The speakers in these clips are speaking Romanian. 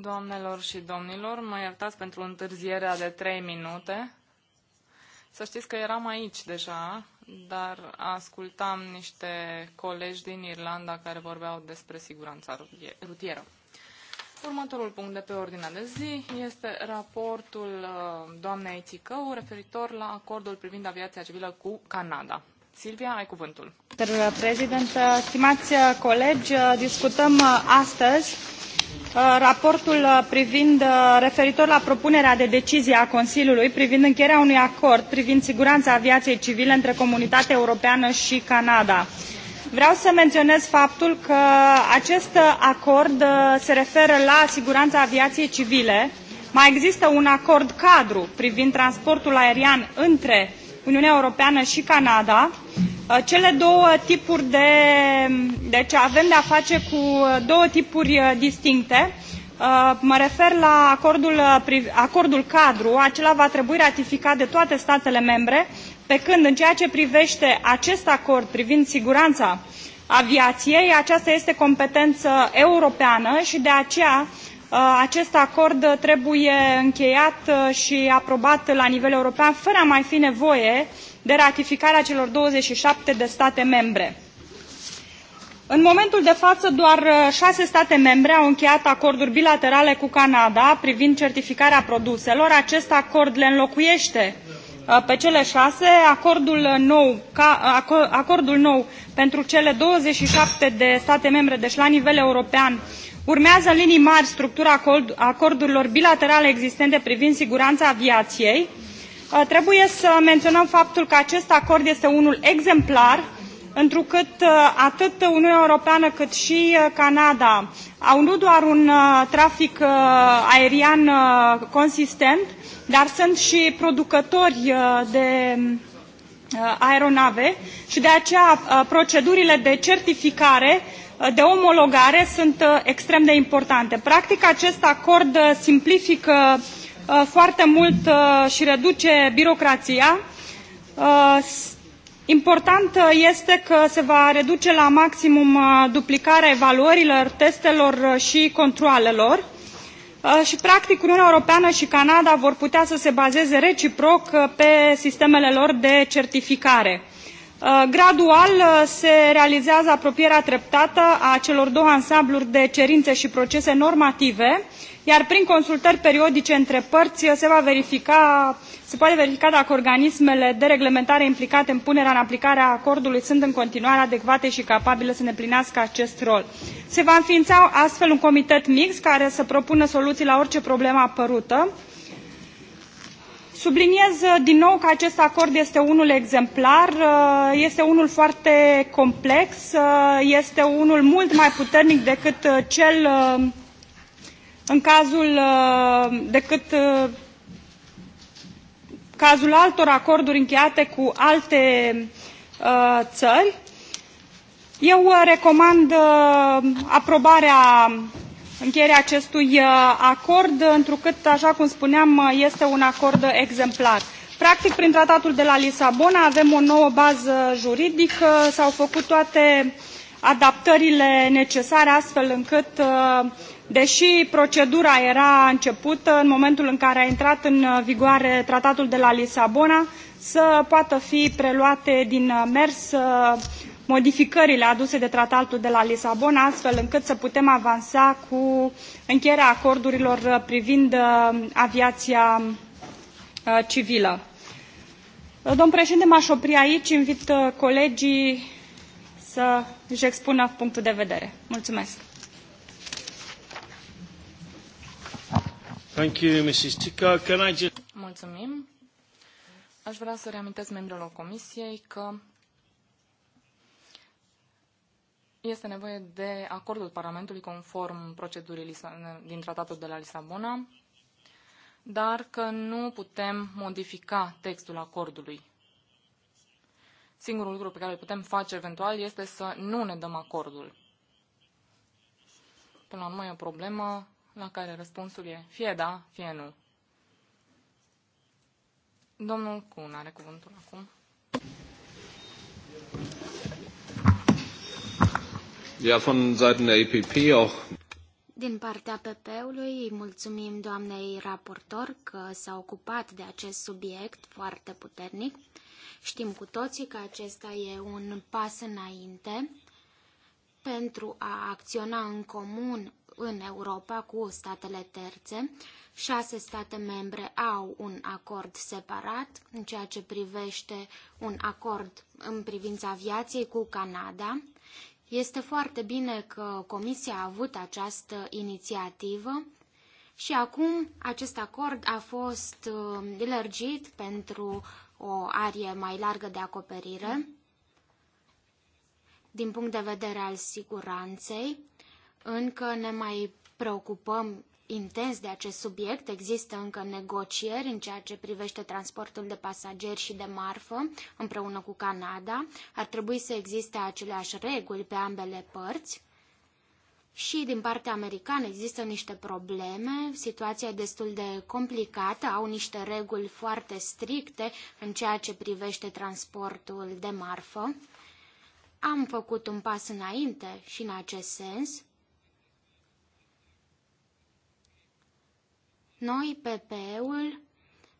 Doamnelor și domnilor, mă iertați pentru întârzierea de trei minute. Să știți că eram aici deja, dar ascultam niște colegi din Irlanda care vorbeau despre siguranța rutieră. Următorul punct de pe ordinea de zi este raportul uh, doamnei Țicău referitor la acordul privind aviația civilă cu Canada. Silvia, ai cuvântul. Președinte, stimați uh, colegi, uh, discutăm uh, astăzi raportul privind referitor la propunerea de decizie a Consiliului privind încheierea unui acord privind siguranța aviației civile între Comunitatea Europeană și Canada. Vreau să menționez faptul că acest acord se referă la siguranța aviației civile. Mai există un acord cadru privind transportul aerian între Uniunea Europeană și Canada. Uh, cele două tipuri de... Deci avem de-a face cu uh, două tipuri uh, distincte. Mă refer la acordul, acordul cadru, acela va trebui ratificat de toate statele membre, pe când în ceea ce privește acest acord privind siguranța aviației, aceasta este competenă europeană și de aceea Uh, acest acord trebuie încheiat uh, și aprobat la nivel european fără a mai fi nevoie de ratificarea celor 27 de state membre. În momentul de față, doar uh, șase state membre au încheiat acorduri bilaterale cu Canada privind certificarea produselor. Acest acord le înlocuiește pe cele șase, acordul nou, acordul nou pentru cele 27 de state membre, deci la nivel european, urmează în linii mari structura acordurilor bilaterale existente privind siguranța aviației uh, trebuie să menționăm faptul că acest acord este unul exemplar întrucât uh, atât uniunea europeană cât și uh, canada au nu doar un trafic aerian consistent dar sunt și producători de aeronave și de aceea procedurile de certificare de omologare sunt uh, extrem de importante. Practic, acest acord uh, simplifică uh, foarte mult și reduce birocrația. Important este că se va reduce la maximum duplicarea evaluărilor, testelor și controalelor și practic Uniunea Europeană și Canada vor putea să se bazeze reciproc pe sistemele lor de certificare. Uh, gradual uh, se realizează apropierea treptată a celor două ansambluri de cerințe și procese normative, iar prin consultări periodice între părți uh, se, va verifica, se poate verifica dacă organismele de reglementare implicate în punerea în aplicare a acordului sunt în continuare adecvate și capabile să îndeplinească acest rol. Se va înființa astfel un comitet mix care să propună soluții la orice problemă apărută, Subliniez uh, din nou că acest acord este unul exemplar, uh, este unul foarte complex, uh, este unul mult mai puternic decât cel în cazul decât cazul altor acorduri încheiate cu alte ări țări. Eu recomand aprobarea încheierea acestui uh, acord, întrucât, așa cum spuneam, uh, este un acord exemplar. Practic, prin tratatul de la Lisabona avem o nouă bază juridică, s-au făcut toate adaptările necesare astfel încât, uh, deși procedura era începută în momentul în care a intrat în vigoare tratatul de la Lisabona, să poată fi preluate din mers modificările aduse de tratatul de la Lisabona, astfel încât să putem avansa cu încheierea acordurilor privind uh, aviația uh, civilă. Uh, domn președinte, m-aș opri aici, invit colegii să își expună punctul de vedere. Mulțumesc! Thank you, Mrs. Tico. Can I just... Mulțumim! Aș vrea să reamintesc membrilor Comisiei că este nevoie de acordul Parlamentului conform procedurii din Tratatul de la Lisabona, dar că nu putem modifica textul acordului. Singurul lucru pe care îl putem face eventual este să nu ne dăm acordul. Până la urmă e o problemă la care răspunsul e fie da, fie nu. Domnul Cun are cuvântul acum. Ja, von Seiten der EPP auch. Din partea PP-ului îi mulțumim doamnei raportor că s-a ocupat de acest subiect foarte puternic. Știm cu toții că acesta e un pas înainte pentru a acționa în comun în Europa cu statele terțe. Șase state membre au un acord separat în ceea ce privește un acord în privința aviației cu Canada este foarte bine că Comisia a avut această inițiativă și acum acest acord a fost um, lărgit pentru o arie mai largă de acoperire din punct de vedere al siguranței. Încă ne mai preocupăm intens de acest subiect. Există încă negocieri în ceea ce privește transportul de pasageri și de marfă împreună cu Canada. Ar trebui să existe aceleași reguli pe ambele părți. Și din partea americană există niște probleme, situația e destul de complicată, au niște reguli foarte stricte în ceea ce privește transportul de marfă. Am făcut un pas înainte și în acest sens. Noi, ppe ul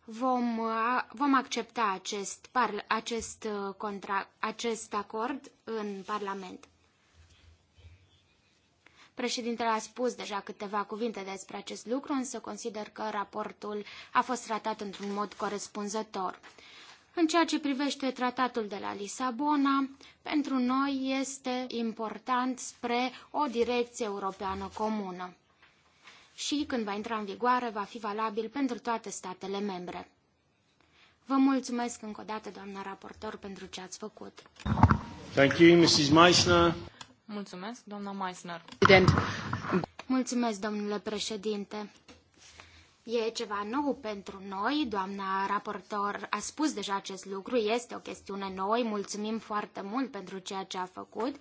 vom, uh, vom accepta acest, par, acest, uh, contract, acest acord în Parlament. Președintele a spus deja câteva cuvinte despre acest lucru, însă consider că raportul a fost tratat într-un mod corespunzător. În ceea ce privește tratatul de la Lisabona, pentru noi este important spre o direcție europeană comună și, când va intra în vigoare, va fi valabil pentru toate statele membre. Vă mulțumesc încă o dată, doamna raportor, pentru ce ați făcut. Thank you, Mrs. Meissner. Mulțumesc, doamna Meissner. Mulțumesc, domnule președinte. E ceva nou pentru noi, doamna raportor a spus deja acest lucru, este o chestiune nouă, mulțumim foarte mult pentru ceea ce a făcut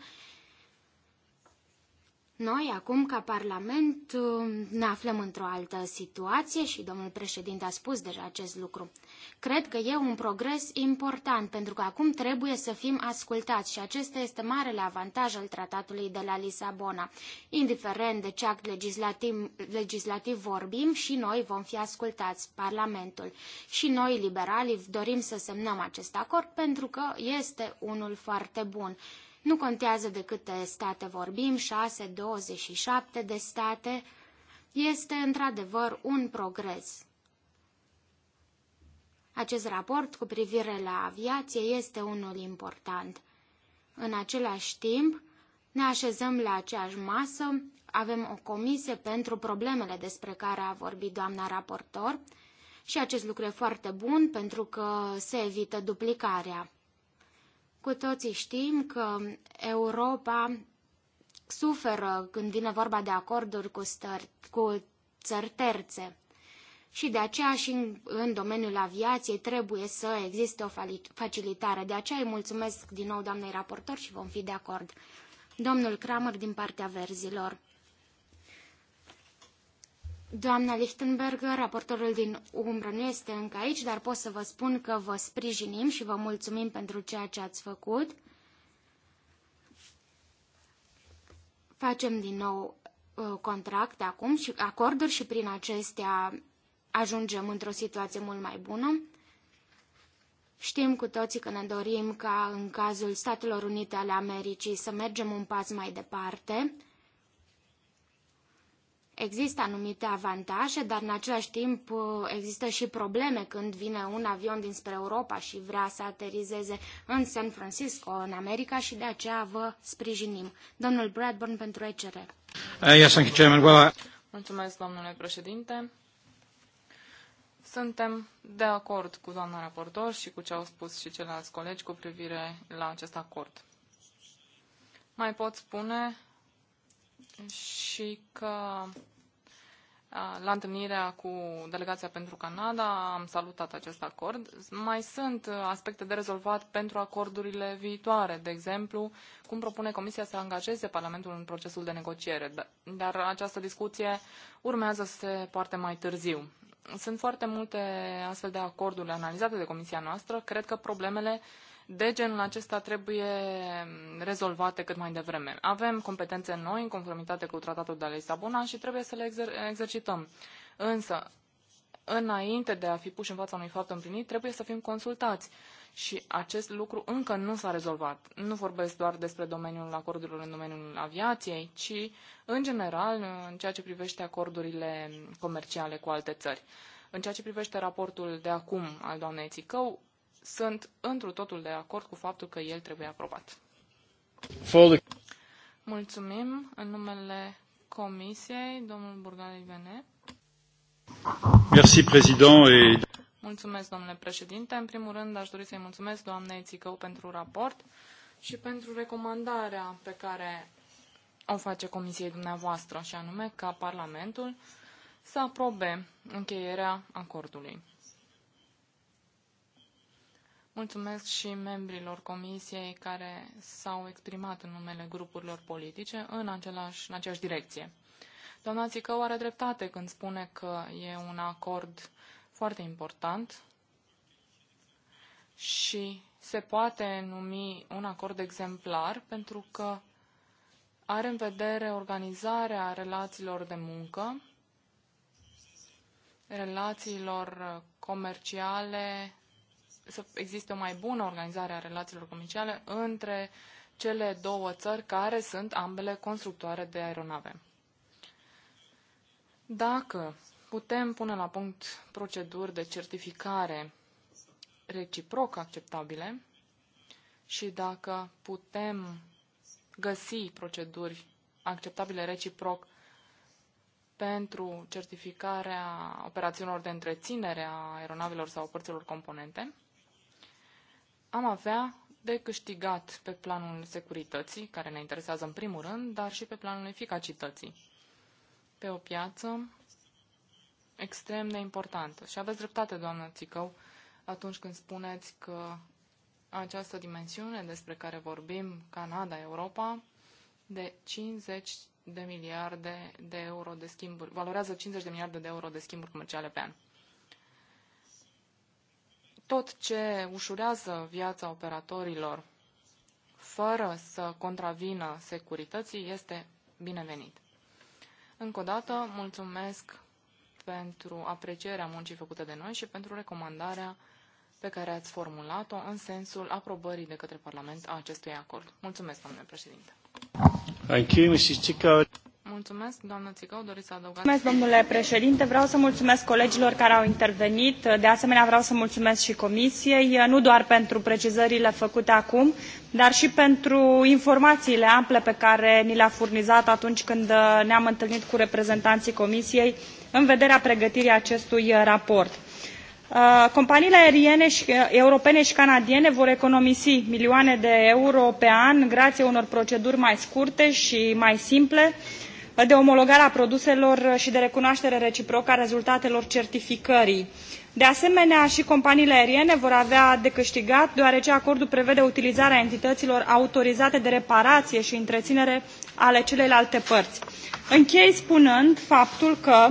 noi, acum, ca Parlament, um, ne aflăm într-o altă situație și domnul președinte a spus deja acest lucru. Cred că e un progres important, pentru că acum trebuie să fim ascultați și acesta este marele avantaj al tratatului de la Lisabona. Indiferent de ce act legislativ, legislativ vorbim, și noi vom fi ascultați, Parlamentul. Și noi, liberalii, dorim să semnăm acest acord pentru că este unul foarte bun nu contează de câte state vorbim, 6, 27 de state. Este într-adevăr un progres. Acest raport cu privire la aviație este unul important. În același timp, ne așezăm la aceeași masă, avem o comisie pentru problemele despre care a vorbit doamna raportor și acest lucru e foarte bun pentru că se evită duplicarea. Cu toții știm că Europa suferă când vine vorba de acorduri cu, stări, cu țări terțe. Și de aceea și în, în domeniul aviației trebuie să existe o facilitare. De aceea îi mulțumesc din nou doamnei raportor și vom fi de acord. Domnul Kramer din partea verzilor. Doamna Lichtenberger, raportorul din umbră, nu este încă aici, dar pot să vă spun că vă sprijinim și vă mulțumim pentru ceea ce ați făcut. Facem din nou uh, contracte acum și acorduri și prin acestea ajungem într-o situație mult mai bună. Știm cu toții că ne dorim ca în cazul Statelor Unite ale Americii să mergem un pas mai departe Există anumite avantaje, dar în același timp uh, există și probleme când vine un avion dinspre Europa și vrea să aterizeze în San Francisco, în America, și de aceea vă sprijinim. Domnul Bradburn pentru ECR. Uh, Mulțumesc, domnule președinte. Suntem de acord cu doamna raportor și cu ce au spus și ceilalți colegi cu privire la acest acord. Mai pot spune și că la întâlnirea cu delegația pentru Canada am salutat acest acord. Mai sunt aspecte de rezolvat pentru acordurile viitoare, de exemplu, cum propune Comisia să angajeze Parlamentul în procesul de negociere, da, dar această discuție urmează să se poarte mai târziu. Sunt foarte multe astfel de acorduri analizate de Comisia noastră. Cred că problemele de genul acesta trebuie rezolvate cât mai devreme. Avem competențe noi în conformitate cu tratatul de la Lisabona și trebuie să le exer- exercităm. Însă, înainte de a fi puși în fața unui fapt împlinit, trebuie să fim consultați. Și acest lucru încă nu s-a rezolvat. Nu vorbesc doar despre domeniul acordurilor în domeniul aviației, ci, în general, în ceea ce privește acordurile comerciale cu alte țări. În ceea ce privește raportul de acum al doamnei Țicău, sunt întru totul de acord cu faptul că el trebuie aprobat. Mulțumim. În numele Comisiei, domnul Burgali Vene. Merci, président. Et... Mulțumesc, domnule președinte. În primul rând, aș dori să-i mulțumesc doamnei Țicău pentru raport și pentru recomandarea pe care o face Comisiei dumneavoastră, și anume ca Parlamentul să aprobe încheierea acordului. Mulțumesc și membrilor comisiei care s-au exprimat în numele grupurilor politice în, același, în aceeași direcție. Doamna Țicău are dreptate când spune că e un acord foarte important și se poate numi un acord exemplar pentru că are în vedere organizarea relațiilor de muncă, relațiilor comerciale, să existe o mai bună organizare a relațiilor comerciale între cele două țări care sunt ambele constructoare de aeronave. Dacă putem pune la punct proceduri de certificare reciproc acceptabile și dacă putem găsi proceduri acceptabile reciproc pentru certificarea operațiunilor de întreținere a aeronavelor sau părților componente, am avea de câștigat pe planul securității, care ne interesează în primul rând, dar și pe planul eficacității. Pe o piață extrem de importantă. Și aveți dreptate, doamnă Țicău, atunci când spuneți că această dimensiune despre care vorbim, Canada, Europa, de 50 de miliarde de euro de schimburi, valorează 50 de miliarde de euro de schimburi comerciale pe an. Tot ce ușurează viața operatorilor fără să contravină securității este binevenit. Încă o dată, mulțumesc pentru aprecierea muncii făcute de noi și pentru recomandarea pe care ați formulat-o în sensul aprobării de către Parlament a acestui acord. Mulțumesc, domnule președinte. Thank you, Mrs. Mulțumesc, domnule președinte. Vreau să mulțumesc colegilor care au intervenit. De asemenea, vreau să mulțumesc și comisiei, nu doar pentru precizările făcute acum, dar și pentru informațiile ample pe care ni le-a furnizat atunci când ne-am întâlnit cu reprezentanții comisiei în vederea pregătirii acestui raport. Uh, companiile aeriene uh, europene și canadiene vor economisi milioane de euro pe an grație unor proceduri mai scurte și mai simple, uh, de omologare a produselor și de recunoatere reciprocă a rezultatelor certificării. De asemenea, și companiile aeriene vor avea de câștigat, deoarece acordul prevede utilizarea entităților autorizate de reparaie și întreținere ale celelalte părți. Închei spunând faptul că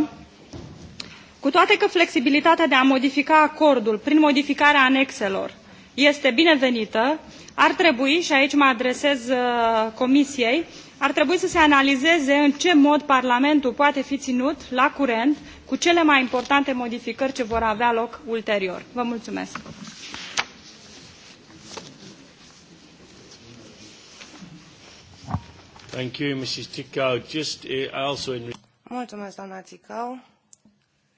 cu toate că flexibilitatea de a modifica acordul prin modificarea anexelor este binevenită, ar trebui, și aici mă adresez uh, comisiei Comisiei, ar trebui să se analizeze în ce mod Parlamentul poate fi ținut la curent cu cele mai importante modificări ce vor avea loc ulterior. Vă mulțumesc! Eh, mulțumesc, doamna Țicău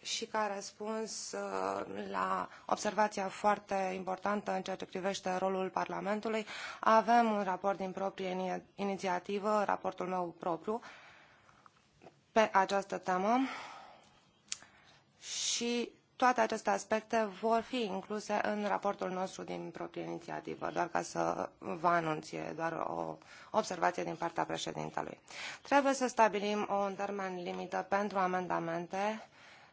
și ca răspuns uh, la observația foarte importantă în ceea ce privește rolul Parlamentului, avem un raport din proprie inițiativă, raportul meu propriu, pe această temă și toate aceste aspecte vor fi incluse în raportul nostru din proprie inițiativă, doar ca să vă anunț, e doar o observație din partea președintelui. Trebuie să stabilim un termen limită pentru amendamente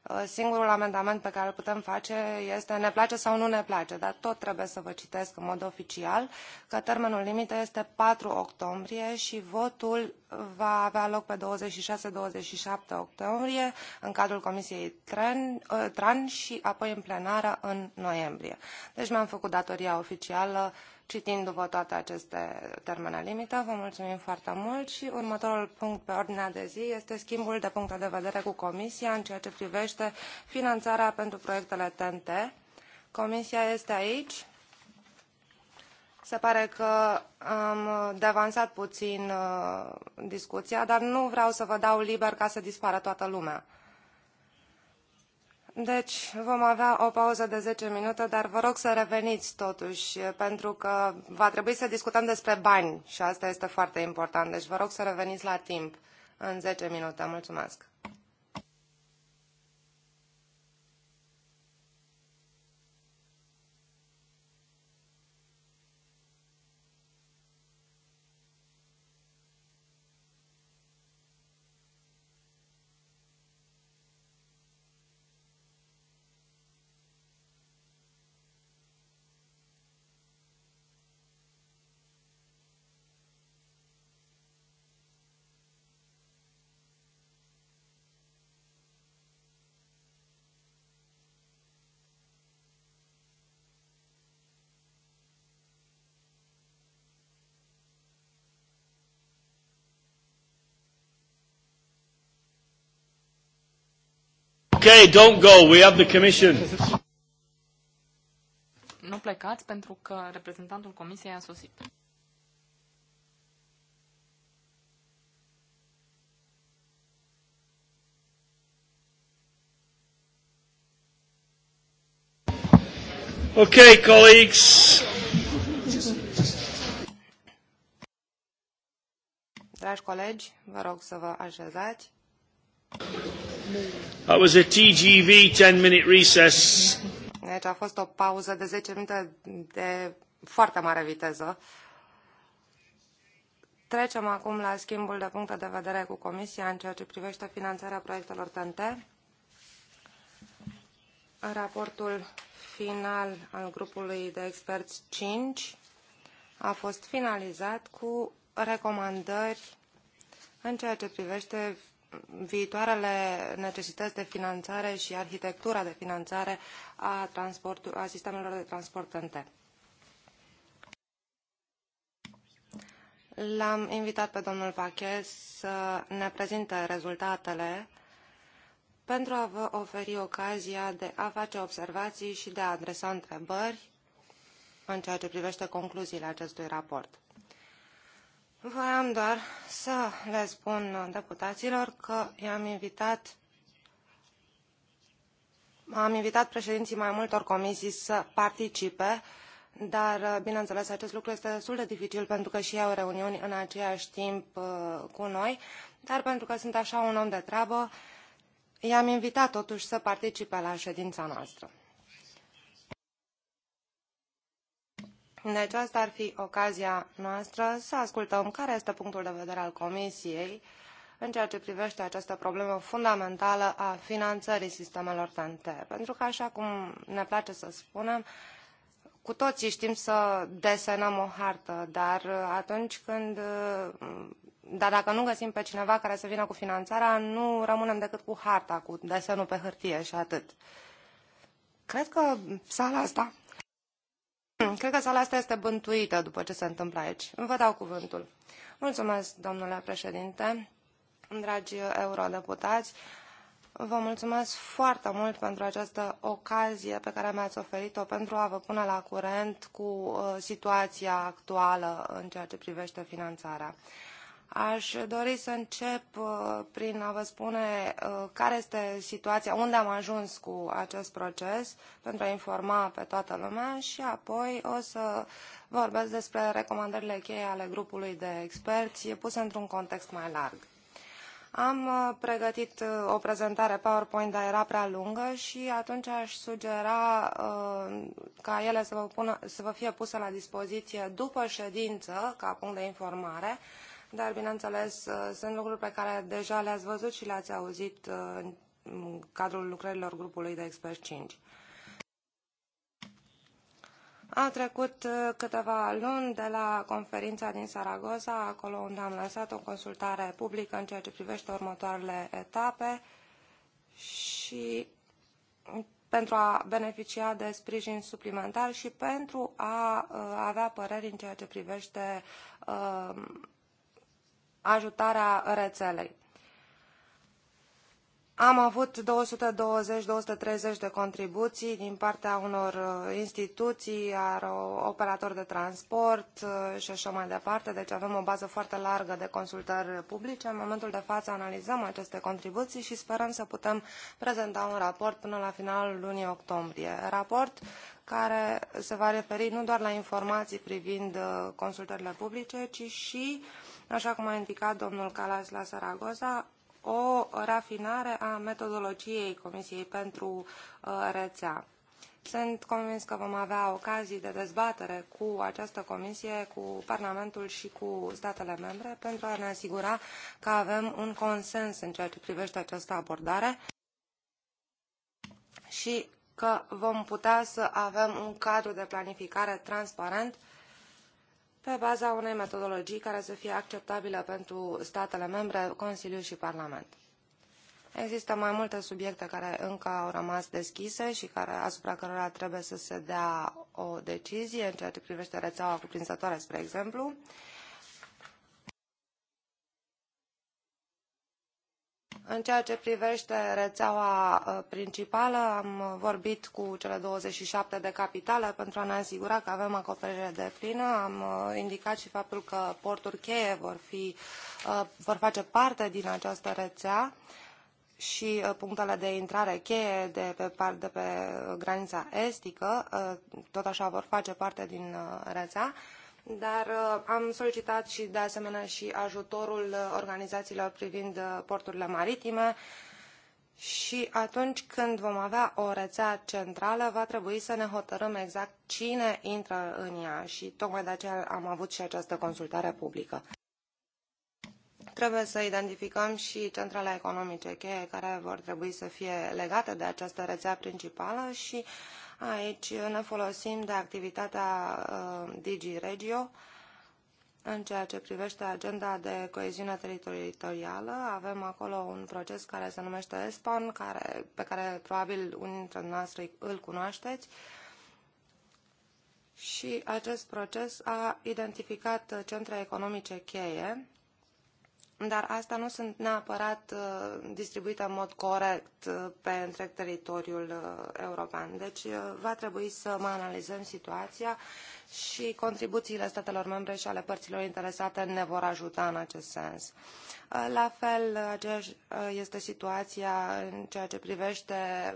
Uh, singurul amendament pe care îl putem face este ne place sau nu ne place, dar tot trebuie să vă citesc în mod oficial că termenul limită este 4 octombrie și votul va avea loc pe 26-27 octombrie în cadrul Comisiei uh, TRAN și apoi în plenară în noiembrie. Deci mi-am făcut datoria oficială citindu-vă toate aceste termene limită. Vă mulțumim foarte mult și următorul punct pe ordinea de zi este schimbul de puncte de vedere cu Comisia în ceea ce privește finanțarea pentru proiectele TNT. Comisia este aici. Se pare că am devansat puțin uh, discuția, dar nu vreau să vă dau liber ca să dispară toată lumea. Deci vom avea o pauză de 10 minute, dar vă rog să reveniți totuși, pentru că va trebui să discutăm despre bani și asta este foarte important. Deci vă rog să reveniți la timp în 10 minute. Mulțumesc! Okay, don't go. We have the commission. Nu plecați pentru că reprezentantul comisiei a sosit. Okay, colleagues. Dragi colegi, vă rog să vă așezați. That was a TGV 10-minute recess. Deci a fost o pauză de 10 minute de foarte mare viteză. Trecem acum la schimbul de puncte de vedere cu Comisia în ceea ce privește finanțarea proiectelor TNT. Raportul final al grupului de experți 5 a fost finalizat cu recomandări în ceea ce privește viitoarele necesități de finanțare și arhitectura de finanțare a, a sistemelor de transport T. L-am invitat pe domnul Pachet să ne prezinte rezultatele pentru a vă oferi ocazia de a face observații și de a adresa întrebări în ceea ce privește concluziile acestui raport. Voiam doar să le spun deputaților că i-am invitat am invitat președinții mai multor comisii să participe, dar, uh, bineînțeles, acest lucru este destul de dificil pentru că și ei au reuniuni în aceeași timp uh, cu noi, dar pentru că sunt așa un om de treabă, i-am invitat totuși să participe la ședința noastră. Deci asta ar fi ocazia noastră să ascultăm care este punctul de vedere al Comisiei în ceea ce privește această problemă fundamentală a finanțării sistemelor TNT. Pentru că, așa cum ne place să spunem, cu toții știm să desenăm o hartă, dar atunci când... Dar dacă nu găsim pe cineva care să vină cu finanțarea, nu rămânem decât cu harta, cu desenul pe hârtie și atât. Cred că sala asta Cred că sala asta este bântuită după ce se întâmplă aici. Vă dau cuvântul. Mulțumesc, domnule președinte, dragi eurodeputați. Vă mulțumesc foarte mult pentru această ocazie pe care mi-ați oferit-o pentru a vă pune la curent cu uh, situația actuală în ceea ce privește finanțarea. Aș dori să încep uh, prin a vă spune uh, care este situația, unde am ajuns cu acest proces pentru a informa pe toată lumea și apoi o să vorbesc despre recomandările cheie ale grupului de experți puse într-un context mai larg. Am uh, pregătit o prezentare PowerPoint, dar era prea lungă și atunci aș sugera ca ele să vă, pună, să vă fie puse la dispoziție după ședință, ca punct de informare, dar, bineînțeles, uh, sunt lucruri pe care deja le-ați văzut și le-ați auzit uh, în cadrul lucrărilor grupului de experți 5. Au trecut uh, câteva luni de la conferința din Saragossa, acolo unde am lansat o consultare publică în ceea ce privește următoarele etape și pentru a beneficia de sprijin suplimentar și pentru a avea păreri în ceea ce privește ajutarea rețelei. Am avut 220-230 de contribuții din partea unor uh, instituții, uh, operatori de transport uh, și așa mai departe, deci avem o bază foarte largă de consultări publice. În momentul de față analizăm aceste contribuții și sperăm să putem prezenta un raport până la finalul lunii octombrie. Raport care se va referi nu doar la informații privind consultările publice, ci și uh, așa cum a indicat domnul Calas la Saragoza, o rafinare a metodologiei Comisiei pentru uh, rețea. Sunt convins că vom avea ocazii de dezbatere cu această comisie, cu Parlamentul și cu statele membre pentru a ne asigura că avem un consens în ceea ce privește această abordare și că vom putea să avem un cadru de planificare transparent uh, pe baza unei metodologii care să fie acceptabilă pentru statele membre, Consiliu și Parlament. Există mai multe subiecte care încă au rămas deschise și care, asupra cărora trebuie să se dea o decizie în ceea ce privește rețeaua cuprinzătoare, spre exemplu. În ceea ce privește rețeaua uh, principală, am vorbit cu cele 27 de capitale pentru a ne asigura că avem acoperire de plină. Am uh, indicat și faptul că porturi cheie vor, fi, uh, vor face parte din această rețea și punctele de intrare cheie de pe, de pe granița estică, tot așa vor face parte din rețea dar uh, am solicitat și de asemenea și ajutorul uh, organizațiilor privind uh, porturile maritime și atunci când vom avea o rețea centrală, va trebui să ne hotărâm exact cine intră în ea și tocmai de aceea am avut și această consultare publică. Trebuie să identificăm și centrale economice cheie care vor trebui să fie legate de această rețea principală și uh, Aici ne folosim de activitatea uh, DG Regio în ceea ce privește agenda de coeziune teritorială. Avem acolo un proces care se numește ESPAN, care, pe care probabil unii dintre noastre îl cunoașteți. Și acest proces a identificat centre economice cheie dar asta nu sunt neapărat uh, distribuite în mod corect uh, pe întreg teritoriul uh, european. Deci va trebui să mai analizăm situația și contribuțiile statelor membre și ale părților interesate ne vor ajuta în acest sens. Uh, la fel, uh, aceeași uh, este situația în ceea ce privește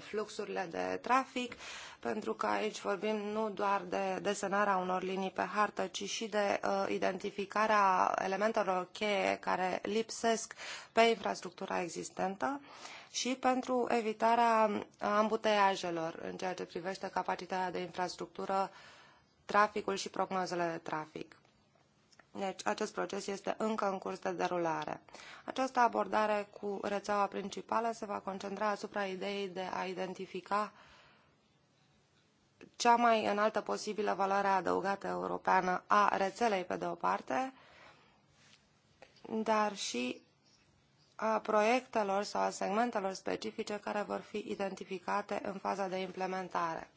fluxurile de trafic, pentru că aici vorbim nu doar de desenarea unor linii pe hartă, ci și de uh, identificarea elementelor cheie care lipsesc pe infrastructura existentă și pentru evitarea ambuteiajelor în ceea ce privește capacitatea de infrastructură uh, traficul și prognozele de trafic. Deci, acest proces este încă în curs de derulare. Această abordare cu rețeaua principală se va concentra asupra ideii de a identifica cea mai înaltă posibilă valoare adăugată europeană a rețelei, pe de o parte, dar și a proiectelor sau a segmentelor specifice care vor fi identificate în faza de implementare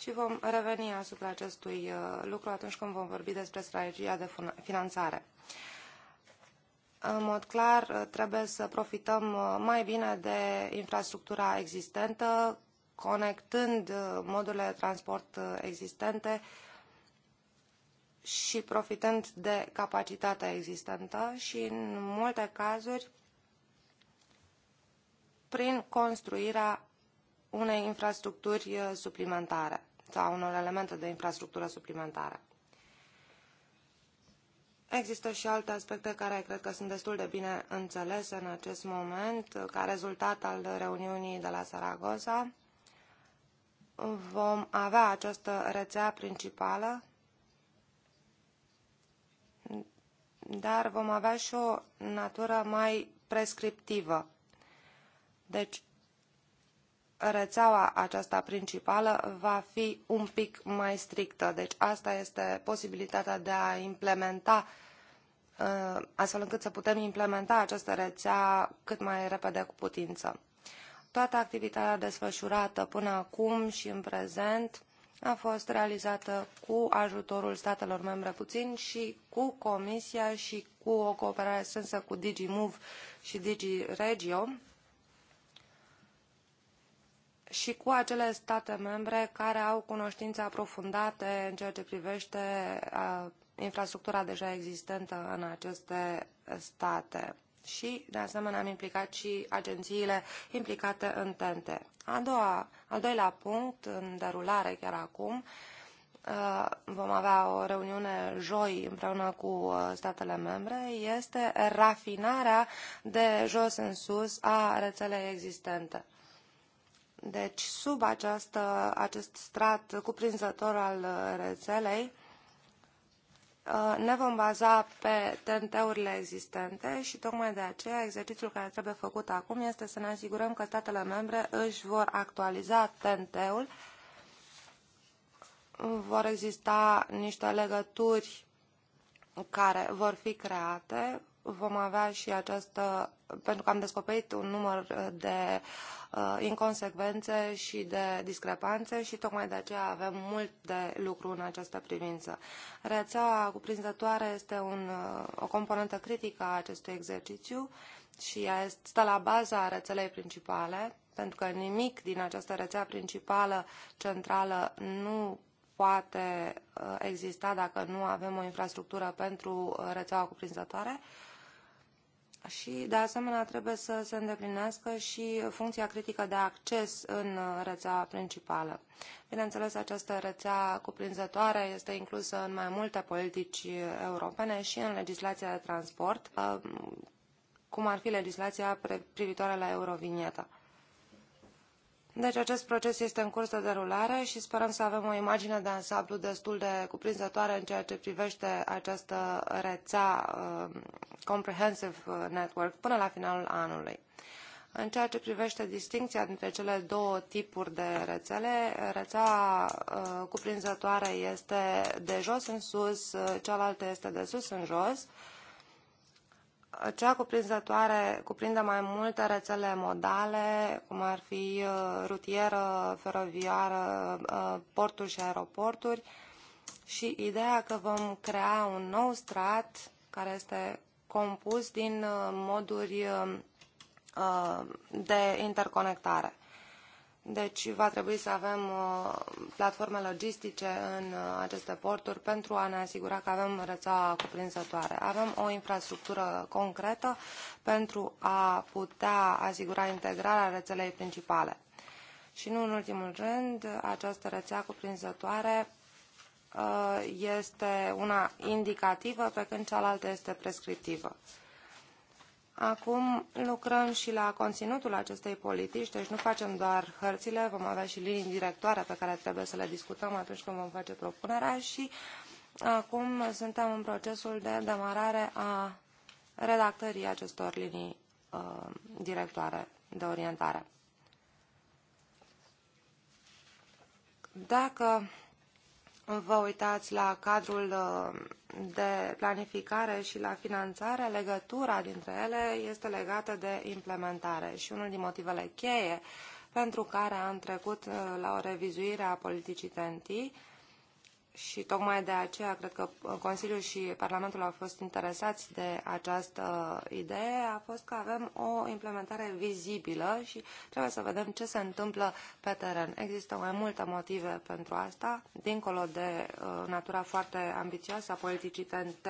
și vom reveni asupra acestui uh, lucru atunci când vom vorbi despre strategia de finanțare. În mod clar, uh, trebuie să profităm uh, mai bine de infrastructura existentă, conectând modurile de transport existente și profitând de capacitatea existentă și, în multe cazuri, prin construirea unei infrastructuri suplimentare a unor elemente de infrastructură suplimentare. Există și alte aspecte care cred că sunt destul de bine înțelese în acest moment. Ca rezultat al reuniunii de la Saragossa, vom avea această rețea principală, dar vom avea și o natură mai prescriptivă. Deci, rețeaua aceasta principală va fi un pic mai strictă. Deci asta este posibilitatea de a implementa uh, astfel încât să putem implementa această rețea cât mai repede cu putință. Toată activitatea desfășurată până acum și în prezent a fost realizată cu ajutorul statelor membre puțin și cu Comisia și cu o cooperare strânsă cu DigiMove și DigiRegio și cu acele state membre care au cunoștințe aprofundate în ceea ce privește infrastructura deja existentă în aceste state. Și, de asemenea, am implicat și agențiile implicate în TENTE. A doua, al doilea punct, în derulare chiar acum, vom avea o reuniune joi împreună cu statele membre, este rafinarea de jos în sus a rețelei existente. Deci, sub această, acest strat cuprinzător al uh, rețelei, uh, ne vom baza pe TNT-urile existente și tocmai de aceea exercițiul care trebuie făcut acum este să ne asigurăm că statele membre își vor actualiza TNT-ul, vor exista niște legături care vor fi create, vom avea și această, pentru că am descoperit un număr de uh, inconsecvențe și de discrepanțe și tocmai de aceea avem mult de lucru în această privință. Rețeaua cuprinzătoare este un, uh, o componentă critică a acestui exercițiu și ea stă la baza rețelei principale, pentru că nimic din această rețea principală centrală nu poate uh, exista dacă nu avem o infrastructură pentru uh, rețeaua cuprinzătoare. Uh, și, de asemenea, trebuie să se îndeplinească și funcția critică de acces în rețea principală. Bineînțeles, această rețea cuprinzătoare este inclusă în mai multe politici europene și în legislația de transport, uh, cum ar fi legislația privitoare la eurovinietă. Deci acest proces este în curs de derulare și sperăm să avem o imagine de ansamblu destul de cuprinzătoare în ceea ce privește această rețea um, uh, Comprehensive Network până la finalul anului. În ceea ce privește distinția dintre cele două tipuri de rețele, rețea uh, cuprinzătoare este de jos în sus, uh, cealaltă este de sus în jos. Uh, cea cuprinzătoare cuprinde mai multe rețele modale, cum ar fi uh, rutieră, feroviară, uh, porturi și aeroporturi și ideea că vom crea un nou strat care este compus din uh, moduri de interconectare. Deci va trebui să avem uh, platforme logistice în uh, aceste porturi pentru a ne asigura că avem rețeaua cuprinzătoare. Avem o infrastructură concretă pentru a putea asigura integrarea rețelei principale. Și nu în ultimul rând, această rețea cuprinzătoare uh, este una indicativă, pe când cealaltă este prescriptivă. Acum lucrăm și la conținutul acestei politici, deci nu facem doar hărțile, vom avea și linii directoare pe care trebuie să le discutăm atunci când vom face propunerea și acum suntem în procesul de demarare a redactării acestor linii uh, directoare de orientare. Dacă vă uitați la cadrul uh, de planificare și la finanțare, legătura dintre ele este legată de implementare și unul din motivele cheie pentru care am trecut uh, la o revizuire a politicii TNT și tocmai de aceea cred că uh, Consiliul și Parlamentul au fost interesați de această idee a fost că avem o implementare vizibilă și trebuie să vedem ce se întâmplă pe teren. Există mai multe motive pentru asta, dincolo de uh, natura foarte ambițioasă a politicii TNT,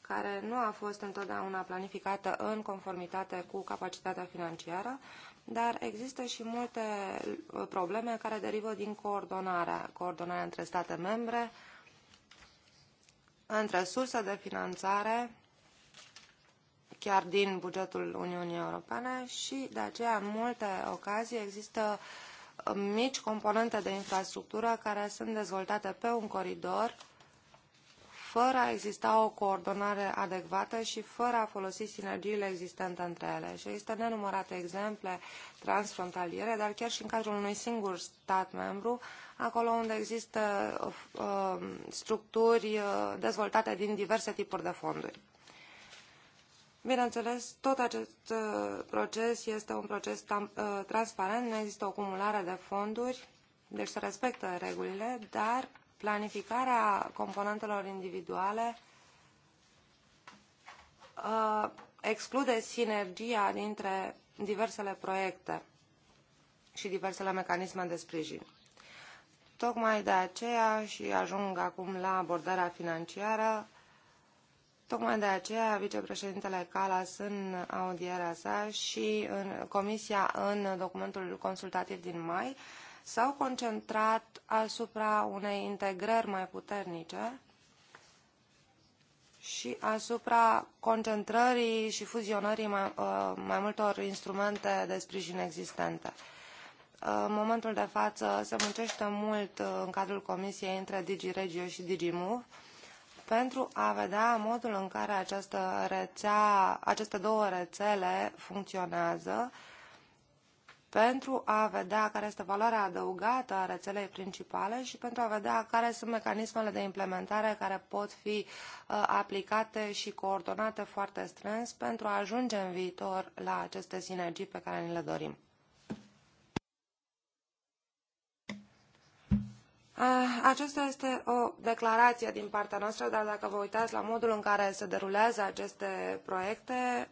care nu a fost întotdeauna planificată în conformitate cu capacitatea financiară, dar există și multe uh, probleme care derivă din coordonarea, coordonarea între state membre, între surse de finanțare, chiar din bugetul Uniunii Europene și de aceea în multe ocazii există uh, mici componente de infrastructură care sunt dezvoltate pe un coridor fără a exista o coordonare adecvată și fără a folosi sinergiile existente între ele. Și există nenumărate exemple transfrontaliere, dar chiar și în cadrul unui singur stat membru, acolo unde există uh, uh structuri uh, dezvoltate din diverse tipuri de fonduri. Bineînțeles, tot acest uh, proces este un proces transparent, nu există o cumulare de fonduri, deci se respectă regulile, dar planificarea componentelor individuale uh, exclude sinergia dintre diversele proiecte și diversele mecanisme de sprijin. Tocmai de aceea și ajung acum la abordarea financiară, tocmai de aceea vicepreședintele Calas în audierea sa și în comisia în documentul consultativ din mai s-au concentrat asupra unei integrări mai puternice și asupra concentrării și fuzionării mai, uh, mai multor instrumente de sprijin existente. În momentul de față se muncește mult uh, în cadrul Comisiei între DigiRegio și DigiMove pentru a vedea modul în care această rețea, aceste două rețele funcționează uh, pentru a vedea care este valoarea adăugată a rețelei principale și pentru a vedea care sunt mecanismele de implementare care pot fi uh, aplicate și coordonate foarte strâns pentru a ajunge în viitor la aceste sinergii pe care ni le dorim. Uh, aceasta este o declarație din partea noastră, dar dacă vă uitați la modul în care se derulează aceste proiecte,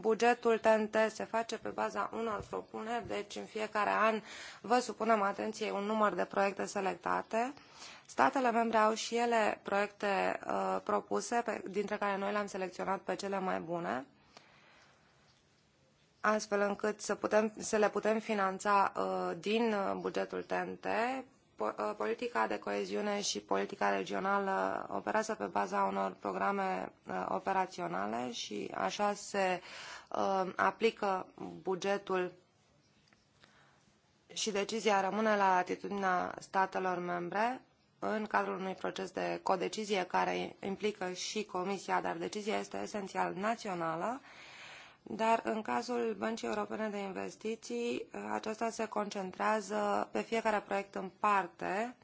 bugetul TNT se face pe baza unor propuneri, deci în fiecare an vă supunem atenției un număr de proiecte selectate. Statele membre au și ele proiecte uh, propuse, pe, dintre care noi le-am selecționat pe cele mai bune, astfel încât să, putem, să le putem finanța uh, din uh, bugetul TNT Uh, politica de coeziune și politica regională operează pe baza unor programe uh, operaționale și așa se uh, aplică bugetul și decizia rămâne la latitudinea statelor membre în cadrul unui proces de codecizie care implică și Comisia, dar decizia este esențial națională dar în cazul Băncii Europene de Investiții, aceasta se concentrează pe fiecare proiect în parte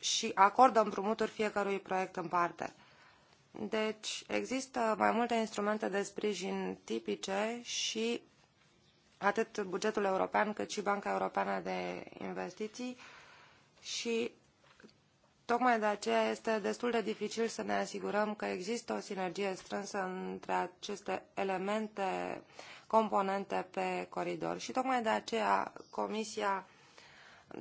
și acordă împrumuturi fiecărui proiect în parte. Deci există mai multe instrumente de sprijin tipice și atât bugetul european cât și Banca Europeană de Investiții și Tocmai de aceea este destul de dificil să ne asigurăm că există o sinergie strânsă între aceste elemente, componente pe coridor. Și tocmai de aceea Comisia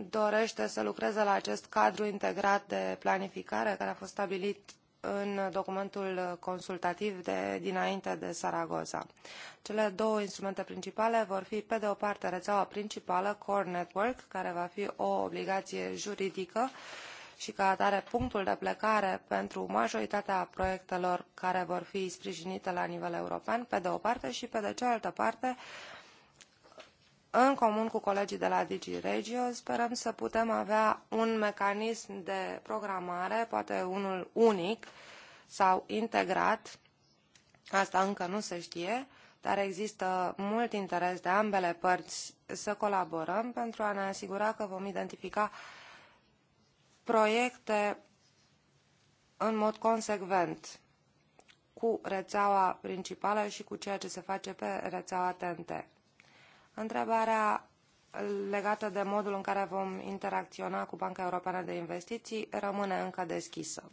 dorește să lucreze la acest cadru integrat de planificare care a fost stabilit în documentul consultativ de dinainte de Saragoza. Cele două instrumente principale vor fi, pe de o parte, rețeaua principală, Core Network, care va fi o obligație juridică, și ca atare punctul de plecare pentru majoritatea proiectelor care vor fi sprijinite la nivel european, pe de o parte, și pe de cealaltă parte, în comun cu colegii de la DG Regio, sperăm să putem avea un mecanism de programare, poate unul unic sau integrat, asta încă nu se știe, dar există mult interes de ambele părți să colaborăm pentru a ne asigura că vom identifica proiecte în mod consecvent cu rețeaua principală și cu ceea ce se face pe rețeaua TNT. Întrebarea legată de modul în care vom interacționa cu Banca Europeană de Investiții rămâne încă deschisă.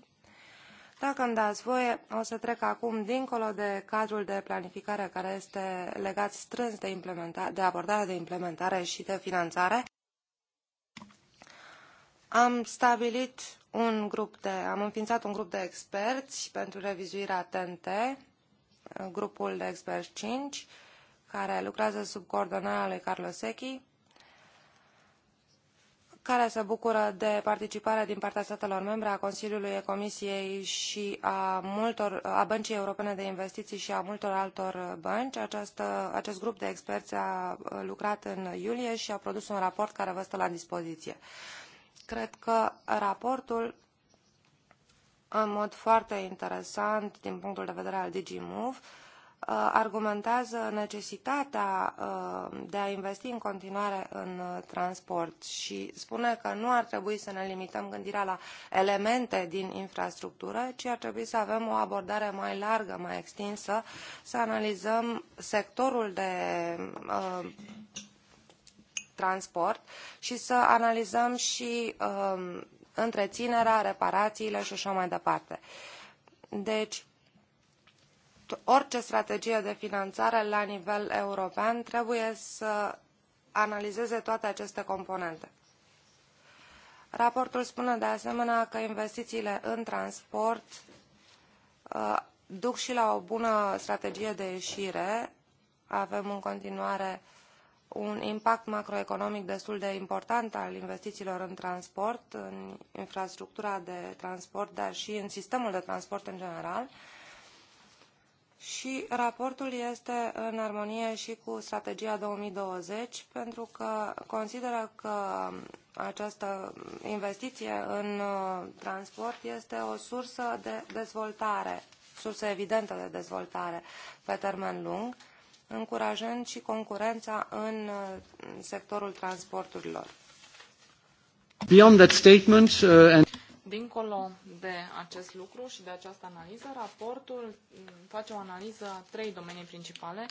Dacă îmi dați voie, o să trec acum dincolo de cadrul de planificare care este legat strâns de, de abordarea de implementare și de finanțare am stabilit un grup de, am înființat un grup de experți pentru revizuirea TNT, grupul de experți 5, care lucrează sub coordonarea lui Carlos Secchi, care se bucură de participare din partea statelor membre, a Consiliului, a Comisiei și a, multor, a Băncii Europene de Investiții și a multor altor bănci. Această, acest grup de experți a lucrat în iulie și a produs un raport care vă stă la dispoziție cred că raportul în mod foarte interesant din punctul de vedere al DigiMove, uh, argumentează necesitatea uh, de a investi în continuare în uh, transport și spune că nu ar trebui să ne limităm gândirea la elemente din infrastructură, ci ar trebui să avem o abordare mai largă, mai extinsă, să analizăm sectorul de transport și să analizăm și um, întreținerea, reparațiile și așa mai departe. Deci, orice strategie de finanțare la nivel european trebuie să analizeze toate aceste componente. Raportul spune de asemenea că investițiile în transport uh, duc și la o bună strategie de ieșire. Avem în continuare uh, un impact macroeconomic destul de important al investițiilor în transport, în infrastructura de transport, dar și în sistemul de transport în general. Și raportul este în armonie și cu strategia 2020, pentru că consideră că această investiție în uh, transport este o sursă de dezvoltare, sursă evidentă de dezvoltare pe termen lung, încurajând și concurența în uh, sectorul transporturilor. Beyond that statement, uh, and... Dincolo de acest lucru și de această analiză, raportul mm, face o analiză a trei domenii principale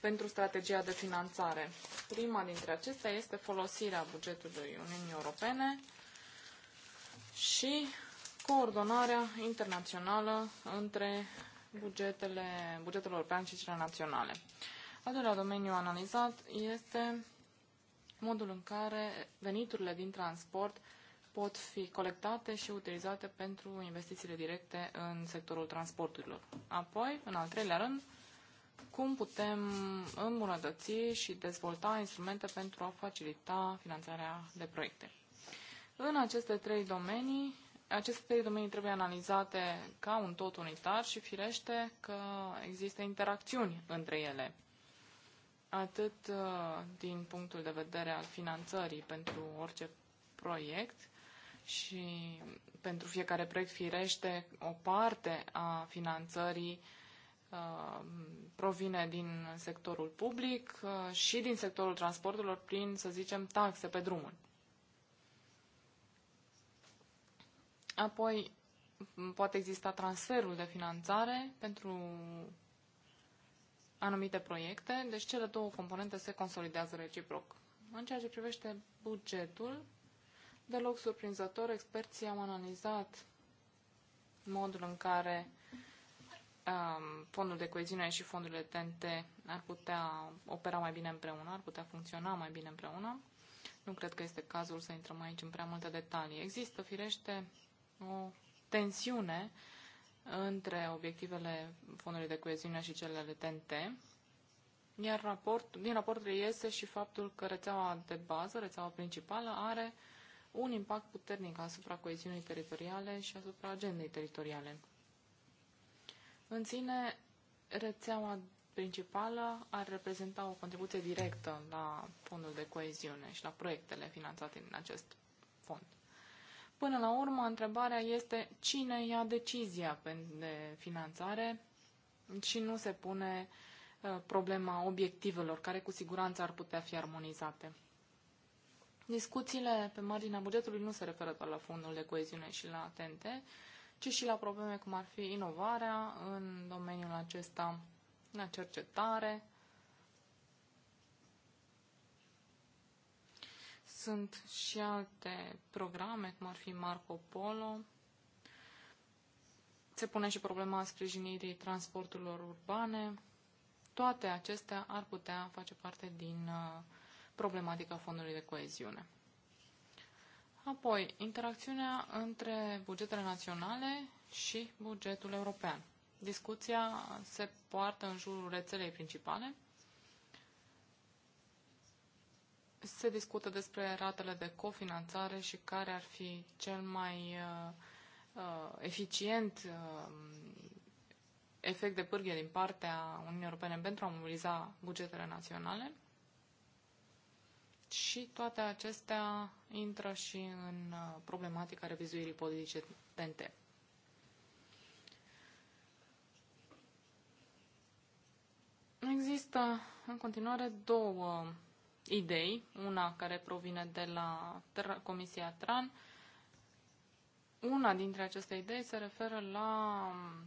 pentru strategia de finanțare. Prima dintre acestea este folosirea bugetului Uniunii Europene și coordonarea internațională între bugetele, bugetele european și cele naționale. Al doilea domeniu analizat este modul în care veniturile din transport pot fi colectate și utilizate pentru investițiile directe în sectorul transporturilor. Apoi, în al treilea rând, cum putem îmbunătăți și dezvolta instrumente pentru a facilita finanțarea de proiecte. În aceste trei domenii aceste trei domenii trebuie analizate ca un tot unitar și firește că există interacțiuni între ele, atât uh, din punctul de vedere al finanțării pentru orice proiect și pentru fiecare proiect firește o parte a finanțării uh, provine din sectorul public uh, și din sectorul transporturilor prin, să zicem, taxe pe drumuri. Apoi poate exista transferul de finanțare pentru anumite proiecte, deci cele două componente se consolidează reciproc. În ceea ce privește bugetul, deloc surprinzător, experții au analizat modul în care um, fondul de coeziune și fondurile TNT ar putea opera mai bine împreună, ar putea funcționa mai bine împreună. Nu cred că este cazul să intrăm aici în prea multe detalii. Există, firește, o tensiune între obiectivele fondului de coeziune și cele ale TNT, iar raport, din raport iese și faptul că rețeaua de bază, rețeaua principală, are un impact puternic asupra coeziunii teritoriale și asupra agendei teritoriale. În sine, rețeaua principală ar reprezenta o contribuție directă la fondul de coeziune și la proiectele finanțate din acest fond. Până la urmă, întrebarea este cine ia decizia de finanțare și nu se pune uh, problema obiectivelor, care cu siguranță ar putea fi armonizate. Discuțiile pe marginea bugetului nu se referă doar la fondul de coeziune și la atente, ci și la probleme cum ar fi inovarea în domeniul acesta, la cercetare, sunt și alte programe, cum ar fi Marco Polo. Se pune și problema sprijinirii transporturilor urbane. Toate acestea ar putea face parte din uh, problematica fondului de coeziune. Apoi, interacțiunea între bugetele naționale și bugetul european. Discuția se poartă în jurul rețelei principale, se discută despre ratele de cofinanțare și care ar fi cel mai uh, uh, eficient uh, efect de pârghie din partea Uniunii Europene pentru a mobiliza bugetele naționale. Și toate acestea intră și în uh, problematica revizuirii politice TNT. Există în continuare două idei, una care provine de la Comisia TRAN. Una dintre aceste idei se referă la um,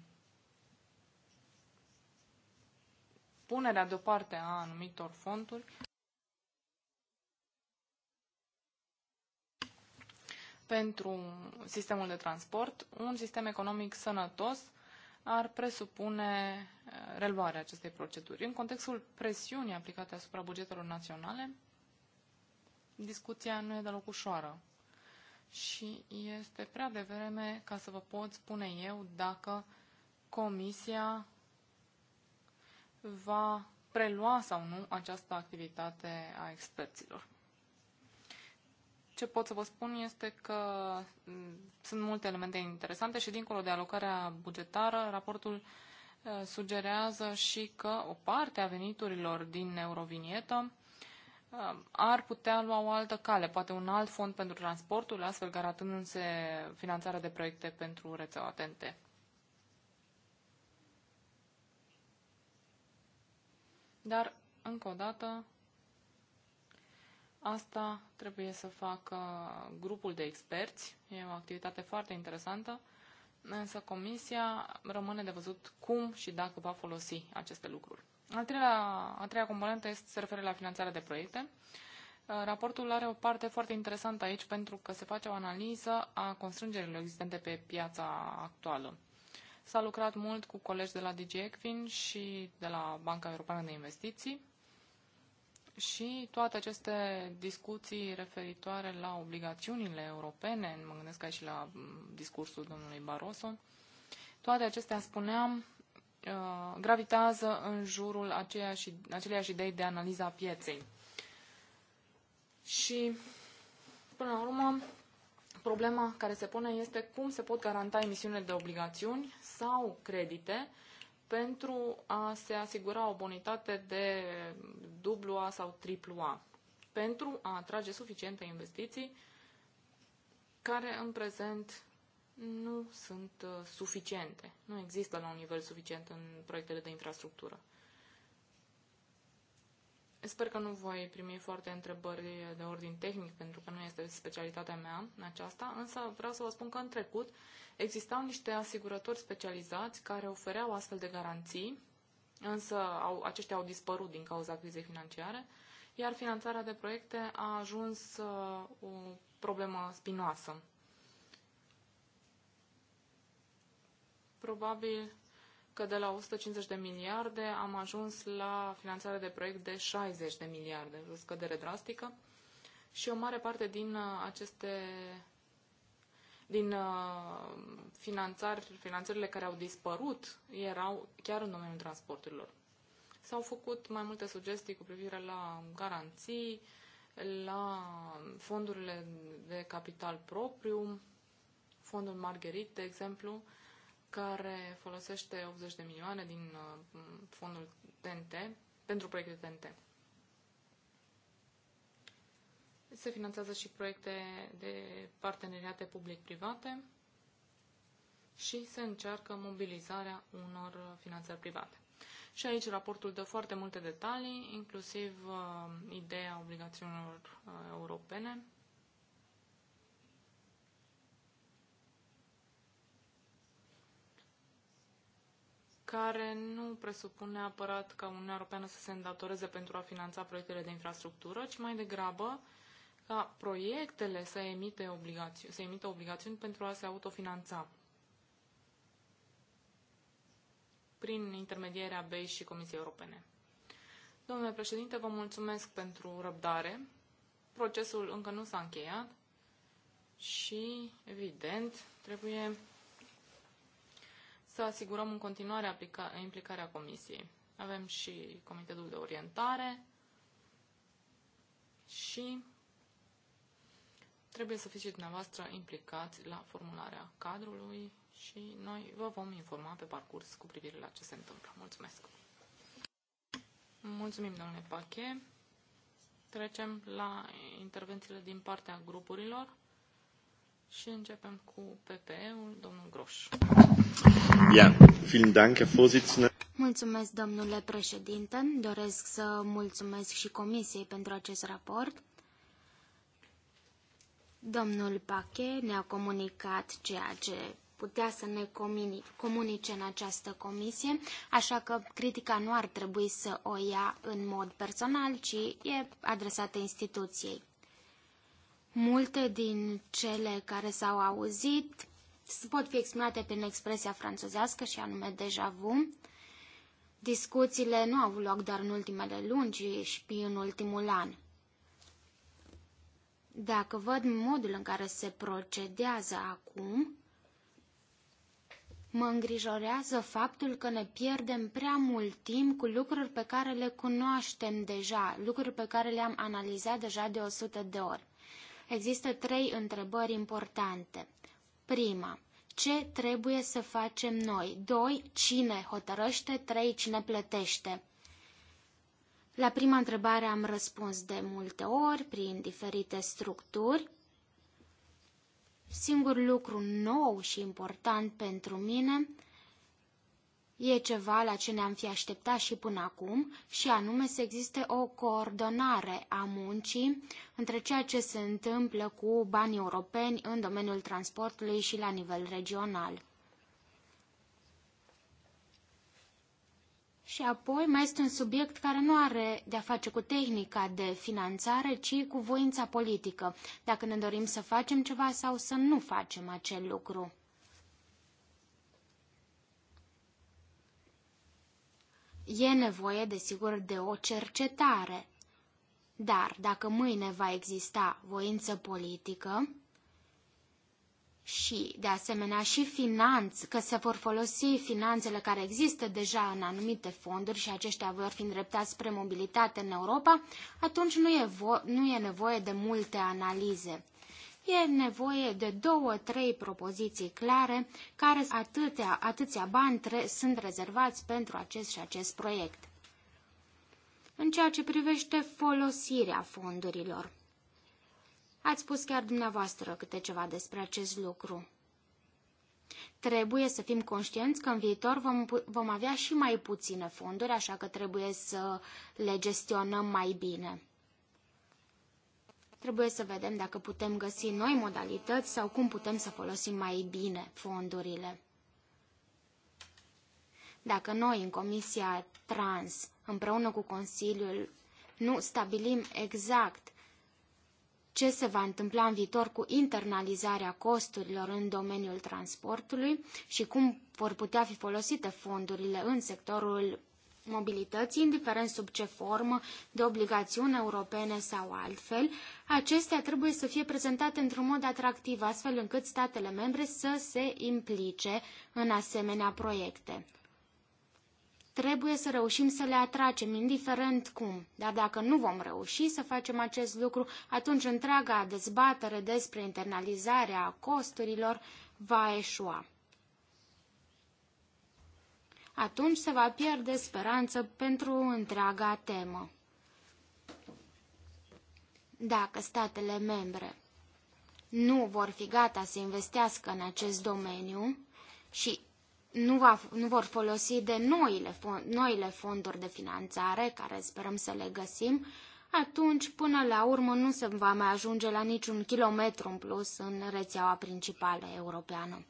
punerea deoparte a anumitor fonduri pentru sistemul de transport, un sistem economic sănătos ar presupune uh, reluarea acestei proceduri. În contextul presiunii aplicate asupra bugetelor naționale, discuția nu e deloc ușoară și este prea devreme ca să vă pot spune eu dacă Comisia va prelua sau nu această activitate a experților. Ce pot să vă spun este că mm, sunt multe elemente interesante și dincolo de alocarea bugetară, raportul sugerează și că o parte a veniturilor din eurovinietă ar putea lua o altă cale, poate un alt fond pentru transportul, astfel garantându-se finanțarea de proiecte pentru rețeaua TNT. Dar, încă o dată, Asta trebuie să facă grupul de experți. E o activitate foarte interesantă, însă comisia rămâne de văzut cum și dacă va folosi aceste lucruri. a treia a treia componentă este, se referă la finanțarea de proiecte. Uh, raportul are o parte foarte interesantă aici pentru că se face o analiză a constrângerilor existente pe piața actuală. S-a lucrat mult cu colegi de la DG Ecfin și de la Banca Europeană de Investiții și toate aceste discuții referitoare la obligațiunile europene, mă gândesc aici la mm, discursul domnului Barroso, toate acestea, spuneam, uh, gravitează în jurul aceleiași idei de analiza pieței. Și, până la urmă, problema care se pune este cum se pot garanta emisiunile de obligațiuni sau credite pentru a se asigura o bonitate de dublu A sau triplu A, pentru a atrage suficiente investiții care în prezent nu sunt uh, suficiente, nu există la un nivel suficient în proiectele de infrastructură. Sper că nu voi primi foarte întrebări de ordin tehnic, pentru că nu este specialitatea mea aceasta, însă vreau să vă spun că în trecut existau niște asigurători specializați care ofereau astfel de garanții, însă au, aceștia au dispărut din cauza crizei financiare, iar finanțarea de proiecte a ajuns uh, o problemă spinoasă. Probabil că de la 150 de miliarde am ajuns la finanțare de proiect de 60 de miliarde, o scădere drastică. Și o mare parte din uh, aceste din uh, finanțari, finanțările care au dispărut erau chiar în domeniul transporturilor. S-au făcut mai multe sugestii cu privire la garanții, la fondurile de capital propriu, fondul Margherit, de exemplu, care folosește 80 de milioane din uh, fondul TNT pentru proiecte TNT. Se finanțează și proiecte de parteneriate public-private și se încearcă mobilizarea unor finanțări private. Și aici raportul dă foarte multe detalii, inclusiv uh, ideea obligațiunilor uh, europene, care nu presupune neapărat ca Uniunea Europeană să se îndatoreze pentru a finanța proiectele de infrastructură, ci mai degrabă ca proiectele să, emite obligațiuni, să emite obligațiuni pentru a se autofinanța. prin intermedierea BEI și Comisiei Europene. Domnule președinte, vă mulțumesc pentru răbdare. Procesul încă nu s-a încheiat și, evident, trebuie să asigurăm în continuare aplica, implicarea Comisiei. Avem și Comitetul de Orientare și trebuie să fiți și dumneavoastră implicați la formularea cadrului și noi vă vom informa pe parcurs cu privire la ce se întâmplă. Mulțumesc! Mulțumim, domnule Pache. Trecem la intervențiile din partea grupurilor și începem cu PPE-ul, domnul Groș. Ja, vielen Dank, Herr Vorsitzender. Mulțumesc, domnule președinte. Doresc să mulțumesc și Comisiei pentru acest raport. Domnul Pache ne-a comunicat ceea ce putea să ne comunice în această comisie, așa că critica nu ar trebui să o ia în mod personal, ci e adresată instituției. Multe din cele care s-au auzit pot fi exprimate prin expresia franțuzească și anume deja vu. Discuțiile nu au avut loc doar în ultimele luni, ci și în ultimul an. Dacă văd modul în care se procedează acum, mă îngrijorează faptul că ne pierdem prea mult timp cu lucruri pe care le cunoaștem deja, lucruri pe care le-am analizat deja de 100 de ori. Există trei întrebări importante. Prima, ce trebuie să facem noi? 2. Cine hotărăște? 3. Cine plătește? La prima întrebare am răspuns de multe ori prin diferite structuri. Singur lucru nou și important pentru mine E ceva la ce ne-am fi așteptat și până acum, și anume să existe o coordonare a muncii între ceea ce se întâmplă cu banii europeni în domeniul transportului și la nivel regional. Și apoi mai este un subiect care nu are de-a face cu tehnica de finanțare, ci cu voința politică, dacă ne dorim să facem ceva sau să nu facem acel lucru. E nevoie, desigur, de o cercetare. Dar dacă mâine va exista voință politică și, de asemenea, și finanțe, că se vor folosi finanțele care există deja în anumite fonduri și aceștia vor fi îndreptați spre mobilitate în Europa, atunci nu e, nu e nevoie de multe analize. E nevoie de două, trei propoziții clare care atâtea, atâția bani tre- sunt rezervați pentru acest și acest proiect. În ceea ce privește folosirea fondurilor. Ați spus chiar dumneavoastră câte ceva despre acest lucru. Trebuie să fim conștienți că în viitor vom, vom avea și mai puține fonduri, așa că trebuie să le gestionăm mai bine. Trebuie să vedem dacă putem găsi noi modalități sau cum putem să folosim mai bine fondurile. Dacă noi în Comisia Trans, împreună cu Consiliul, nu stabilim exact ce se va întâmpla în viitor cu internalizarea costurilor în domeniul transportului și cum vor putea fi folosite fondurile în sectorul mobilității, indiferent sub ce formă, de obligațiuni europene sau altfel, Acestea trebuie să fie prezentate într-un mod atractiv, astfel încât statele membre să se implice în asemenea proiecte. Trebuie să reușim să le atragem, indiferent cum. Dar dacă nu vom reuși să facem acest lucru, atunci întreaga dezbatere despre internalizarea costurilor va eșua atunci se va pierde speranță pentru întreaga temă. Dacă statele membre nu vor fi gata să investească în acest domeniu și nu, va, nu vor folosi de noile, fond, noile fonduri de finanțare, care sperăm să le găsim, atunci, până la urmă, nu se va mai ajunge la niciun kilometru în plus în rețeaua principală europeană.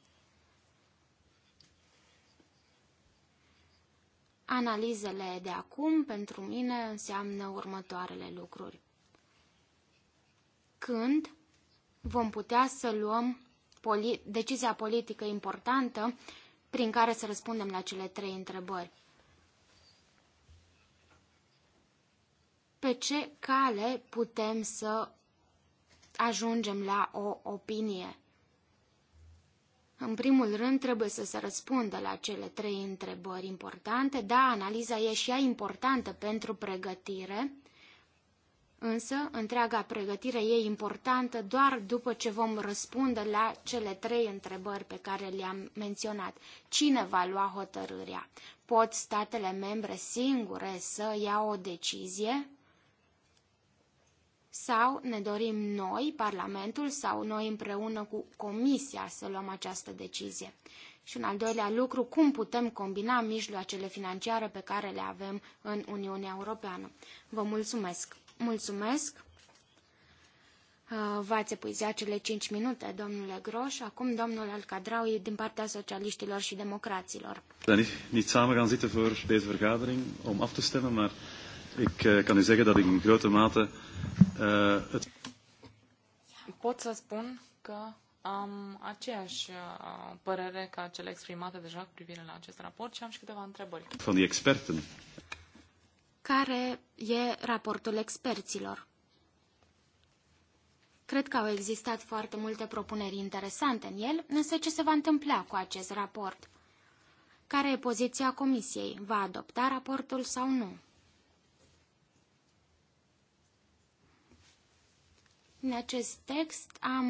Analizele de acum, pentru mine, înseamnă următoarele lucruri când vom putea să luăm poli- decizia politică importantă prin care să răspundem la cele trei întrebări. Pe ce cale putem să ajungem la o opinie? În primul rând, trebuie să se răspundă la cele trei întrebări importante. Da, analiza e și ea importantă pentru pregătire, Însă, întreaga pregătire e importantă doar după ce vom răspunde la cele trei întrebări pe care le-am menționat. Cine va lua hotărârea? Pot statele membre singure să ia o decizie? Sau ne dorim noi, Parlamentul, sau noi împreună cu Comisia să luăm această decizie? Și un al doilea lucru, cum putem combina mijloacele financiare pe care le avem în Uniunea Europeană? Vă mulțumesc! Mulțumesc. Uh, v-ați epuizat cele 5 minute, domnule Groș. Acum domnul e din partea socialiștilor și democraților. Niet samen gaan zitten voor deze vergadering om af te stemmen, maar ik eh, kan u zeggen dat ik in grote mate eh, het... Pot să spun că am aceeași eh, părere ca cele exprimate deja cu privire la acest raport și am și câteva întrebări. Van die experten care e raportul experților. Cred că au existat foarte multe propuneri interesante în el, însă ce se va întâmpla cu acest raport? Care e poziția Comisiei? Va adopta raportul sau nu? În acest text am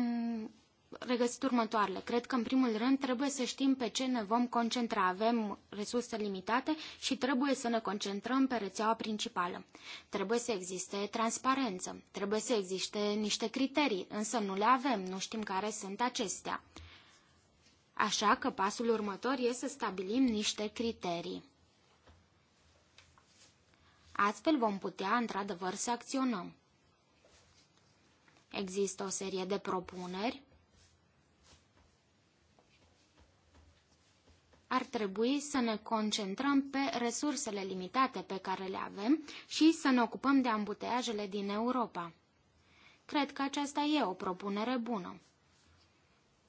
regăsit următoarele. Cred că, în primul rând, trebuie să știm pe ce ne vom concentra. Avem resurse limitate și trebuie să ne concentrăm pe rețeaua principală. Trebuie să existe transparență, trebuie să existe niște criterii, însă nu le avem, nu știm care sunt acestea. Așa că pasul următor este să stabilim niște criterii. Astfel vom putea, într-adevăr, să acționăm. Există o serie de propuneri ar trebui să ne concentrăm pe resursele limitate pe care le avem și să ne ocupăm de ambuteajele din Europa. Cred că aceasta e o propunere bună.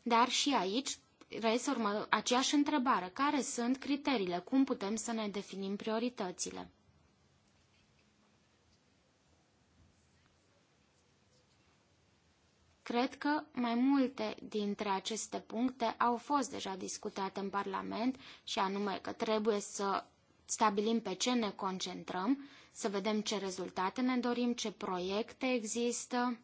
Dar și aici reiese aceeași întrebare. Care sunt criteriile? Cum putem să ne definim prioritățile? Cred că mai multe dintre aceste puncte au fost deja discutate în Parlament și anume că trebuie să stabilim pe ce ne concentrăm, să vedem ce rezultate ne dorim, ce proiecte există.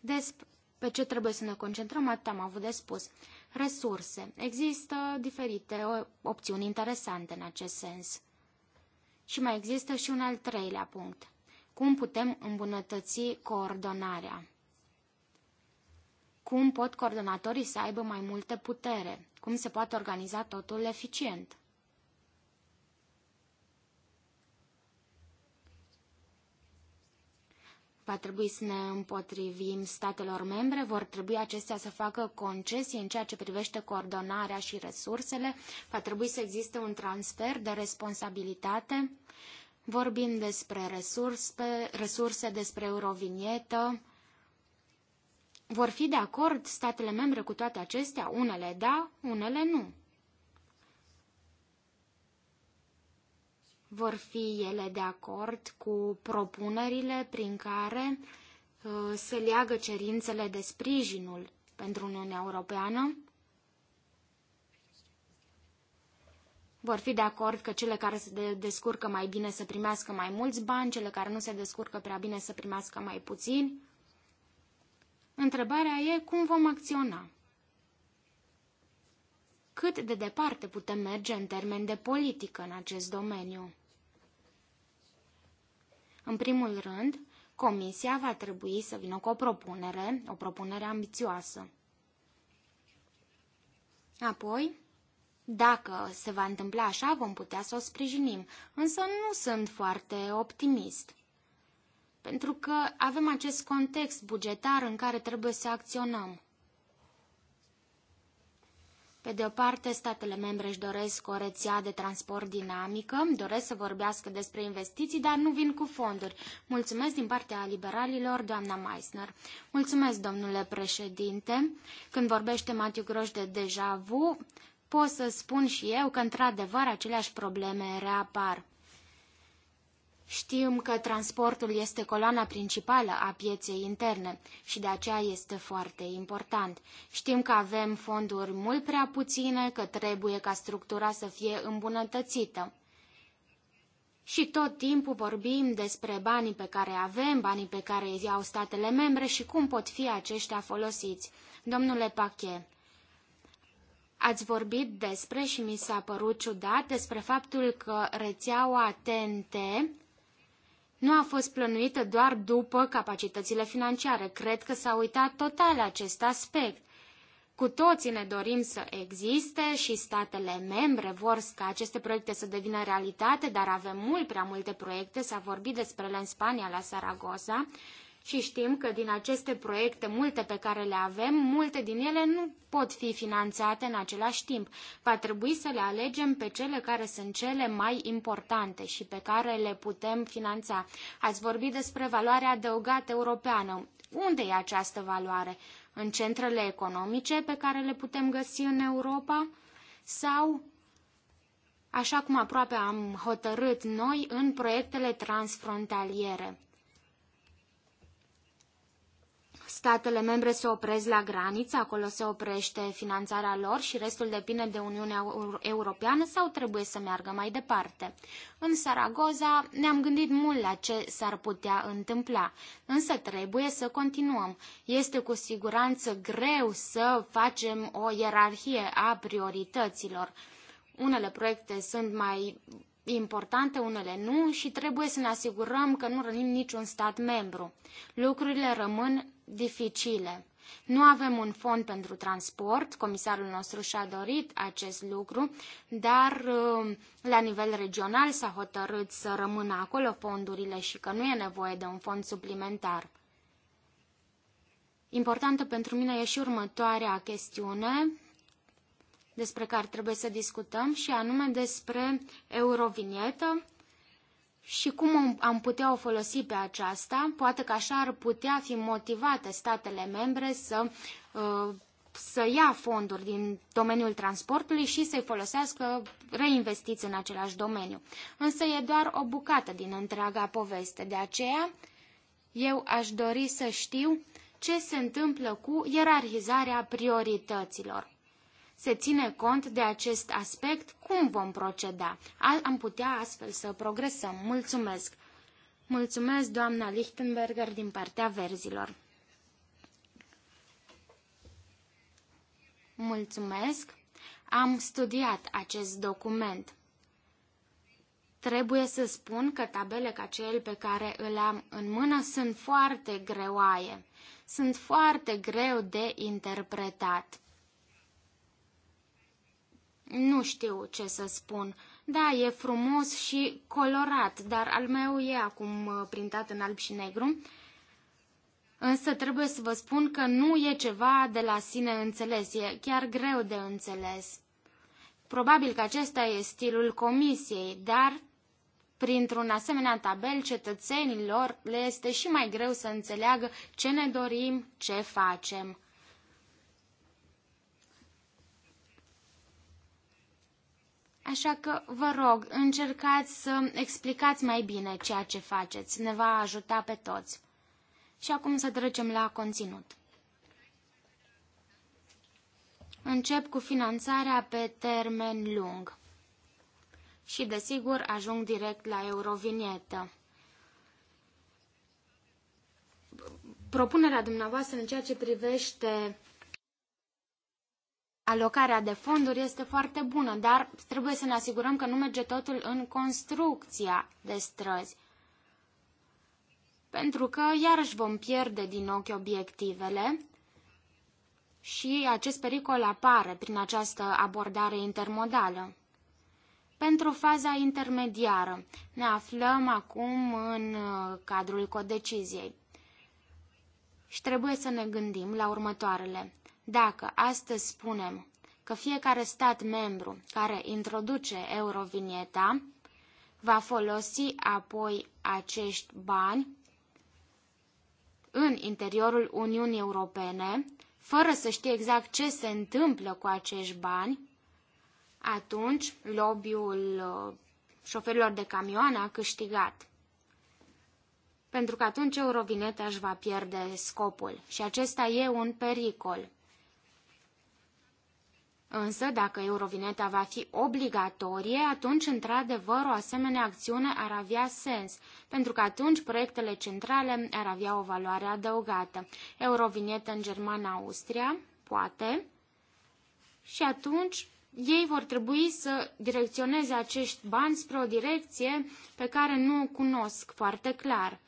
Despre pe ce trebuie să ne concentrăm, atât am avut de spus. Resurse. Există diferite opțiuni interesante în acest sens. Și mai există și un al treilea punct. Cum putem îmbunătăți coordonarea? Cum pot coordonatorii să aibă mai multă putere? Cum se poate organiza totul eficient? Va trebui să ne împotrivim statelor membre, vor trebui acestea să facă concesii în ceea ce privește coordonarea și resursele, va trebui să existe un transfer de responsabilitate. Vorbim despre resurse, resurse despre eurovinietă. Vor fi de acord statele membre cu toate acestea? Unele da, unele nu. Vor fi ele de acord cu propunerile prin care uh, se leagă cerințele de sprijinul pentru Uniunea Europeană? vor fi de acord că cele care se descurcă mai bine să primească mai mulți bani, cele care nu se descurcă prea bine să primească mai puțini. Întrebarea e cum vom acționa. Cât de departe putem merge în termen de politică în acest domeniu? În primul rând, Comisia va trebui să vină cu o propunere, o propunere ambițioasă. Apoi, dacă se va întâmpla așa, vom putea să o sprijinim, însă nu sunt foarte optimist. Pentru că avem acest context bugetar în care trebuie să acționăm. Pe de o parte, statele membre își doresc o rețea de transport dinamică, doresc să vorbească despre investiții, dar nu vin cu fonduri. Mulțumesc din partea liberalilor, doamna Meissner. Mulțumesc, domnule președinte. Când vorbește Matiu Groș de deja vu, pot să spun și eu că într-adevăr aceleași probleme reapar. Știm că transportul este coloana principală a pieței interne și de aceea este foarte important. Știm că avem fonduri mult prea puține, că trebuie ca structura să fie îmbunătățită. Și tot timpul vorbim despre banii pe care avem, banii pe care îi iau statele membre și cum pot fi aceștia folosiți. Domnule Pachet, Ați vorbit despre, și mi s-a părut ciudat, despre faptul că rețeaua TNT nu a fost plănuită doar după capacitățile financiare. Cred că s-a uitat total acest aspect. Cu toții ne dorim să existe și statele membre vor ca aceste proiecte să devină realitate, dar avem mult prea multe proiecte, s-a vorbit despre ele în Spania, la Saragossa și știm că din aceste proiecte, multe pe care le avem, multe din ele nu pot fi finanțate în același timp. Va trebui să le alegem pe cele care sunt cele mai importante și pe care le putem finanța. Ați vorbit despre valoarea adăugată europeană. Unde e această valoare? În centrele economice pe care le putem găsi în Europa? Sau așa cum aproape am hotărât noi în proiectele transfrontaliere statele membre se opresc la graniță, acolo se oprește finanțarea lor și restul depinde de Uniunea Europeană sau trebuie să meargă mai departe. În Saragoza ne-am gândit mult la ce s-ar putea întâmpla, însă trebuie să continuăm. Este cu siguranță greu să facem o ierarhie a priorităților. Unele proiecte sunt mai importante, unele nu, și trebuie să ne asigurăm că nu rănim niciun stat membru. Lucrurile rămân dificile. Nu avem un fond pentru transport, comisarul nostru și-a dorit acest lucru, dar uh, la nivel regional s-a hotărât să rămână acolo fondurile și că nu e nevoie de un fond suplimentar. Importantă pentru mine e și următoarea chestiune despre care trebuie să discutăm și anume despre eurovinietă și cum am putea o folosi pe aceasta. Poate că așa ar putea fi motivate statele membre să, uh, să ia fonduri din domeniul transportului și să-i folosească reinvestiți în același domeniu. Însă e doar o bucată din întreaga poveste. De aceea, eu aș dori să știu ce se întâmplă cu ierarhizarea priorităților se ține cont de acest aspect, cum vom proceda? Am putea astfel să progresăm. Mulțumesc! Mulțumesc, doamna Lichtenberger, din partea verzilor. Mulțumesc! Am studiat acest document. Trebuie să spun că tabele ca cel pe care îl am în mână sunt foarte greoaie. Sunt foarte greu de interpretat. Nu știu ce să spun. Da, e frumos și colorat, dar al meu e acum uh, printat în alb și negru. Însă trebuie să vă spun că nu e ceva de la sine înțeles, e chiar greu de înțeles. Probabil că acesta e stilul comisiei, dar printr-un asemenea tabel cetățenilor le este și mai greu să înțeleagă ce ne dorim, ce facem. Așa că, vă rog, încercați să explicați mai bine ceea ce faceți. Ne va ajuta pe toți. Și acum să trecem la conținut. Încep cu finanțarea pe termen lung. Și, desigur, ajung direct la eurovinietă. Propunerea dumneavoastră în ceea ce privește alocarea de fonduri este foarte bună, dar trebuie să ne asigurăm că nu merge totul în construcția de străzi. Pentru că iarăși vom pierde din ochi obiectivele și acest pericol apare prin această abordare intermodală. Pentru faza intermediară ne aflăm acum în uh, cadrul codeciziei și trebuie să ne gândim la următoarele. Dacă astăzi spunem că fiecare stat membru care introduce eurovinieta va folosi apoi acești bani în interiorul Uniunii Europene, fără să știe exact ce se întâmplă cu acești bani, atunci lobby-ul uh, șoferilor de camioane a câștigat. Pentru că atunci Eurovineta își va pierde scopul și acesta e un pericol. Însă, dacă Eurovineta va fi obligatorie, atunci, într-adevăr, o asemenea acțiune ar avea sens, pentru că atunci proiectele centrale ar avea o valoare adăugată. Eurovineta, în Germana-Austria, poate, și atunci ei vor trebui să direcționeze acești bani spre o direcție pe care nu o cunosc foarte clar.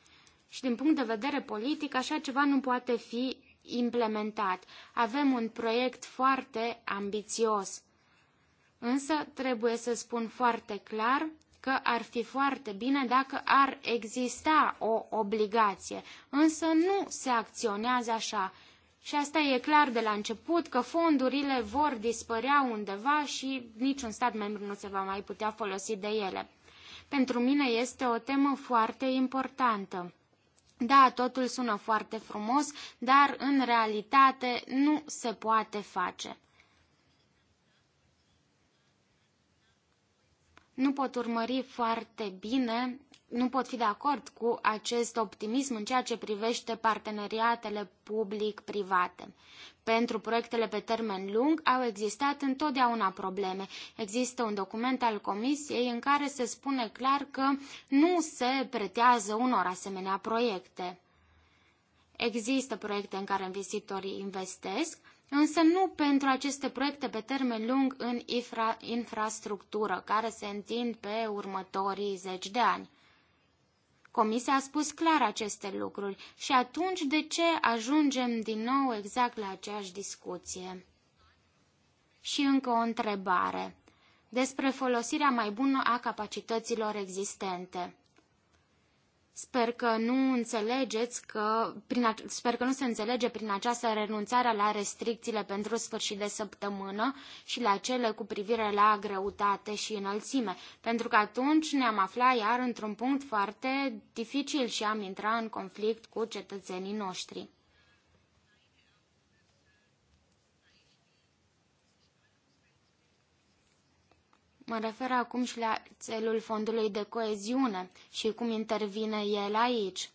Și din punct de vedere politic, așa ceva nu poate fi implementat. Avem un proiect foarte ambițios. Însă trebuie să spun foarte clar că ar fi foarte bine dacă ar exista o obligație, însă nu se acționează așa. Și asta e clar de la început că fondurile vor dispărea undeva și niciun stat membru nu se va mai putea folosi de ele. Pentru mine este o temă foarte importantă. Da, totul sună foarte frumos, dar în realitate nu se poate face. Nu pot urmări foarte bine, nu pot fi de acord cu acest optimism în ceea ce privește parteneriatele public-private pentru proiectele pe termen lung au existat întotdeauna probleme. Există un document al Comisiei în care se spune clar că nu se pretează unor asemenea proiecte. Există proiecte în care investitorii investesc, însă nu pentru aceste proiecte pe termen lung în infra infrastructură, care se întind pe următorii zeci de ani. Comisia a spus clar aceste lucruri și atunci de ce ajungem din nou exact la aceeași discuție? Și încă o întrebare despre folosirea mai bună a capacităților existente. Sper că nu înțelegeți că, prin, sper că nu se înțelege prin această renunțare la restricțiile pentru sfârșit de săptămână și la cele cu privire la greutate și înălțime, pentru că atunci ne-am afla iar într-un punct foarte dificil și am intrat în conflict cu cetățenii noștri. Mă refer acum și la țelul fondului de coeziune și cum intervine el aici.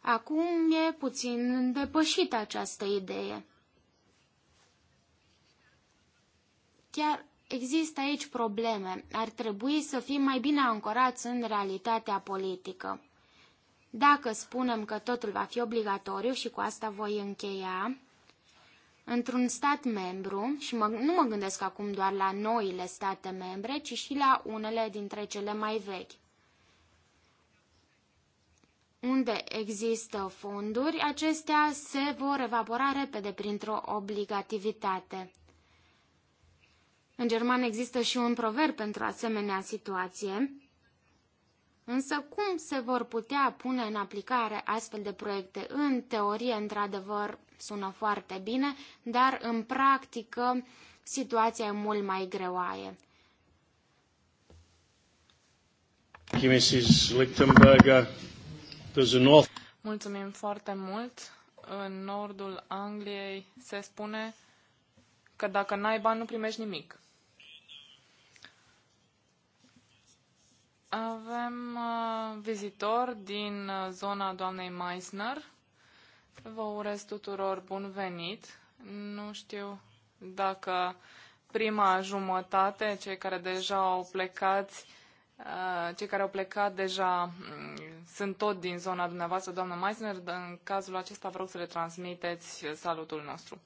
Acum e puțin depășită această idee. Chiar există aici probleme. Ar trebui să fim mai bine ancorați în realitatea politică. Dacă spunem că totul va fi obligatoriu și cu asta voi încheia, Într-un stat membru, și mă, nu mă gândesc acum doar la noile state membre, ci și la unele dintre cele mai vechi, unde există fonduri, acestea se vor evapora repede printr-o obligativitate. În german există și un proverb pentru asemenea situație. Însă cum se vor putea pune în aplicare astfel de proiecte? În teorie, într-adevăr, sună foarte bine, dar în practică situația e mult mai greoaie. Mulțumim foarte mult. În nordul Angliei se spune că dacă n-ai bani, nu primești nimic. Avem uh, vizitor din uh, zona doamnei Meissner. Vă urez tuturor bun venit. Nu știu dacă prima jumătate, cei care deja au plecat, uh, cei care au plecat deja mm, sunt tot din zona dumneavoastră, doamna Meissner. În cazul acesta vreau să le transmiteți salutul nostru.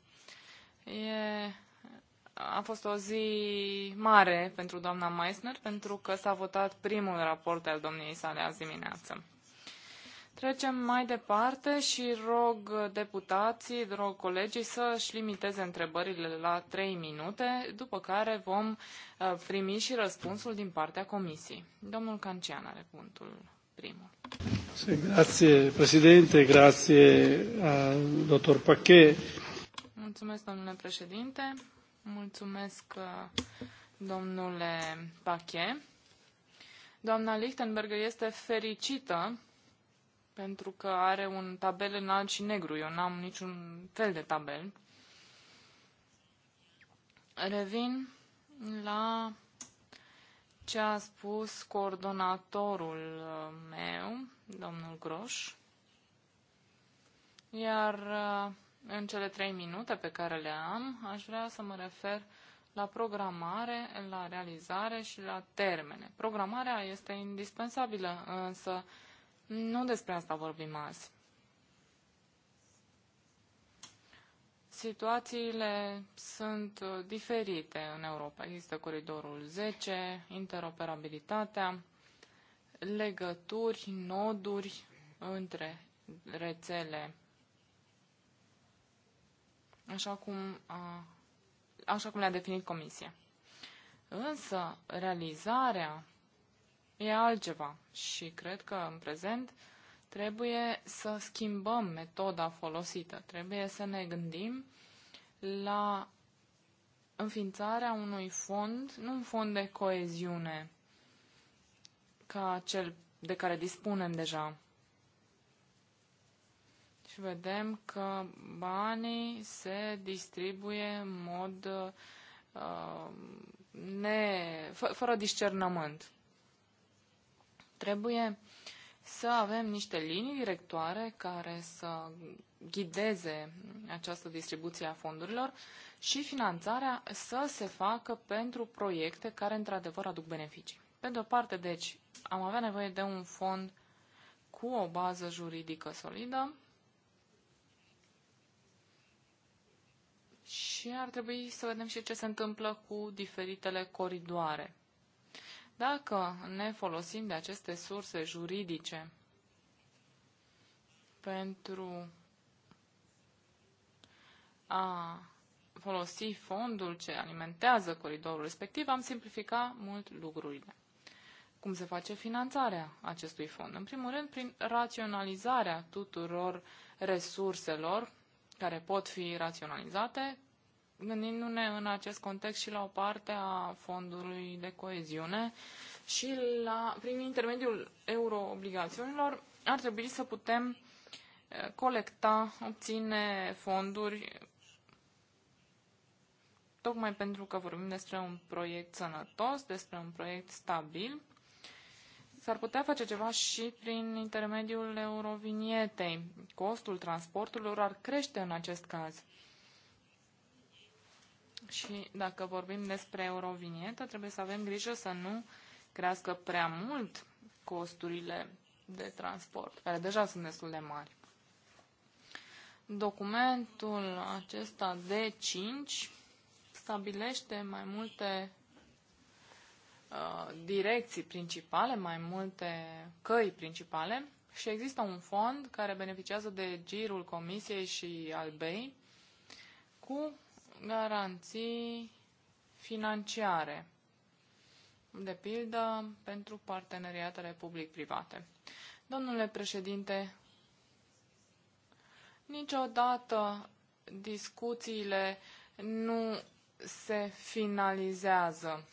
E a fost o zi mare pentru doamna Meissner, pentru că s-a votat primul raport al domniei sale azi dimineață. Trecem mai departe și rog deputații, rog colegii să-și limiteze întrebările la 3 minute, după care vom uh, primi și răspunsul din partea comisiei. Domnul Cancian are cuvântul primul. Grazie, președinte, grazie, uh, Pachet. Mulțumesc, domnule președinte. Mulțumesc, uh, domnule Pache. Doamna Lichtenberger este fericită pentru că are un tabel în alb și negru. Eu n-am niciun fel de tabel. Revin la ce a spus coordonatorul uh, meu, domnul Groș. Iar uh, în cele trei minute pe care le am, aș vrea să mă refer la programare, la realizare și la termene. Programarea este indispensabilă, însă nu despre asta vorbim azi. Situațiile sunt diferite în Europa. Există coridorul 10, interoperabilitatea, legături, noduri între rețele așa cum, a, așa cum le-a definit Comisia. Însă, realizarea e altceva și cred că în prezent trebuie să schimbăm metoda folosită. Trebuie să ne gândim la înființarea unui fond, nu un fond de coeziune ca cel de care dispunem deja, și vedem că banii se distribuie în mod uh, ne, fă, fără discernământ. Trebuie să avem niște linii directoare care să ghideze această distribuție a fondurilor și finanțarea să se facă pentru proiecte care într-adevăr aduc beneficii. Pe de o parte, deci, am avea nevoie de un fond cu o bază juridică solidă, Și ar trebui să vedem și ce se întâmplă cu diferitele coridoare. Dacă ne folosim de aceste surse juridice pentru a folosi fondul ce alimentează coridorul respectiv, am simplificat mult lucrurile. Cum se face finanțarea acestui fond? În primul rând, prin raționalizarea tuturor resurselor care pot fi raționalizate, gândindu-ne în acest context și la o parte a fondului de coeziune și la, prin intermediul euroobligațiunilor ar trebui să putem eh, colecta, obține fonduri tocmai pentru că vorbim despre un proiect sănătos, despre un proiect stabil s-ar putea face ceva și prin intermediul eurovinietei. Costul transporturilor ar crește în acest caz. Și dacă vorbim despre eurovinietă, trebuie să avem grijă să nu crească prea mult costurile de transport, care deja sunt destul de mari. Documentul acesta D5 stabilește mai multe Uh, direcții principale, mai multe căi principale și există un fond care beneficiază de girul Comisiei și al BEI cu garanții financiare, de pildă pentru parteneriatele public-private. Domnule președinte, niciodată discuțiile nu se finalizează.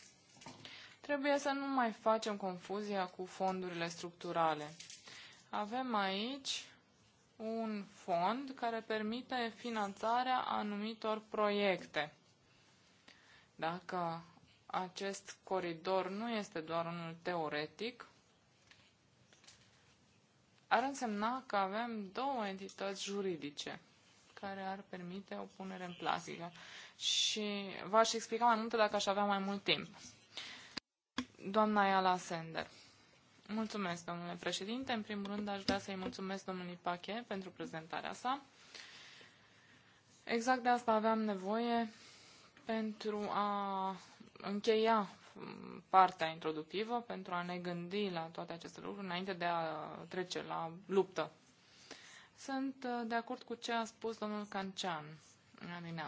Trebuie să nu mai facem confuzia cu fondurile structurale. Avem aici un fond care permite finanțarea anumitor proiecte. Dacă acest coridor nu este doar unul teoretic, ar însemna că avem două entități juridice care ar permite o punere în plastică. Și v-aș explica mai multe dacă aș avea mai mult timp. Doamna Iala Sender. Mulțumesc, domnule președinte. În primul rând, aș vrea să-i mulțumesc domnului Pache pentru prezentarea sa. Exact de asta aveam nevoie pentru a încheia partea introductivă, pentru a ne gândi la toate aceste lucruri înainte de a trece la luptă. Sunt uh, de acord cu ce a spus domnul Cancian din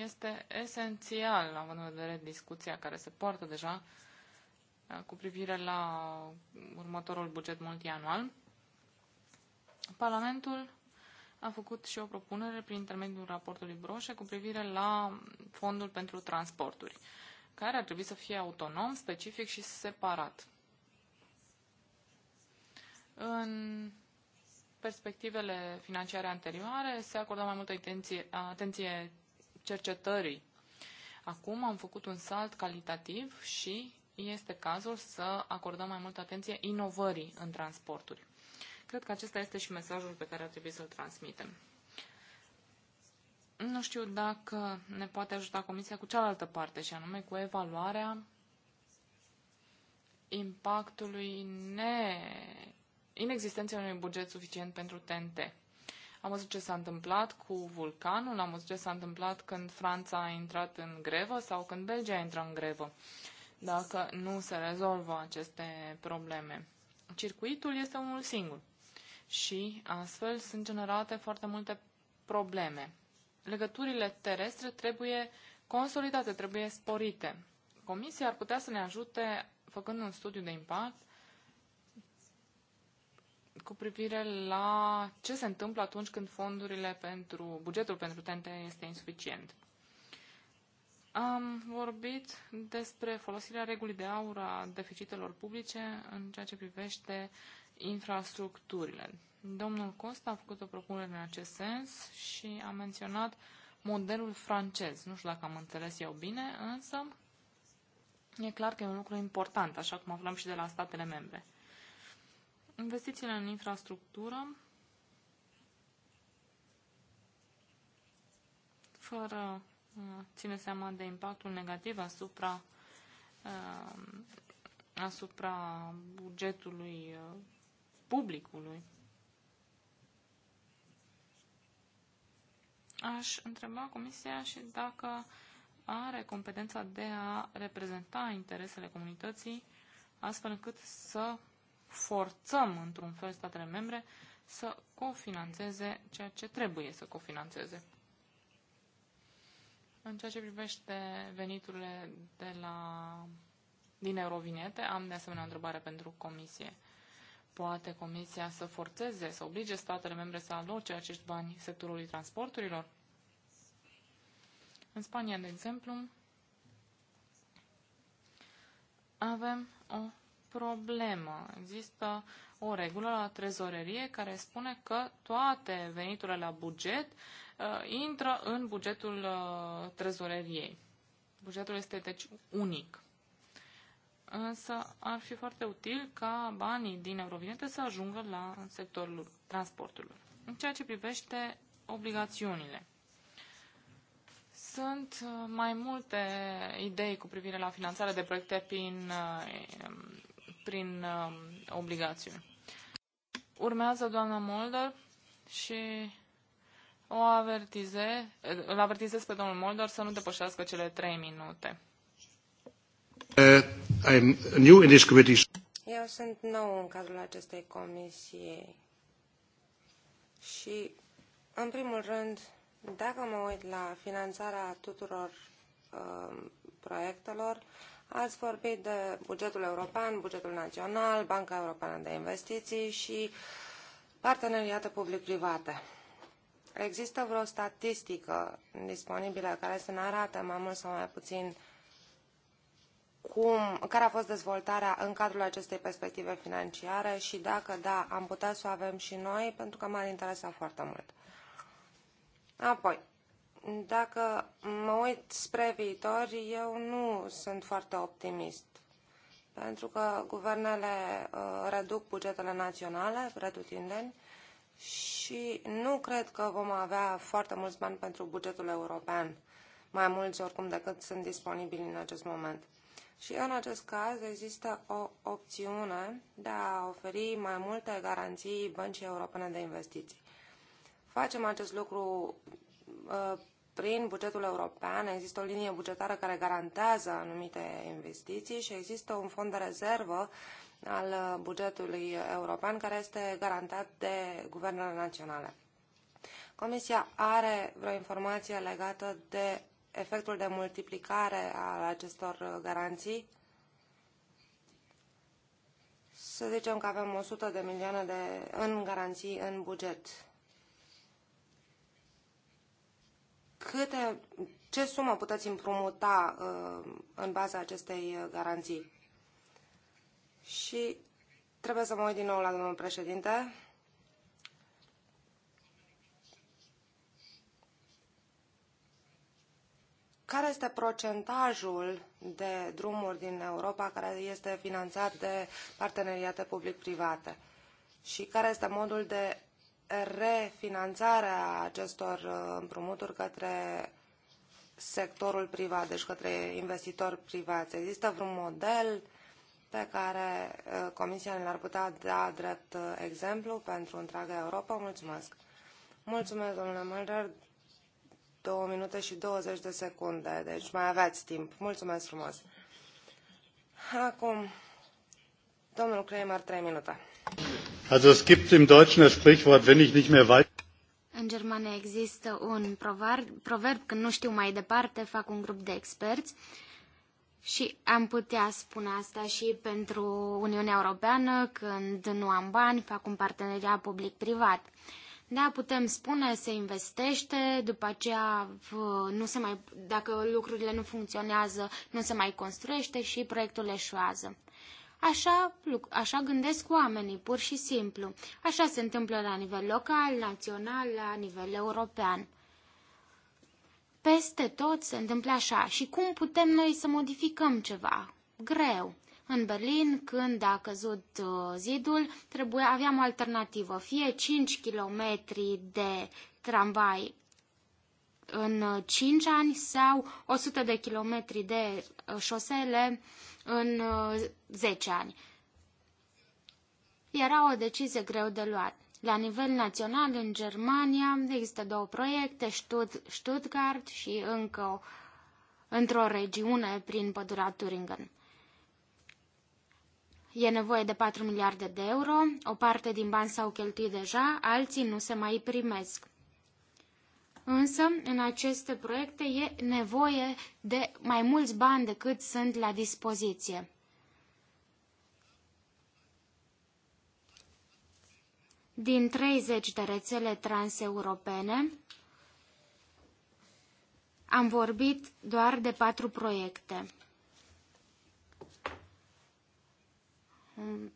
Este esențial, având în vedere discuția care se poartă deja, Uh, cu privire la următorul buget multianual, Parlamentul a făcut și o propunere prin intermediul raportului Broșe cu privire la fondul pentru transporturi, care ar trebui să fie autonom, specific și separat. În perspectivele financiare anterioare se acordă mai multă atenție, atenție cercetării. Acum am făcut un salt calitativ și este cazul să acordăm mai multă atenție inovării în transporturi. Cred că acesta este și mesajul pe care ar trebui să-l transmitem. Nu știu dacă ne poate ajuta Comisia cu cealaltă parte, și anume cu evaluarea impactului ne... inexistenței unui buget suficient pentru TNT. Am văzut ce s-a întâmplat cu vulcanul, am văzut ce s-a întâmplat când Franța a intrat în grevă sau când Belgia a intrat în grevă dacă nu se rezolvă aceste probleme. Circuitul este unul singur și astfel sunt generate foarte multe probleme. Legăturile terestre trebuie consolidate, trebuie sporite. Comisia ar putea să ne ajute făcând un studiu de impact cu privire la ce se întâmplă atunci când fondurile pentru bugetul pentru TNT este insuficient. Am vorbit despre folosirea regulii de aur a deficitelor publice în ceea ce privește infrastructurile. Domnul Costa a făcut o propunere în acest sens și a menționat modelul francez. Nu știu dacă am înțeles eu bine, însă e clar că e un lucru important, așa cum aflăm și de la statele membre. Investițiile în infrastructură fără ține seama de impactul negativ asupra, uh, asupra bugetului uh, publicului. Aș întreba Comisia și dacă are competența de a reprezenta interesele comunității astfel încât să forțăm într-un fel statele membre să cofinanțeze ceea ce trebuie să cofinanțeze. În ceea ce privește veniturile de la, din eurovinete, am de asemenea o întrebare pentru comisie. Poate comisia să forțeze, să oblige statele membre să aloce acești bani sectorului transporturilor? În Spania, de exemplu, avem o problemă. Există o regulă la trezorerie care spune că toate veniturile la buget Uh, intră în bugetul uh, trezoreriei. Bugetul este deci unic. Însă ar fi foarte util ca banii din eurovinete să ajungă la sectorul transportului. În ceea ce privește obligațiunile. Sunt uh, mai multe idei cu privire la finanțarea de proiecte prin, prin obligațiuni. Urmează doamna Mulder și o avertize, îl avertizez pe domnul Moldor să nu depășească cele trei minute. Uh, Eu sunt nou în cadrul acestei comisii și, în primul rând, dacă mă uit la finanțarea tuturor uh, proiectelor, ați vorbit de bugetul european, bugetul național, Banca Europeană de Investiții și parteneriate public-private. Există vreo statistică disponibilă care să ne arată mai mult sau mai puțin cum, care a fost dezvoltarea în cadrul acestei perspective financiare și dacă da, am putea să o avem și noi, pentru că m-ar interesa foarte mult. Apoi, dacă mă uit spre viitor, eu nu sunt foarte optimist, pentru că guvernele uh, reduc bugetele naționale, pretutindeni, și nu cred că vom avea foarte mulți bani pentru bugetul european, mai mulți oricum decât sunt disponibili în acest moment. Și în acest caz există o opțiune de a oferi mai multe garanții băncii europene de investiții. Facem acest lucru uh, prin bugetul european, există o linie bugetară care garantează anumite investiții și există un fond de rezervă uh, al uh, bugetului european care este garantat de guvernele naționale. Comisia are vreo informație legată de efectul de multiplicare al acestor uh, garanții? Să zicem că avem 100 de milioane de, în garanții în buget. Câte, ce sumă puteți împrumuta uh, în baza acestei uh, garanții? Și trebuie să mă uit din nou la domnul președinte. Care este procentajul de drumuri din Europa care este finanțat de parteneriate public-private? Și care este modul de refinanțare a acestor uh, împrumuturi către sectorul privat, deci către investitori privați? Există vreun model uh, pe care Comisia ne-ar putea da drept exemplu pentru întreaga Europa. Mulțumesc! Mulțumesc, domnule Mulder. Două minute și 20 de secunde, deci mai aveți timp. Mulțumesc frumos! Acum, domnul Kramer, trei minute. Also es gibt im Deutschen das Sprichwort, wenn ich nicht mehr weiß. În Germania există un proverb, proverb, când nu știu mai departe, fac un grup de experți. Uh, și am putea spune asta și pentru Uniunea Europeană, când nu am bani, fac un parteneriat public-privat. Da, putem spune, se investește, după aceea nu se mai, dacă lucrurile nu funcționează, nu se mai construiește și proiectul eșuează. Așa, așa gândesc oamenii, pur și simplu. Așa se întâmplă la nivel local, național, la nivel european. Peste tot se întâmplă așa și cum putem noi să modificăm ceva? Greu. În Berlin, când a căzut uh, zidul, trebuia, aveam o alternativă, fie 5 km de tramvai în 5 uh, ani sau 100 de kilometri de uh, șosele în 10 ani. Era o decizie greu de luat. La nivel național, în Germania, există două proiecte, Stuttgart și încă într-o regiune prin pădurea Turingen. E nevoie de 4 miliarde de euro, o parte din bani s-au cheltuit deja, alții nu se mai primesc. Însă, în aceste proiecte e nevoie de mai mulți bani decât sunt la dispoziție. Din 30 de rețele transeuropene, am vorbit doar de patru proiecte.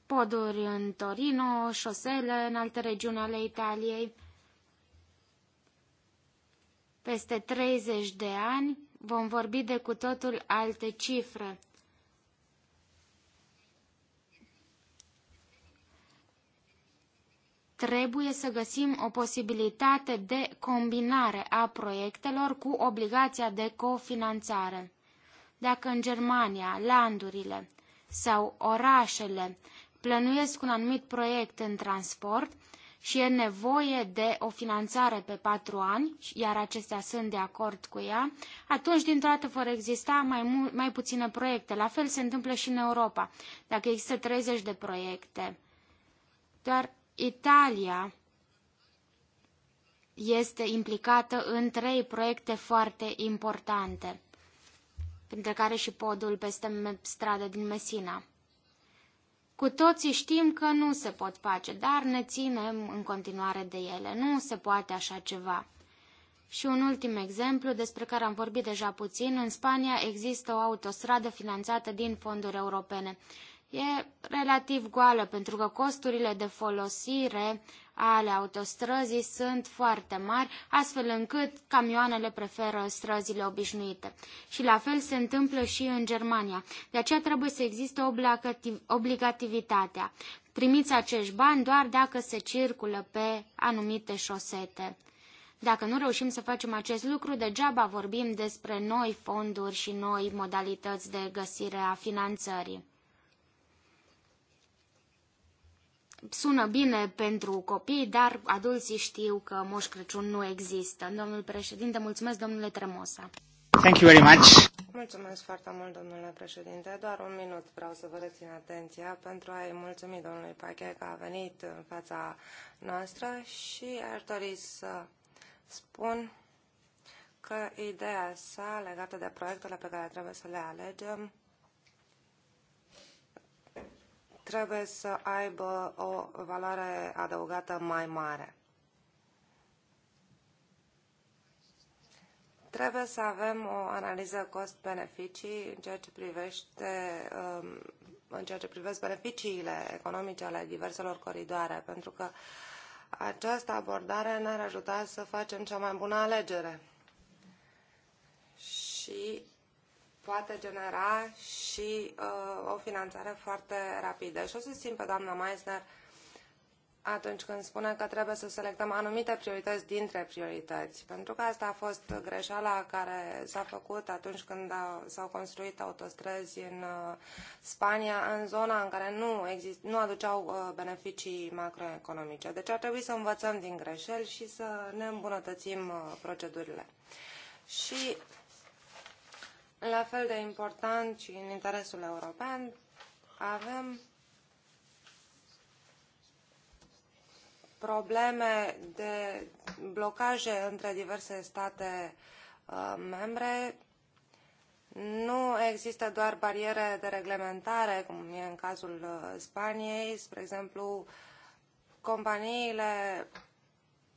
Poduri în Torino, șosele în alte regiuni ale Italiei. Peste 30 de ani vom vorbi de cu totul alte cifre trebuie să găsim o posibilitate de combinare a proiectelor cu obligația de cofinanțare. Dacă în Germania landurile sau orașele plănuiesc un anumit proiect în transport și e nevoie de o finanțare pe patru ani, iar acestea sunt de acord cu ea, atunci dintr-o dată vor exista mai, mai puține proiecte. La fel se întâmplă și în Europa, dacă există 30 de proiecte. Doar Italia este implicată în trei proiecte foarte importante, printre care și podul peste stradă din Messina. Cu toții știm că nu se pot face, dar ne ținem în continuare de ele. Nu se poate așa ceva. Și un ultim exemplu, despre care am vorbit deja puțin, în Spania există o autostradă finanțată din fonduri europene e relativ goală pentru că costurile de folosire ale autostrăzii sunt foarte mari, astfel încât camioanele preferă străzile obișnuite. Și la fel se întâmplă și în Germania. De aceea trebuie să existe obligativitatea. Primiți acești bani doar dacă se circulă pe anumite șosete. Dacă nu reușim să facem acest lucru, degeaba vorbim despre noi fonduri și noi modalități de găsire a finanțării. sună bine pentru copii, dar adulții știu că Moș Crăciun nu există. Domnul președinte, mulțumesc domnule Tremosa. Thank you very much. Mulțumesc foarte mult, domnule președinte. Doar un minut vreau să vă rețin atenția pentru a-i mulțumi domnului Pache că a venit în fața noastră și aș dori să spun că ideea sa legată de proiectele pe care trebuie să le alegem trebuie să aibă o valoare adăugată mai mare. Trebuie să avem o analiză cost-beneficii în ceea ce privește um, în ceea ce privesc beneficiile economice ale diverselor coridoare, pentru că această abordare ne-ar ajuta să facem cea mai bună alegere. Și poate genera și uh, o finanțare foarte rapidă. Și o susțin pe doamna Meisner atunci când spune că trebuie să selectăm anumite priorități dintre priorități, pentru că asta a fost greșeala care s-a făcut atunci când s-au construit autostrăzi în uh, Spania, în zona în care nu, exist, nu aduceau uh, beneficii macroeconomice. Deci ar trebui să învățăm din greșeli și să ne îmbunătățim uh, procedurile. Și la fel de important și în interesul european, avem probleme de blocaje între diverse state uh, membre. Nu există doar bariere de reglementare, cum e în cazul uh, Spaniei. Spre exemplu, companiile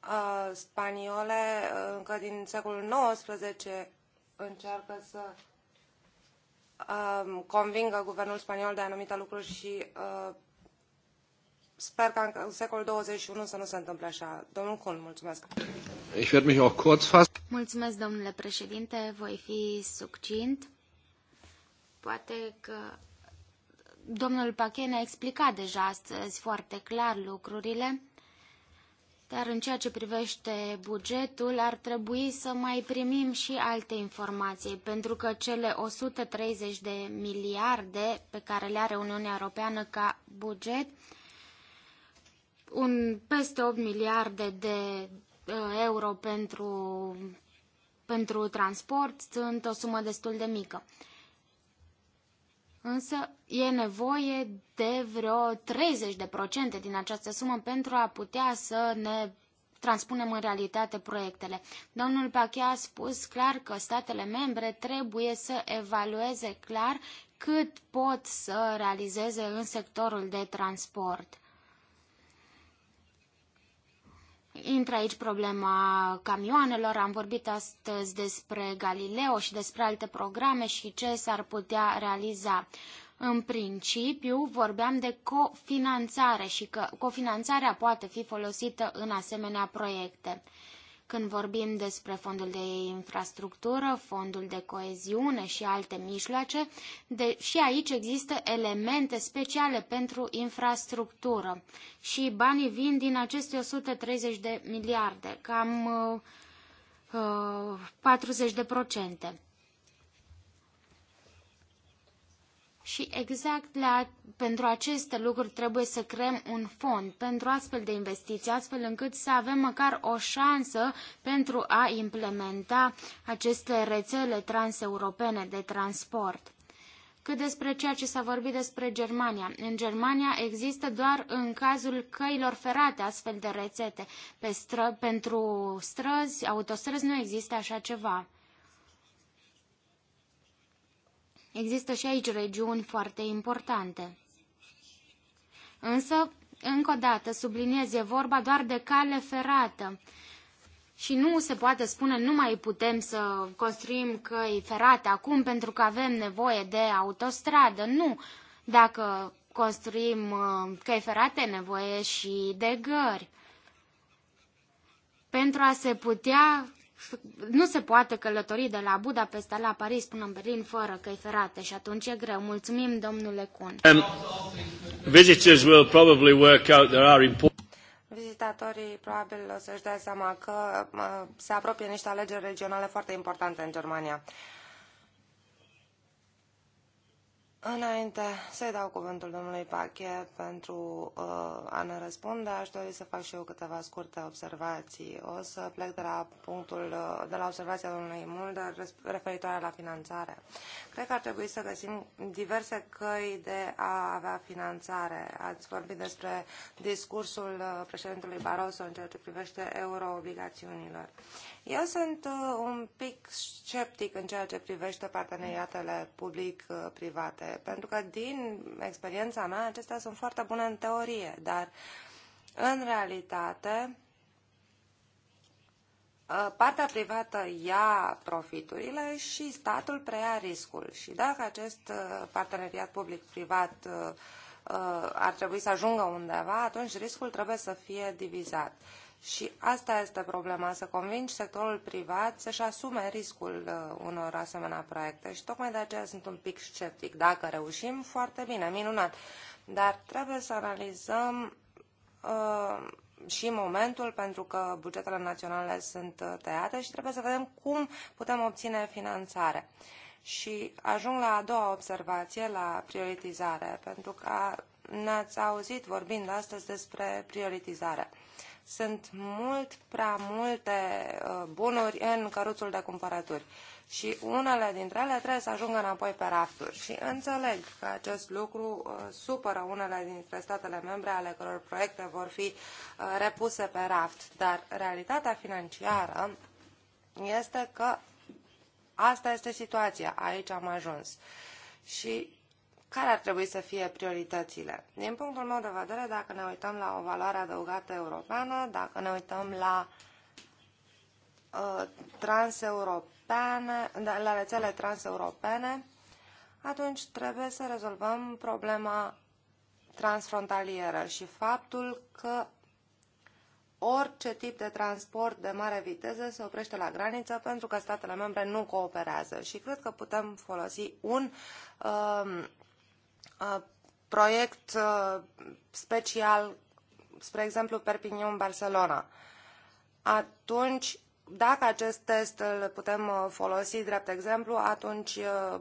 uh, spaniole uh, încă din secolul XIX încearcă să uh, convingă guvernul spaniol de anumite lucruri și uh, sper că în secolul 21 să nu se întâmple așa. Domnul Kuhn, mulțumesc. Ich werde mich auch kurz fassen. Mulțumesc, domnule președinte. Voi fi succint. Poate că domnul Pache a explicat deja astăzi foarte clar lucrurile. Dar în ceea ce privește bugetul, ar trebui să mai primim și alte informații, pentru că cele 130 de miliarde pe care le are Uniunea Europeană ca buget, un peste 8 miliarde de uh, euro pentru, pentru transport sunt o sumă destul de mică. Însă e nevoie de vreo 30% din această sumă pentru a putea să ne transpunem în realitate proiectele. Domnul Pachea a spus clar că statele membre trebuie să evalueze clar cât pot să realizeze în sectorul de transport. Intră aici problema camioanelor, am vorbit astăzi despre Galileo și despre alte programe și ce s-ar putea realiza. În principiu, vorbeam de cofinanțare și că cofinanțarea poate fi folosită în asemenea proiecte. Când vorbim despre fondul de infrastructură, fondul de coeziune și alte mijloace, de, și aici există elemente speciale pentru infrastructură și banii vin din aceste 130 de miliarde, cam uh, 40%. Uh, Și exact la, pentru aceste lucruri trebuie să creăm un fond pentru astfel de investiții, astfel încât să avem măcar o șansă pentru a implementa aceste rețele transeuropene de transport. Cât despre ceea ce s-a vorbit despre Germania. În Germania există doar în cazul căilor ferate astfel de rețete. Pe stră, pentru străzi, autostrăzi nu există așa ceva. Există și aici regiuni foarte importante. Însă, încă o dată, subliniez, e vorba doar de cale ferată. Și nu se poate spune, nu mai putem să construim căi ferate acum pentru că avem nevoie de autostradă. Nu. Dacă construim uh, căi ferate, nevoie și de gări. Pentru a se putea nu se poate călători de la Budapesta la Paris până în Berlin fără căi ferate și atunci e greu. Mulțumim, domnule Kuhn. Um, visitors will probably work out there are important vizitatorii probabil o să-și dea seama că uh, se apropie niște alegeri regionale foarte importante în Germania. Înainte să-i dau cuvântul domnului Pache pentru uh, a ne răspunde, aș dori să fac și eu câteva scurte observații. O să plec de la, punctul, uh, de la observația domnului Mulder referitoare la finanțare. Cred că ar trebui să găsim diverse căi de a avea finanțare. Ați vorbit despre discursul uh, președintelui Barroso în ceea ce privește euroobligațiunilor. Eu sunt uh, un pic sceptic în ceea ce privește parteneriatele public-private, pentru că din experiența mea acestea sunt foarte bune în teorie, dar în realitate uh, partea privată ia profiturile și statul preia riscul. Și dacă acest uh, parteneriat public-privat ar trebui să ajungă undeva, atunci riscul trebuie să fie divizat. Și asta este problema, să convingi sectorul privat să-și asume riscul uh, unor asemenea proiecte. Și tocmai de aceea sunt un pic sceptic. Dacă reușim, foarte bine, minunat. Dar trebuie să analizăm uh, și momentul, pentru că bugetele naționale sunt uh, tăiate și trebuie să vedem cum putem obține finanțare. Și ajung la a doua observație, la prioritizare, pentru că ne-ați auzit vorbind astăzi despre prioritizare. Uh, sunt mult prea multe uh, bunuri în căruțul de cumpărături și unele dintre ele trebuie să ajungă înapoi pe rafturi. Și înțeleg că acest lucru uh, supără unele dintre statele membre ale căror proiecte vor fi uh, repuse pe raft, dar realitatea financiară este că asta este situația, aici am ajuns. Și care ar trebui să fie prioritățile. Din punctul meu de vedere, dacă ne uităm la o valoare adăugată europeană, dacă ne uităm la uh, transeuropeane, da, la rețele transeuropene, atunci trebuie să rezolvăm problema transfrontalieră și faptul că orice tip de transport de mare viteză se oprește la graniță pentru că statele membre nu cooperează și cred că putem folosi un um, Uh, proiect uh, special, spre exemplu, Perpignan-Barcelona. Atunci, dacă acest test îl putem uh, folosi drept exemplu, atunci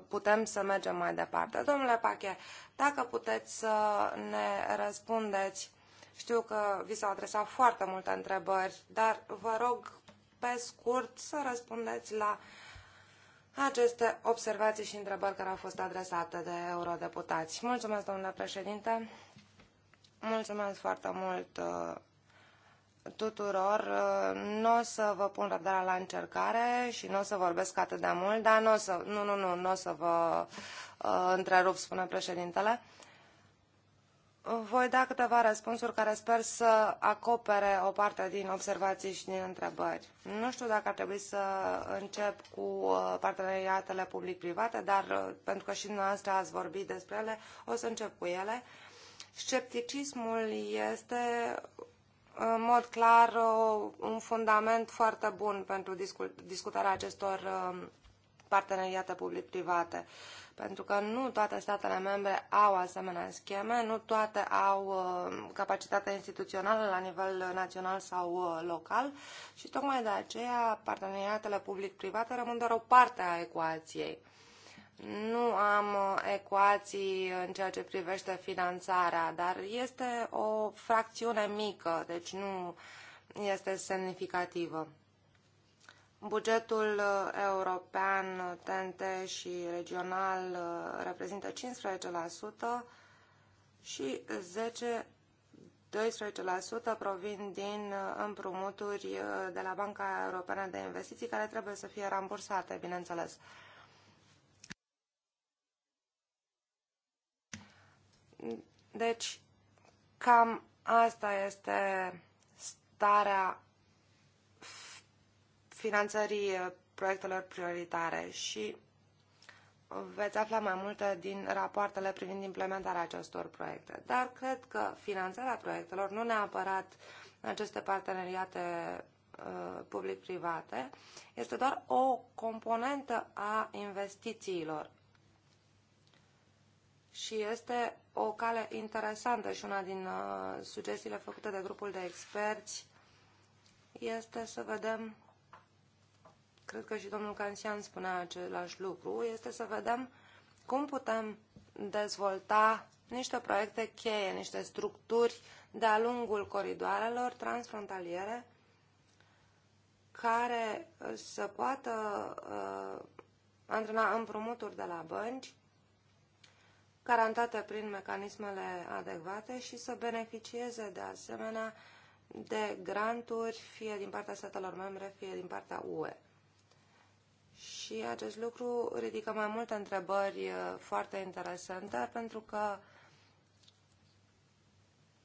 putem să mergem mai departe. Domnule Pache, dacă puteți să ne răspundeți, știu că vi s-au adresat foarte multe întrebări, dar vă rog pe scurt să răspundeți la uh, aceste observații și întrebări care au fost adresate de eurodeputați. Mulțumesc, domnule președinte. Mulțumesc foarte mult uh, tuturor. Uh, nu o să vă pun răbdarea la încercare și nu o să vorbesc atât de mult, dar nu, o să, nu, nu, nu, nu o să vă uh, întrerup, spune președintele. Uh, voi da câteva răspunsuri care sper să acopere o parte din observații și din întrebări. Nu știu dacă ar trebui să încep cu uh, parteneriatele public-private, dar uh, pentru că și dumneavoastră ați vorbit despre ele, o să încep cu ele. Scepticismul este în mod clar un fundament foarte bun pentru discutarea acestor uh, parteneriate public-private pentru că nu toate statele membre au asemenea scheme, nu toate au uh, capacitatea instituțională la nivel național sau uh, local și tocmai de aceea parteneriatele public-private rămân doar o parte a ecuației. Nu am uh, ecuații în ceea ce privește finanțarea, dar este o fracțiune mică, deci nu este semnificativă. Bugetul uh, european, TNT și regional uh, reprezintă 15% și 10 12% provin din uh, împrumuturi de la Banca Europeană de Investiții, care trebuie să fie rambursate, bineînțeles. Deci, cam asta este starea finanțării uh, proiectelor prioritare și veți afla mai multe din rapoartele privind implementarea acestor proiecte. Dar cred că finanțarea proiectelor, nu neapărat aceste parteneriate uh, public-private, este doar o componentă a investițiilor și este o cale interesantă și una din uh, sugestiile făcute de grupul de experți este să vedem cred că și domnul Cansian spunea același lucru, este să vedem cum putem dezvolta niște proiecte cheie, niște structuri de-a lungul coridoarelor transfrontaliere care să poată uh, antrena împrumuturi de la bănci garantate prin mecanismele adecvate și să beneficieze de asemenea de granturi fie din partea statelor membre, fie din partea UE. Și acest lucru ridică mai multe întrebări uh, foarte interesante pentru că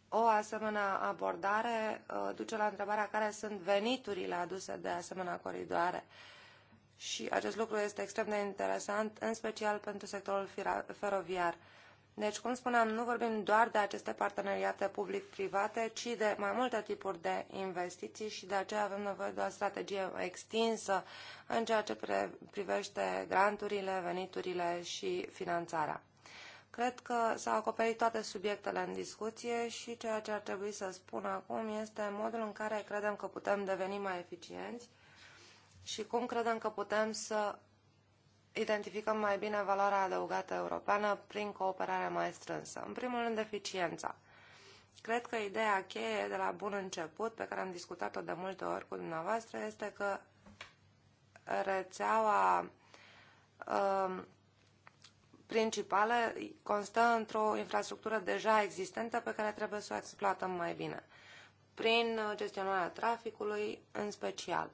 o asemenea abordare uh, duce la întrebarea care sunt veniturile aduse de asemenea coridoare. Și acest lucru este extrem de interesant, în special pentru sectorul feroviar. Deci, cum spuneam, nu vorbim doar de aceste parteneriate public-private, ci de mai multe tipuri de investiții și de aceea avem nevoie de o strategie extinsă în ceea ce privește granturile, veniturile și finanțarea. Cred că s-au acoperit toate subiectele în discuție și ceea ce ar trebui să spun acum este modul în care credem că putem deveni mai eficienți și cum credem că putem să identificăm mai bine valoarea adăugată europeană prin cooperare mai strânsă. În primul rând, eficiența. Cred că ideea cheie de la bun început, pe care am discutat-o de multe ori cu dumneavoastră, este că rețeaua um, principală constă într-o infrastructură deja existentă pe care trebuie să o exploatăm mai bine, prin gestionarea traficului în special.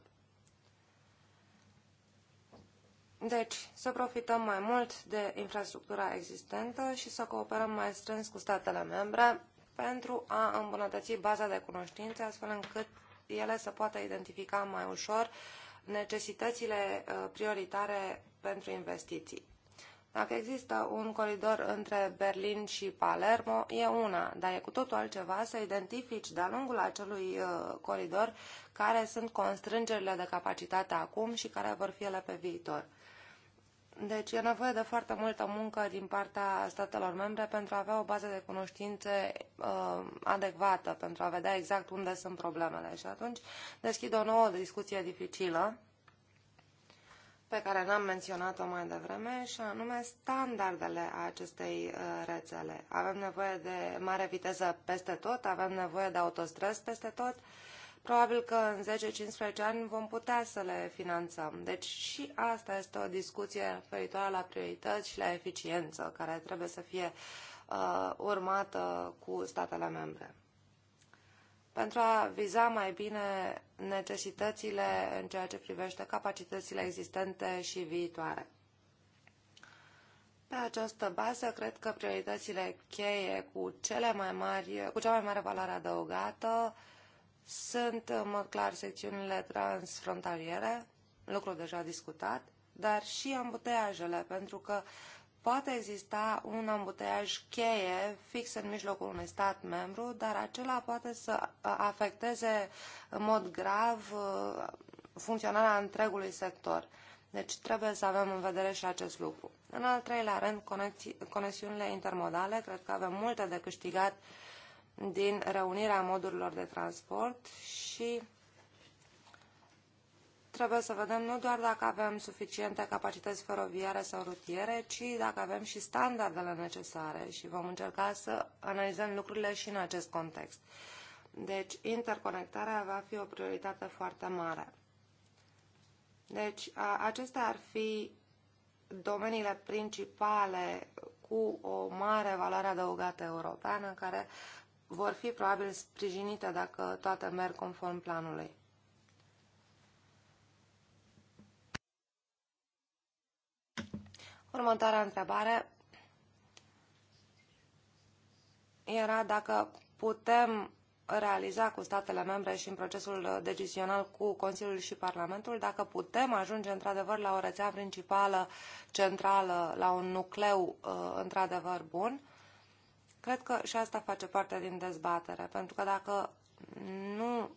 Deci, să profităm mai mult de infrastructura existentă și să cooperăm mai strâns cu statele membre pentru a îmbunătăți baza de cunoștințe, astfel încât ele să poată identifica mai ușor necesitățile uh, prioritare pentru investiții. Dacă există un coridor între Berlin și Palermo, e una, dar e cu totul altceva să identifici de-a lungul acelui uh, coridor care sunt constrângerile de capacitate acum și care vor fi ele pe viitor. Deci e nevoie de foarte multă muncă din partea statelor membre pentru a avea o bază de cunoștințe uh, adecvată, pentru a vedea exact unde sunt problemele. Și atunci deschid o nouă discuție dificilă pe care n-am menționat-o mai devreme, și anume standardele acestei uh, rețele. Avem nevoie de mare viteză peste tot, avem nevoie de autostrăzi peste tot, uh, probabil că în 10-15 ani vom putea să le finanțăm. Deci și asta este o discuție referitoare la priorități și la eficiență, care trebuie să fie uh, urmată cu statele membre. Pentru a viza mai bine necesitățile în ceea ce privește capacitățile existente și viitoare. Pe această bază, cred că prioritățile cheie cu, cele mai mari, cu cea mai mare valoare adăugată uh, sunt, în mod clar, secțiunile transfrontaliere, lucru deja discutat, dar și ambuteajele, pentru că poate exista un ambuteaj cheie fix în mijlocul unui stat membru, dar acela poate să afecteze în mod grav uh, funcționarea întregului sector. Deci trebuie să avem în vedere și acest lucru. În al treilea rând, conexiunile intermodale. Cred că avem multe de câștigat uh, din reunirea modurilor de transport și trebuie să vedem nu doar dacă avem suficiente capacități feroviare sau rutiere, ci dacă avem și standardele necesare și vom încerca să analizăm lucrurile și în acest context. Deci, interconectarea va fi o prioritate foarte mare. Deci, acestea ar fi domeniile principale cu o mare valoare adăugată europeană care vor fi probabil sprijinite dacă toate merg conform planului. Următoarea întrebare era dacă putem realiza cu statele membre și în procesul decizional cu Consiliul și Parlamentul, dacă putem ajunge într-adevăr la o rețea principală centrală, la un nucleu uh, într-adevăr bun Cred că și asta face parte din dezbatere, pentru că dacă nu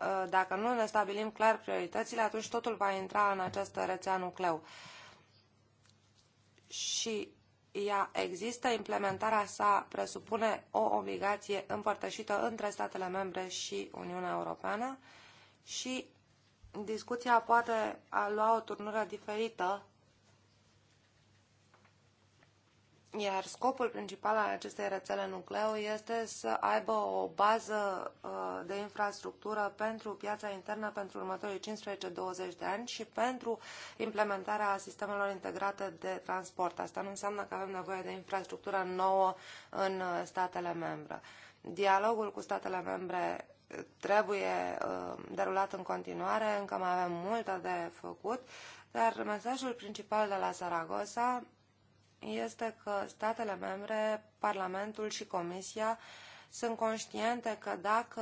ă, dacă nu ne stabilim clar prioritățile, atunci totul va intra în această rețea nucleu. Și ea există, implementarea sa presupune o obligație împărtășită între statele membre și Uniunea Europeană și discuția poate a lua o turnură diferită Iar scopul principal al acestei rețele nucleu este să aibă o bază uh, de infrastructură pentru piața internă pentru următorii 15-20 de ani și pentru implementarea sistemelor integrate de transport. Asta nu înseamnă că avem nevoie de infrastructură nouă în statele membre. Dialogul cu statele membre trebuie uh, derulat în continuare, încă mai avem multe de făcut, dar mesajul principal de la Saragossa este că statele membre, Parlamentul și Comisia sunt conștiente că dacă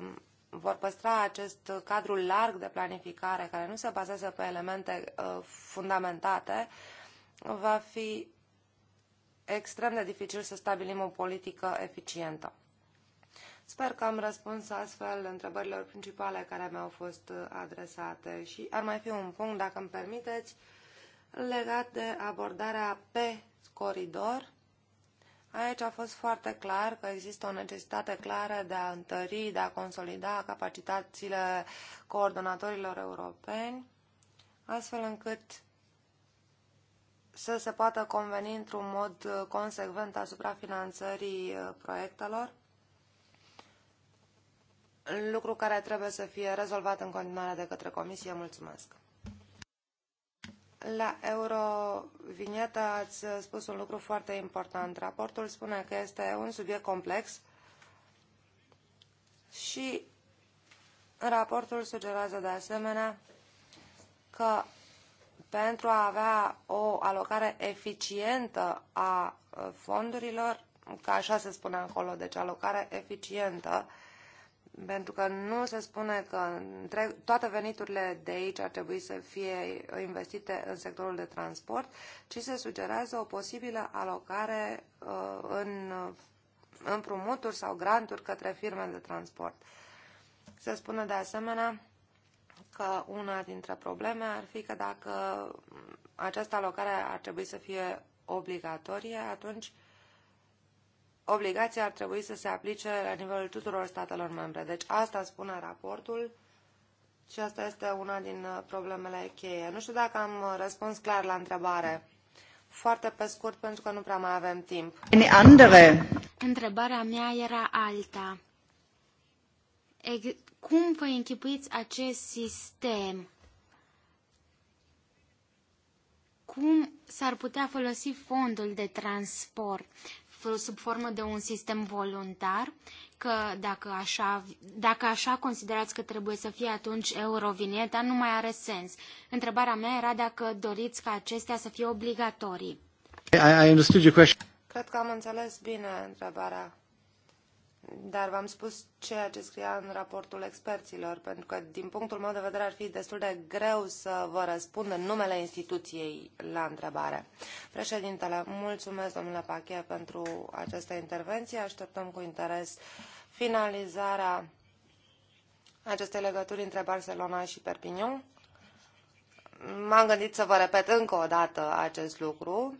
um, vor păstra acest cadru larg de planificare care nu se bazează pe elemente uh, fundamentate, va fi extrem de dificil să stabilim o politică eficientă. Sper că am răspuns astfel întrebărilor principale care mi-au fost adresate și ar mai fi un punct, dacă îmi permiteți, legat de abordarea pe coridor. Aici a fost foarte clar că există o necesitate clară de a întări, de a consolida capacitățile coordonatorilor europeni, astfel încât să se poată conveni într-un mod consecvent asupra finanțării uh, proiectelor, lucru care trebuie să fie rezolvat în continuare de către Comisie. Mulțumesc! La Eurovinietă ați spus un lucru foarte important. Raportul spune că este un subiect complex și raportul sugerează de asemenea că pentru a avea o alocare eficientă a fondurilor, ca așa se spune acolo, deci alocare eficientă, pentru că nu se spune că toate veniturile de aici ar trebui să fie investite în sectorul de transport, ci se sugerează o posibilă alocare uh, în uh, împrumuturi sau granturi către firme de transport. Se spune de asemenea că una dintre probleme ar fi că dacă această alocare ar trebui să fie obligatorie, atunci obligația ar trebui să se aplice la nivelul tuturor statelor membre. Deci asta spune raportul și asta este una din uh, problemele cheie. Nu știu dacă am uh, răspuns clar la întrebare. Foarte pe scurt, pentru că nu prea mai avem timp. Întrebarea mea era alta. Cum vă închipuiți acest sistem? Cum s-ar putea folosi fondul de transport? sub formă de un sistem voluntar, că dacă așa, dacă așa considerați că trebuie să fie atunci eurovinieta, nu mai are sens. Întrebarea mea era dacă doriți ca acestea să fie obligatorii. I, I understood your question. Cred că am înțeles bine întrebarea. Dar v-am spus ceea ce scria în raportul experților, pentru că, din punctul meu de vedere, ar fi destul de greu să vă răspund în numele instituției la întrebare. Președintele, mulțumesc, domnule Pache, pentru această intervenție. Așteptăm cu interes finalizarea acestei legături între Barcelona și Perpignan. M-am gândit să vă repet încă o dată acest lucru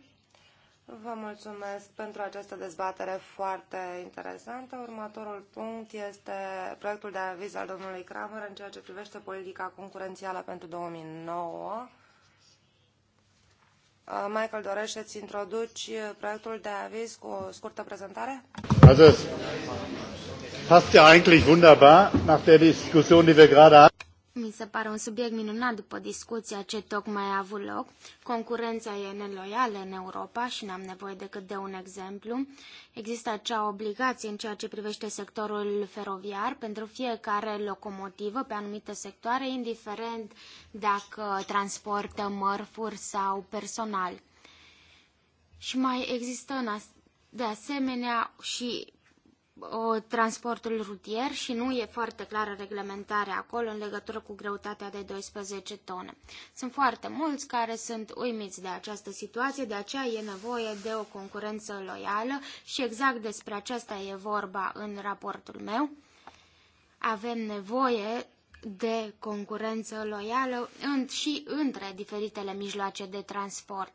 Vă mulțumesc pentru această dezbatere foarte interesantă. Următorul punct este proiectul de aviz al domnului Kramer în ceea ce privește politica concurențială pentru 2009. Uh, Michael, dorește să introduci proiectul de aviz cu o scurtă prezentare? Asta este, passt ja eigentlich wunderbar nach der Diskussion, die wir gerade hatten. Mi se pare un subiect minunat după discuția ce tocmai a avut loc. Concurența e neloială în Europa și n-am nevoie decât de un exemplu. Există acea obligație în ceea ce privește sectorul feroviar pentru fiecare locomotivă pe anumite sectoare, indiferent dacă transportă mărfuri sau personal. Și mai există de asemenea și o, transportul rutier și nu e foarte clară reglementarea acolo în legătură cu greutatea de 12 tone. Sunt foarte mulți care sunt uimiți de această situație, de aceea e nevoie de o concurență loială și exact despre aceasta e vorba în raportul meu. Avem nevoie de concurență loială și între diferitele mijloace de transport.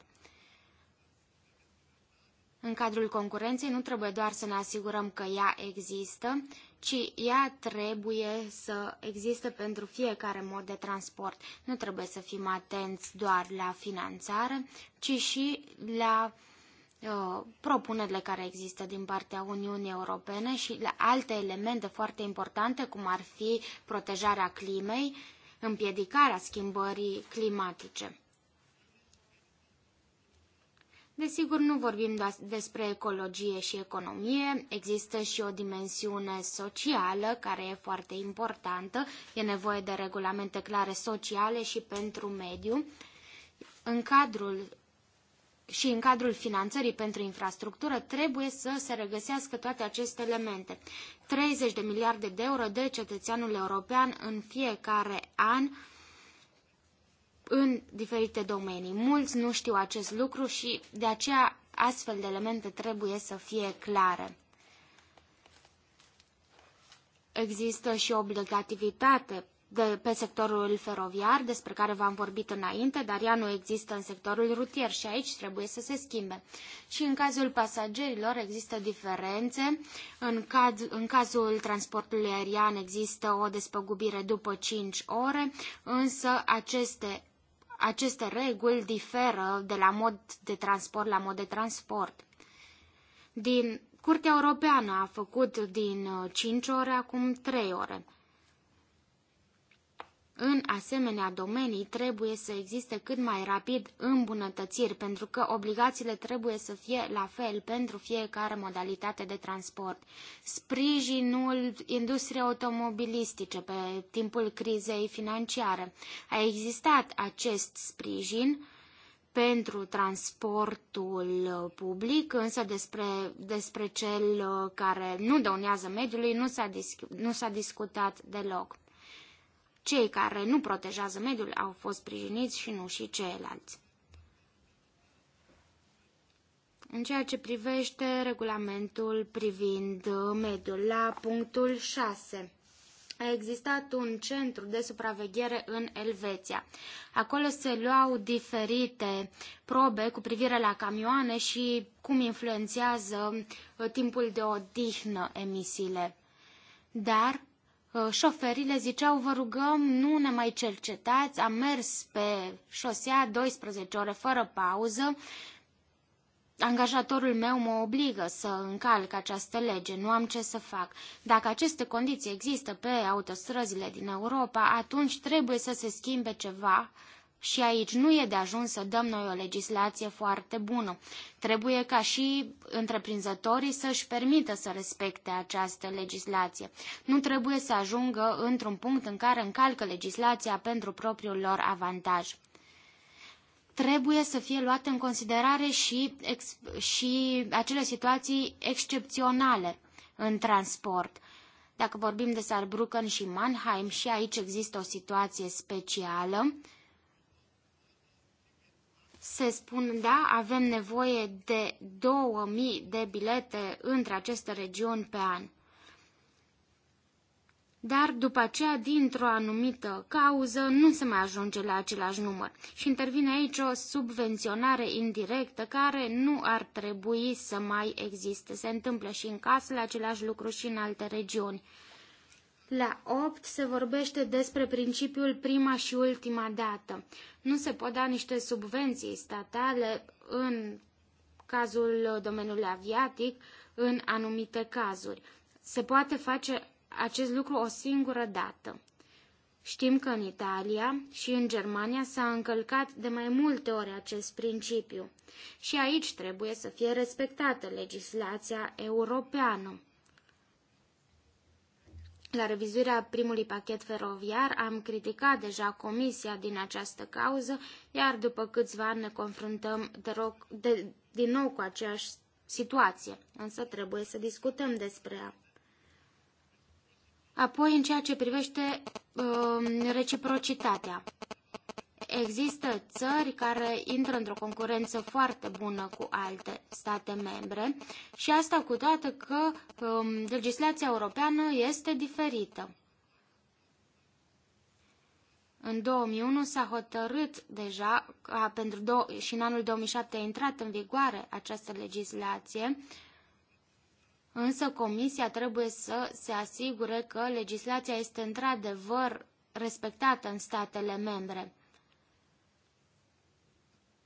În cadrul concurenței nu trebuie doar să ne asigurăm că ea există, ci ea trebuie să existe pentru fiecare mod de transport. Nu trebuie să fim atenți doar la finanțare, ci și la uh, propunerile care există din partea Uniunii Europene și la alte elemente foarte importante, cum ar fi protejarea climei, împiedicarea schimbării climatice. Desigur, nu vorbim despre ecologie și economie, există și o dimensiune socială care e foarte importantă, e nevoie de regulamente clare sociale și pentru mediu. În cadrul și în cadrul finanțării pentru infrastructură trebuie să se regăsească toate aceste elemente. 30 de miliarde de euro de cetățeanul european în fiecare an uh, în diferite domenii. Mulți nu știu acest lucru și de aceea astfel de elemente trebuie să fie clare. Există și obligativitate de, pe sectorul feroviar, despre care v-am vorbit înainte, dar ea nu există în sectorul rutier și aici trebuie să se schimbe. Și în cazul pasagerilor există diferențe. În, caz, în cazul transportului aerian există o despăgubire după 5 ore, însă aceste aceste reguli diferă de la mod de transport la mod de transport. Din Curtea Europeană a făcut din 5 uh, ore acum 3 ore. În asemenea domenii trebuie să existe cât mai rapid îmbunătățiri, pentru că obligațiile trebuie să fie la fel pentru fiecare modalitate de transport. Sprijinul industriei automobilistice pe timpul crizei financiare. A existat acest sprijin pentru transportul public, însă despre, despre cel care nu dăunează mediului nu s-a discutat deloc. Cei care nu protejează mediul au fost sprijiniți și nu și ceilalți. În ceea ce privește regulamentul privind mediul, la punctul 6 a existat un centru de supraveghere în Elveția. Acolo se luau diferite probe cu privire la camioane și cum influențează timpul de odihnă emisiile. Dar Uh, șoferii le ziceau, vă rugăm, nu ne mai cercetați, am mers pe șosea 12 ore fără pauză, Angajatorul meu mă obligă să încalc această lege, nu am ce să fac. Dacă aceste condiții există pe autostrăzile din Europa, atunci trebuie să se schimbe ceva și aici nu e de ajuns să dăm noi o legislație foarte bună. Trebuie ca și întreprinzătorii să-și permită să respecte această legislație. Nu trebuie să ajungă într-un punct în care încalcă legislația pentru propriul lor avantaj trebuie să fie luate în considerare și, ex, și acele situații excepționale în transport. Dacă vorbim de Saarbrücken și Mannheim, și aici există o situație specială se spun, da, avem nevoie de 2000 de bilete între aceste regiuni pe an. Dar după aceea, dintr-o anumită cauză, nu se mai ajunge la același număr și intervine aici o subvenționare indirectă care nu ar trebui să mai existe. Se întâmplă și în casă la același lucru și în alte regiuni. La 8 se vorbește despre principiul prima și ultima dată. Nu se pot da niște subvenții statale în cazul domeniului aviatic în anumite cazuri. Se poate face acest lucru o singură dată. Știm că în Italia și în Germania s-a încălcat de mai multe ori acest principiu și aici trebuie să fie respectată legislația europeană. La revizuirea primului pachet feroviar am criticat deja comisia din această cauză, iar după câțiva ani ne confruntăm de de, din nou cu aceeași situație, însă trebuie să discutăm despre ea. Apoi, în ceea ce privește uh, reciprocitatea, Există țări care intră într-o concurență foarte bună cu alte state membre și asta cu toate că um, legislația europeană este diferită. În 2001 s-a hotărât deja, ca pentru do- și în anul 2007 a intrat în vigoare această legislație, însă Comisia trebuie să se asigure că legislația este într-adevăr respectată în statele membre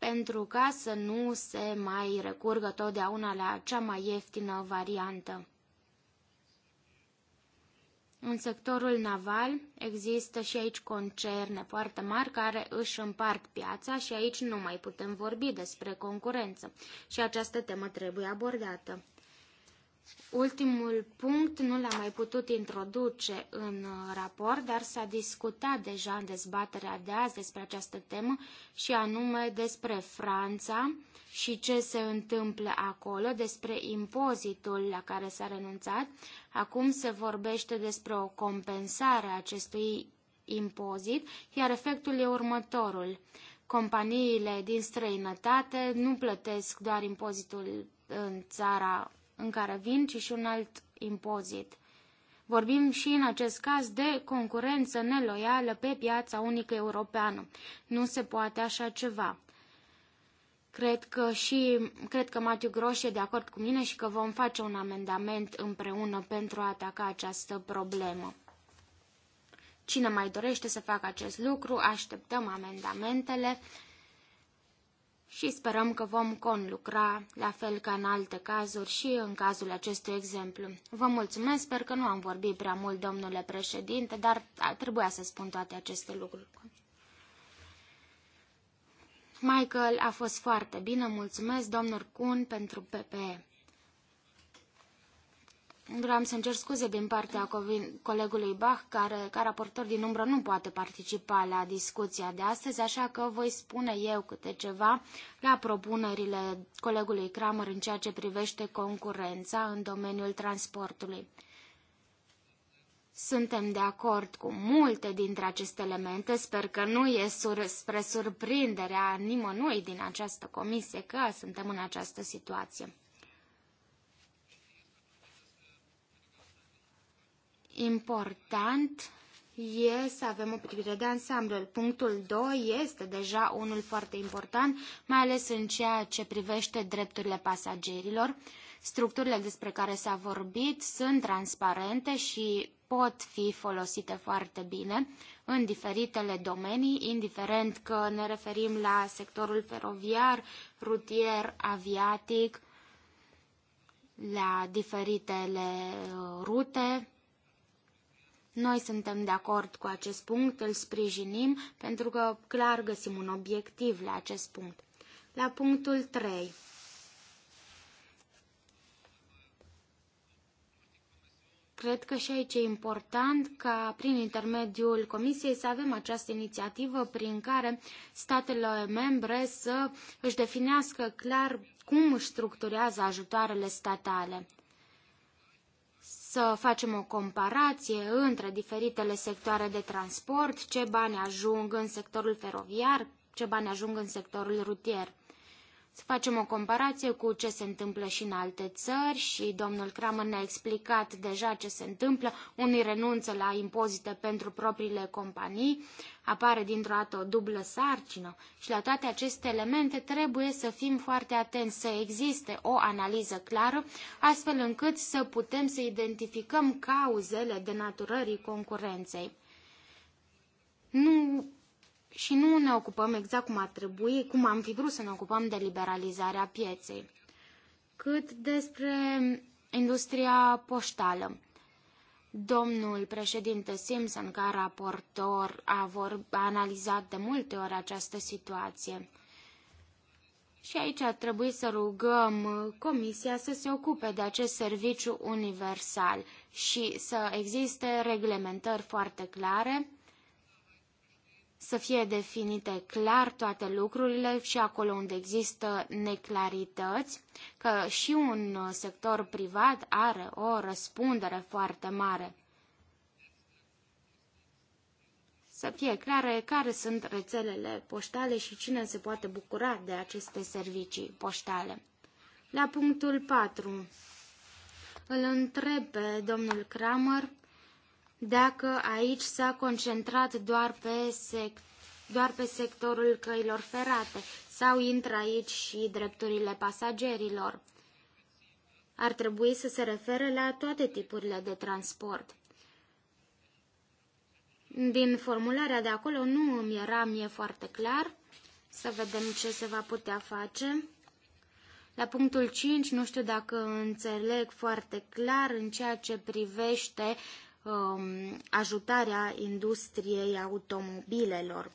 pentru ca să nu se mai recurgă totdeauna la cea mai ieftină variantă. În sectorul naval există și aici concerne foarte mari care își împart piața și aici nu mai putem vorbi despre concurență și această temă trebuie abordată. Ultimul punct nu l-am mai putut introduce în uh, raport, dar s-a discutat deja în dezbaterea de azi despre această temă și anume despre Franța și ce se întâmplă acolo, despre impozitul la care s-a renunțat. Acum se vorbește despre o compensare a acestui impozit, iar efectul e următorul. Companiile din străinătate nu plătesc doar impozitul în țara în care vin, ci și un alt impozit. Vorbim și în acest caz de concurență neloială pe piața unică europeană. Nu se poate așa ceva. Cred că și, cred că Matiu Groș e de acord cu mine și că vom face un amendament împreună pentru a ataca această problemă. Cine mai dorește să facă acest lucru, așteptăm amendamentele și sperăm că vom conlucra, la fel ca în alte cazuri și în cazul acestui exemplu. Vă mulțumesc, sper că nu am vorbit prea mult, domnule președinte, dar trebuia să spun toate aceste lucruri. Michael a fost foarte bine, mulțumesc, domnul Kuhn, pentru PPE. Vreau să-mi cer scuze din partea colegului Bach, care, ca raportor din umbră, nu poate participa la discuția de astăzi, așa că voi spune eu câte ceva la propunerile colegului Kramer în ceea ce privește concurența în domeniul transportului. Suntem de acord cu multe dintre aceste elemente, sper că nu e sur spre surprinderea nimănui din această comisie că suntem în această situație. important e să avem o privire de ansamblu. Punctul 2 este deja unul foarte important, mai ales în ceea ce privește drepturile pasagerilor. Structurile despre care s-a vorbit sunt transparente și pot fi folosite foarte bine în diferitele domenii, indiferent că ne referim la sectorul feroviar, rutier, aviatic, la diferitele uh, rute noi suntem de acord cu acest punct, îl sprijinim, pentru că clar găsim un obiectiv la acest punct. La punctul 3. Cred că și aici e important ca prin intermediul Comisiei să avem această inițiativă prin care statele membre să își definească clar cum își structurează ajutoarele statale să facem o comparație între diferitele sectoare de transport, ce bani ajung în sectorul feroviar, ce bani ajung în sectorul rutier. Să facem o comparație cu ce se întâmplă și în alte țări și domnul Kramer ne-a explicat deja ce se întâmplă. Unii renunță la impozite pentru propriile companii, Apare dintr-o dată o dublă sarcină și la toate aceste elemente trebuie să fim foarte atenți, să existe o analiză clară, astfel încât să putem să identificăm cauzele denaturării concurenței. Nu și nu ne ocupăm exact cum ar trebui, cum am fi vrut să ne ocupăm de liberalizarea pieței. Cât despre industria poștală. Domnul președinte Simpson, ca raportor, a, a analizat de multe ori această situație. Și aici ar trebui să rugăm Comisia să se ocupe de acest serviciu universal și să existe reglementări foarte clare să fie definite clar toate lucrurile și acolo unde există neclarități, că și un sector privat are o răspundere foarte mare. Să fie clare care sunt rețelele poștale și cine se poate bucura de aceste servicii poștale. La punctul 4 îl întreb pe domnul Kramer dacă aici s-a concentrat doar pe, sec, doar pe sectorul căilor ferate sau intră aici și drepturile pasagerilor. Ar trebui să se refere la toate tipurile de transport. Din formularea de acolo nu îmi era mie foarte clar. Să vedem ce se va putea face. La punctul 5, nu știu dacă înțeleg foarte clar în ceea ce privește um, ajutarea industriei automobilelor.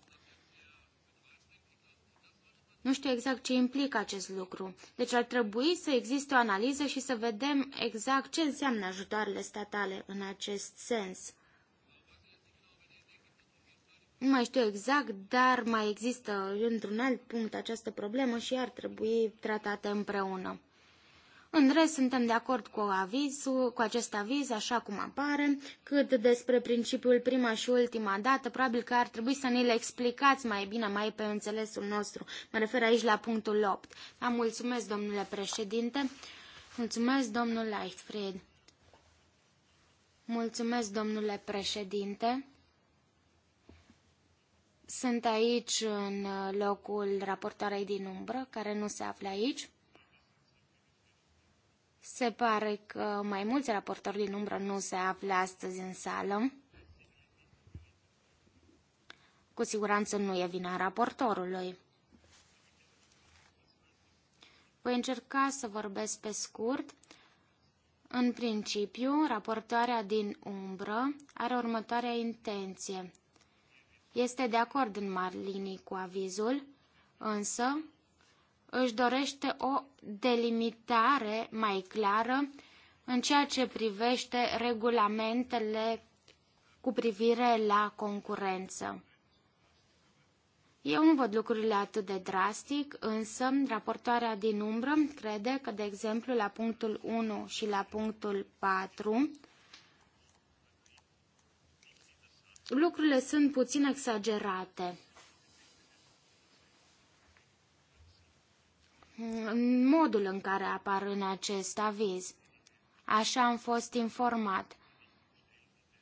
Nu știu exact ce implică acest lucru, deci ar trebui să existe o analiză și să vedem exact ce înseamnă ajutoarele statale în acest sens. Nu mai știu exact, dar mai există într-un alt punct această problemă și ar trebui tratate împreună. În rest, suntem de acord cu, avizul, cu acest aviz, așa cum apare, cât despre principiul prima și ultima dată, probabil că ar trebui să ne le explicați mai bine, mai pe înțelesul nostru. Mă refer aici la punctul 8. Da, mulțumesc, domnule președinte. Mulțumesc, domnul Leichtfried. Mulțumesc, domnule președinte. Sunt aici în locul raportoarei din umbră, care nu se află aici. Se pare că mai mulți raportori din umbră nu se află astăzi în sală. Cu siguranță nu e vina raportorului. Voi încerca să vorbesc pe scurt. În principiu, raportoarea din umbră are următoarea intenție. Este de acord în mari linii cu avizul, însă își dorește o delimitare mai clară în ceea ce privește regulamentele cu privire la concurență. Eu nu văd lucrurile atât de drastic, însă raportoarea din umbră crede că, de exemplu, la punctul 1 și la punctul 4, lucrurile sunt puțin exagerate. în modul în care apar în acest aviz. Așa am fost informat.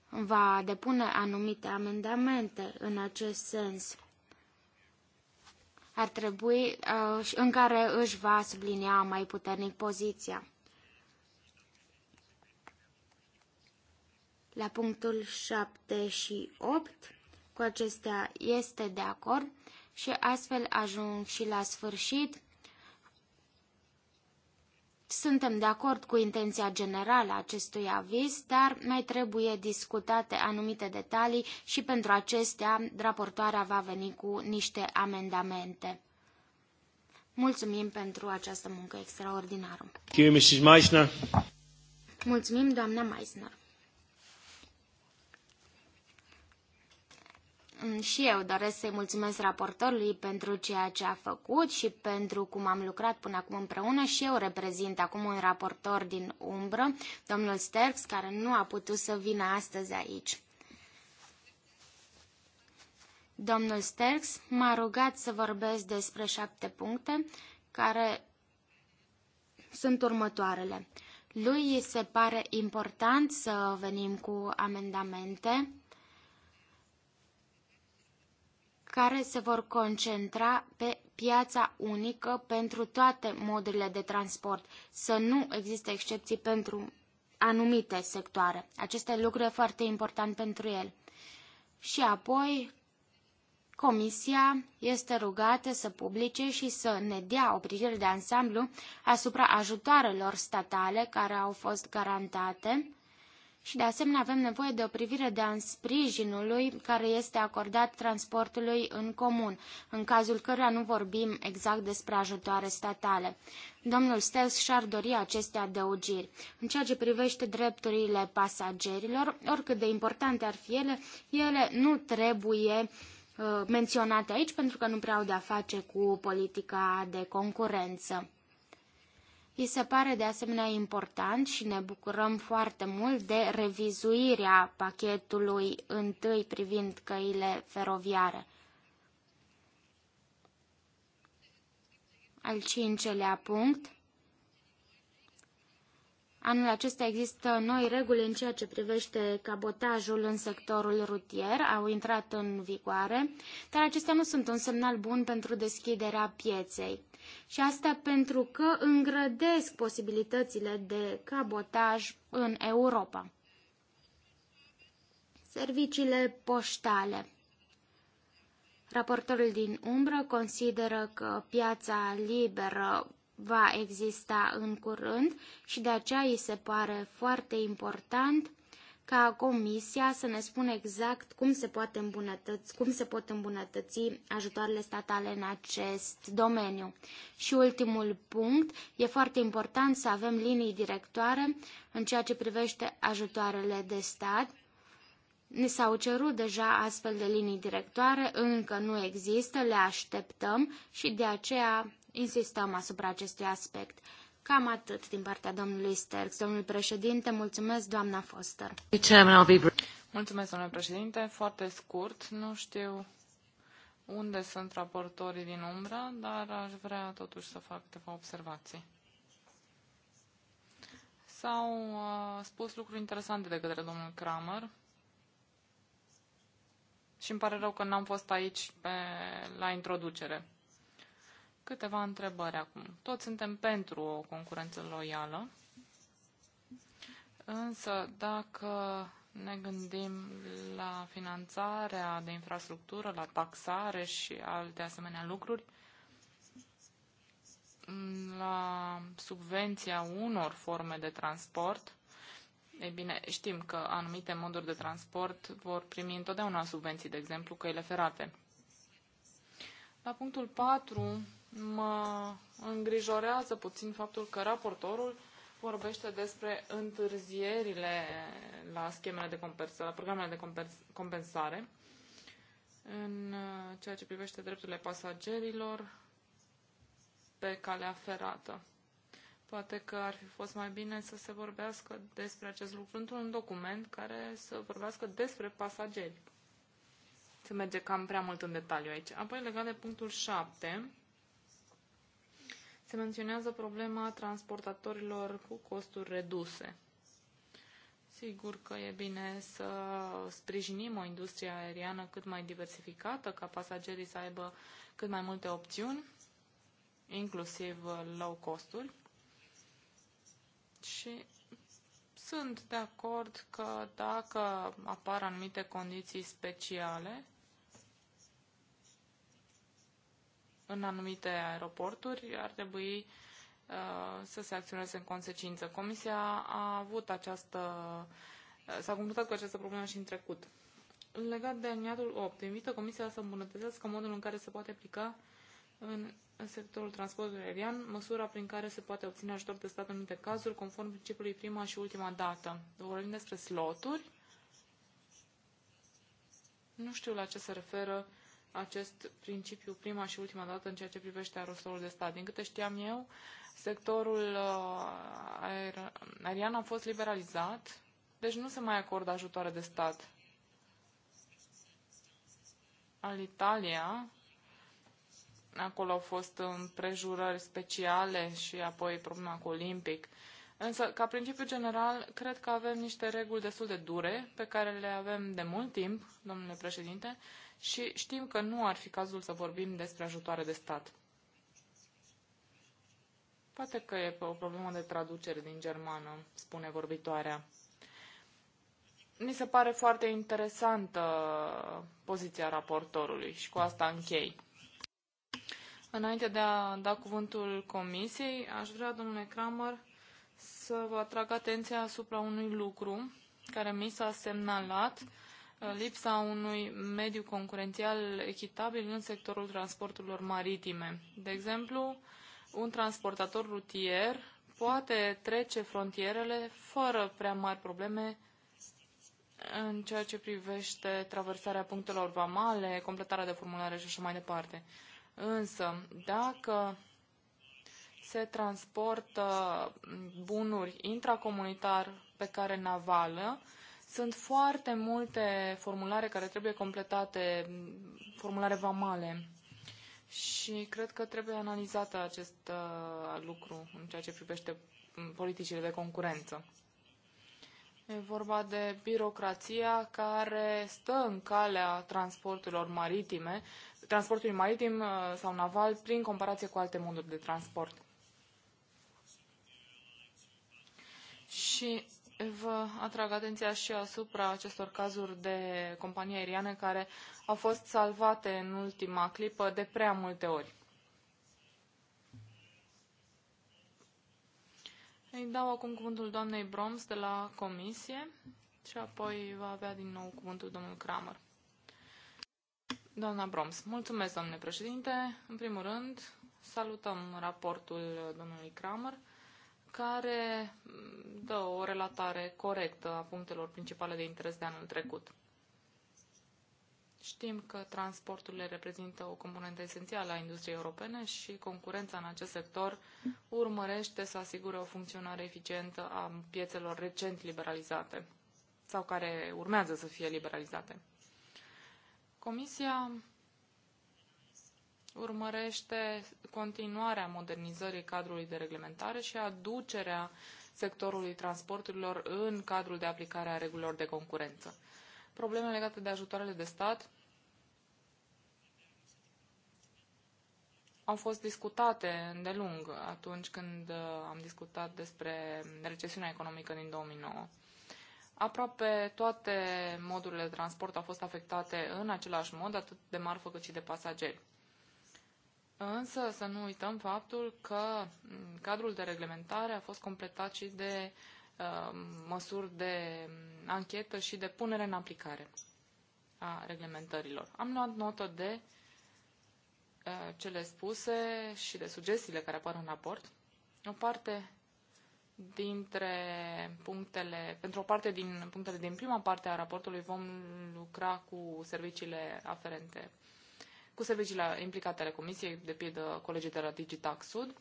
Va depune anumite amendamente în acest sens ar trebui, uh, în care își va sublinia mai puternic poziția. La punctul 7 și 8, cu acestea este de acord și astfel ajung și la sfârșit suntem de acord cu intenția generală a acestui aviz, dar mai trebuie discutate anumite detalii și pentru acestea raportoarea va veni cu niște amendamente. Mulțumim pentru această muncă extraordinară. Mulțumim, doamna Meisner. Mm, și eu doresc să-i mulțumesc raportorului pentru ceea ce a făcut și pentru cum am lucrat până acum împreună și eu reprezint acum un raportor din umbră, domnul Sterks, care nu a putut să vină astăzi aici. Domnul Sterks m-a rugat să vorbesc despre șapte puncte care sunt următoarele. Lui se pare important să venim cu amendamente care se vor concentra pe piața unică pentru toate modurile de transport, să nu existe excepții pentru anumite sectoare. Aceste lucruri e foarte important pentru el. Și apoi, Comisia este rugată să publice și să ne dea o privire de ansamblu asupra ajutoarelor statale care au fost garantate și de asemenea avem nevoie de o privire de an sprijinului care este acordat transportului în comun, în cazul căruia nu vorbim exact despre ajutoare statale. Domnul Stels și-ar dori aceste adăugiri. În ceea ce privește drepturile pasagerilor, oricât de importante ar fi ele, ele nu trebuie uh, menționate aici pentru că nu prea au de-a face cu politica de concurență. I se pare de asemenea important și ne bucurăm foarte mult de revizuirea pachetului întâi privind căile feroviare. Al cincelea punct Anul acesta există noi reguli în ceea ce privește cabotajul în sectorul rutier, au intrat în vigoare, dar acestea nu sunt un semnal bun pentru deschiderea pieței. Și asta pentru că îngrădesc posibilitățile de cabotaj în Europa. Serviciile poștale Raportorul din umbră consideră că piața liberă va exista în curând și de aceea îi se pare foarte important ca Comisia să ne spună exact cum se, poate îmbunătăți, cum se pot îmbunătăți ajutoarele statale în acest domeniu. Și ultimul punct, e foarte important să avem linii directoare în ceea ce privește ajutoarele de stat. Ne s-au cerut deja astfel de linii directoare, încă nu există, le așteptăm și de aceea insistăm asupra acestui aspect. Cam atât din partea domnului Sterks. Domnul președinte, mulțumesc, doamna Foster. Mulțumesc, domnule președinte. Foarte scurt, nu știu unde sunt raportorii din umbră, dar aș vrea totuși să fac câteva observații. S-au uh, spus lucruri interesante de către domnul Kramer și îmi pare rău că n-am fost aici pe, la introducere. Câteva întrebări acum. Toți suntem pentru o concurență loială, însă dacă ne gândim la finanțarea de infrastructură, la taxare și alte asemenea lucruri, la subvenția unor forme de transport. Ei bine, știm că anumite moduri de transport vor primi întotdeauna subvenții, de exemplu, căile ferate. La punctul 4 Mă îngrijorează puțin faptul că raportorul vorbește despre întârzierile la schemele de compensare, la programele de compensare în uh, ceea ce privește drepturile pasagerilor pe calea ferată. Poate că ar fi fost mai bine să se vorbească despre acest lucru într-un document care să vorbească despre pasageri. Se merge cam prea mult în detaliu aici. Apoi, legat de punctul 7, se menționează problema transportatorilor cu costuri reduse. Sigur că e bine să sprijinim o industrie aeriană cât mai diversificată, ca pasagerii să aibă cât mai multe opțiuni, inclusiv uh, low costuri. Și sunt de acord că dacă apar anumite condiții speciale, în anumite aeroporturi, ar trebui uh, să se acționeze în consecință. Comisia a avut această, uh, s-a confruntat cu această problemă și în trecut. Legat de aliniatul 8, invită Comisia să îmbunătățească modul în care se poate aplica în sectorul transportului aerian, măsura prin care se poate obține ajutor de stat în anumite cazuri, conform principiului prima și ultima dată. Vorbim despre sloturi. Nu știu la ce se referă acest principiu prima și ultima dată în ceea ce privește aerosolul de stat. Din câte știam eu, sectorul uh, aer, aerian a fost liberalizat, deci nu se mai acordă ajutoare de stat. Al Italia, acolo au fost împrejurări speciale și apoi problema cu Olimpic. Uh, Însă, ca principiu general, cred că avem niște reguli destul de dure, pe care le avem de mult timp, domnule președinte, și știm că nu ar fi cazul să vorbim despre ajutoare de stat. Poate că e o problemă de traducere din germană, spune vorbitoarea. Mi se pare foarte interesantă poziția raportorului și cu asta închei. Înainte de a da cuvântul comisiei, aș vrea, domnule Kramer, să vă atrag atenția asupra unui lucru care mi s-a semnalat, lipsa unui mediu concurențial echitabil în sectorul transporturilor maritime. De exemplu, un transportator rutier poate trece frontierele fără prea mari probleme în ceea ce privește traversarea punctelor vamale, completarea de formulare și așa mai departe. Însă, dacă se transportă bunuri intracomunitar pe care navală. Sunt foarte multe formulare care trebuie completate, formulare vamale. Și cred că trebuie analizat acest uh, lucru în ceea ce privește mm, politicile de concurență. E vorba de birocrația care stă în calea transporturilor maritime, transportului maritim uh, sau naval prin comparație cu alte moduri de transport. Și vă atrag atenția și asupra acestor cazuri de companii aeriane care au fost salvate în ultima clipă de prea multe ori. Îi dau acum cuvântul doamnei Broms de la comisie și apoi va avea din nou cuvântul domnul Kramer. Doamna Broms, mulțumesc, domnule președinte. În primul rând, salutăm raportul domnului Kramer care mm, dă o relatare corectă a punctelor principale de interes de anul trecut. Știm că transporturile reprezintă o componentă esențială a industriei europene și concurența în acest sector urmărește să asigure o funcționare eficientă a piețelor recent liberalizate sau care urmează să fie liberalizate. Comisia urmărește continuarea modernizării cadrului de reglementare și aducerea sectorului transporturilor în cadrul de aplicare a regulilor de concurență. Probleme legate de ajutoarele de stat au fost discutate îndelung atunci când uh, am discutat despre recesiunea economică din 2009. Aproape toate modurile de transport au fost afectate în același mod, atât de marfă cât și de pasageri. Însă să nu uităm faptul că mm, cadrul de reglementare a fost completat și de uh, măsuri de mm, anchetă și de punere în aplicare a reglementărilor. Am luat notă de uh, cele spuse și de sugestiile care apar în raport. O parte dintre punctele, pentru o parte din punctele din prima parte a raportului vom lucra cu serviciile aferente cu serviciile implicate ale Comisiei, de pildă colegii de la Digitax Sud.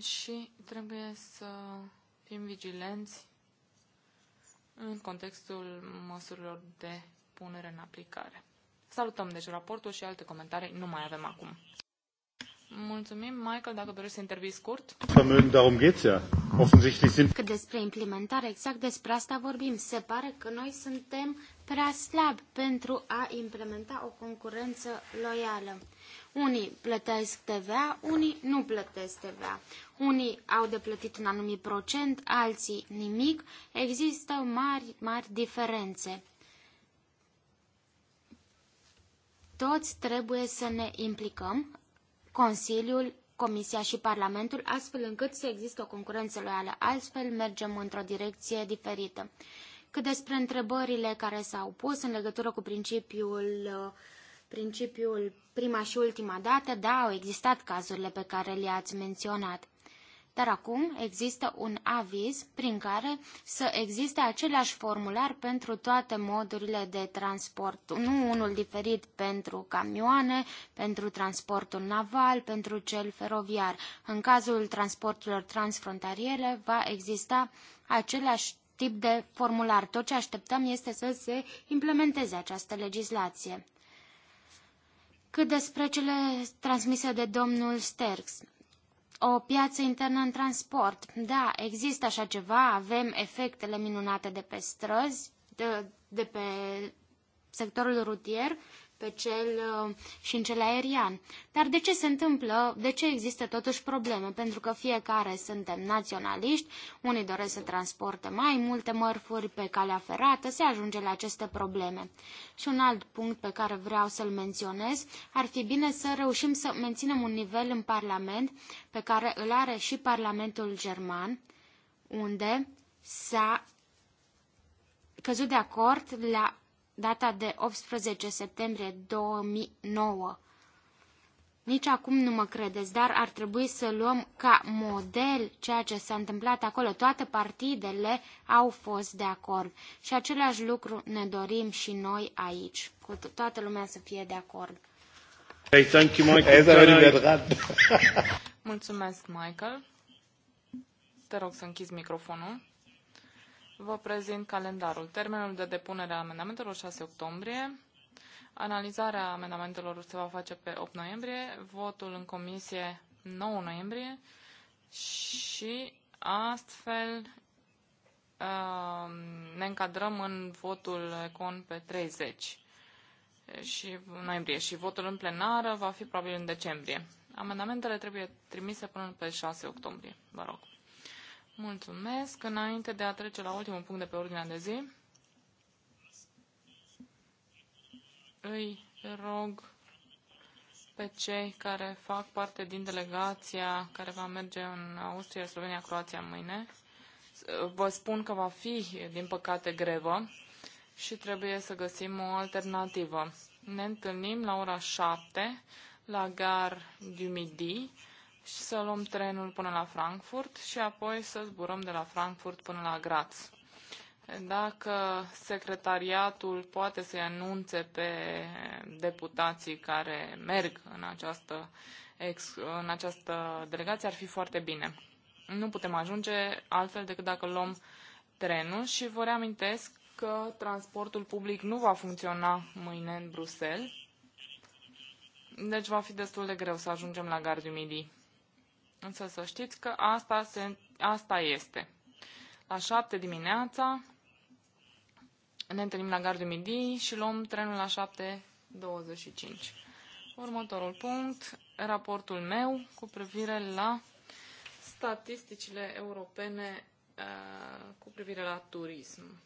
Și trebuie să fim vigilenți în contextul măsurilor de punere în aplicare. Salutăm deci raportul și alte comentarii nu mai avem acum. Mulțumim. Michael, dacă să intervii scurt. darum geht's ja. Offensichtlich sind... Că despre implementare, exact despre asta vorbim. Se pare că noi suntem prea slabi pentru a implementa o concurență loială. Unii plătesc TVA, unii nu plătesc TVA. Unii au de plătit un anumit procent, alții nimic. Există mari, mari diferențe. Toți trebuie să ne implicăm Consiliul, Comisia și Parlamentul, astfel încât să existe o concurență loială. Altfel, mergem într-o direcție diferită. Cât despre întrebările care s-au pus în legătură cu principiul, principiul prima și ultima dată, da, au existat cazurile pe care le-ați menționat. Dar acum există un aviz prin care să existe același formular pentru toate modurile de transport, nu unul diferit pentru camioane, pentru transportul naval, pentru cel feroviar. În cazul transporturilor transfrontaliere va exista același tip de formular. Tot ce așteptăm este să se implementeze această legislație. Cât despre cele transmise de domnul Sterks, o piață internă în transport. Da, există așa ceva, avem efectele minunate de pe străzi, de, de pe sectorul rutier, pe cel uh, și în cel aerian. Dar de ce se întâmplă, de ce există totuși probleme? Pentru că fiecare suntem naționaliști, unii doresc să transporte mai multe mărfuri pe calea ferată, se ajunge la aceste probleme. Și un alt punct pe care vreau să-l menționez, ar fi bine să reușim să menținem un nivel în Parlament pe care îl are și Parlamentul German, unde s-a căzut de acord la data de 18 septembrie 2009. Nici acum nu mă credeți, dar ar trebui să luăm ca model ceea ce s-a întâmplat acolo. Toate partidele au fost de acord și același lucru ne dorim și noi aici, cu toată lumea să fie de acord. Hey, thank you, Michael. Mulțumesc, Michael. Te rog să închizi microfonul. Vă prezint calendarul. Termenul de depunere a amendamentelor 6 octombrie. Analizarea amendamentelor se va face pe 8 noiembrie, votul în comisie 9 noiembrie și astfel uh, ne încadrăm în votul con pe 30 și noiembrie și votul în plenară va fi probabil în decembrie. Amendamentele trebuie trimise până pe 6 octombrie. Vă rog. Mulțumesc. Înainte de a trece la ultimul punct de pe ordinea de zi, îi rog pe cei care fac parte din delegația care va merge în Austria, Slovenia, Croația mâine. Vă spun că va fi, din păcate, grevă și trebuie să găsim o alternativă. Ne întâlnim la ora 7 la Gar du Midi și să luăm trenul până la Frankfurt și apoi să zburăm de la Frankfurt până la Graz. Dacă secretariatul poate să-i anunțe pe deputații care merg în această, ex, în această delegație, ar fi foarte bine. Nu putem ajunge altfel decât dacă luăm trenul și vă reamintesc că transportul public nu va funcționa mâine în Bruxelles, deci va fi destul de greu să ajungem la Gare Midi. Însă să știți că asta, se, asta este. La șapte dimineața ne întâlnim la gardul Midi și luăm trenul la 7.25. Următorul punct, raportul meu cu privire la statisticile europene uh, cu privire la turism.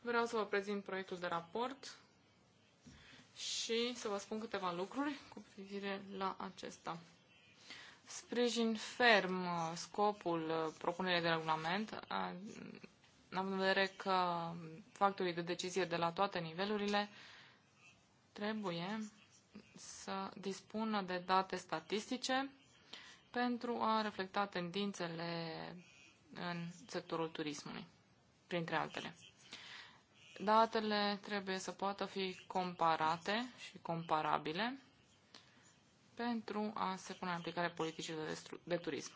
Vreau să vă prezint proiectul de raport și să vă spun câteva lucruri cu privire la acesta. Sprijin ferm uh, scopul uh, propunerii de regulament, uh, având în vedere că factorii de decizie de la toate nivelurile trebuie să dispună de date statistice pentru a reflecta tendințele în sectorul turismului, printre altele. Datele trebuie să poată fi comparate și comparabile pentru a se pune în aplicare politicile de, de turism.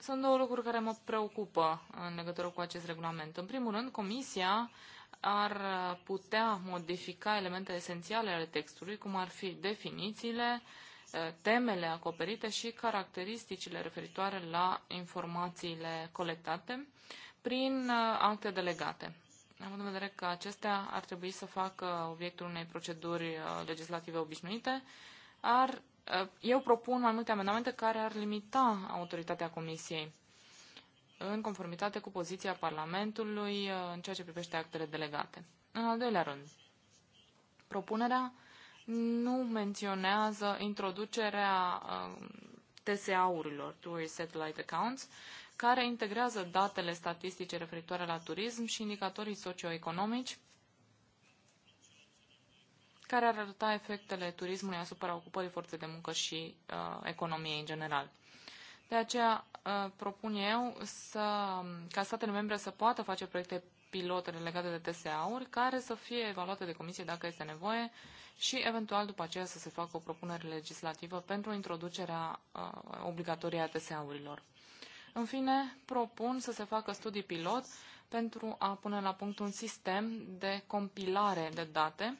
Sunt două lucruri care mă preocupă în legătură cu acest regulament. În primul rând, Comisia ar putea modifica elemente esențiale ale textului, cum ar fi definițiile, eh, temele acoperite și caracteristicile referitoare la informațiile colectate prin eh, acte delegate. Am în vedere că acestea ar trebui să facă obiectul unei proceduri eh, legislative obișnuite, ar, eh, eu propun mai multe amendamente care ar limita autoritatea Comisiei în conformitate cu poziția Parlamentului eh, în ceea ce privește actele delegate. În al doilea rând, propunerea nu menționează introducerea eh, TSA-urilor, Tourist Satellite Accounts, care integrează datele statistice referitoare la turism și indicatorii socioeconomici care ar arăta efectele turismului asupra ocupării forței de muncă și uh, economiei în general. De aceea uh, propun eu să, ca statele membre să poată face proiecte pilotele legate de TSA-uri, care să fie evaluate de comisie dacă este nevoie și eventual după aceea să se facă o propunere legislativă pentru introducerea uh, obligatorie a TSA-urilor. În fine, propun să se facă studii pilot pentru a pune la punct un sistem de compilare de date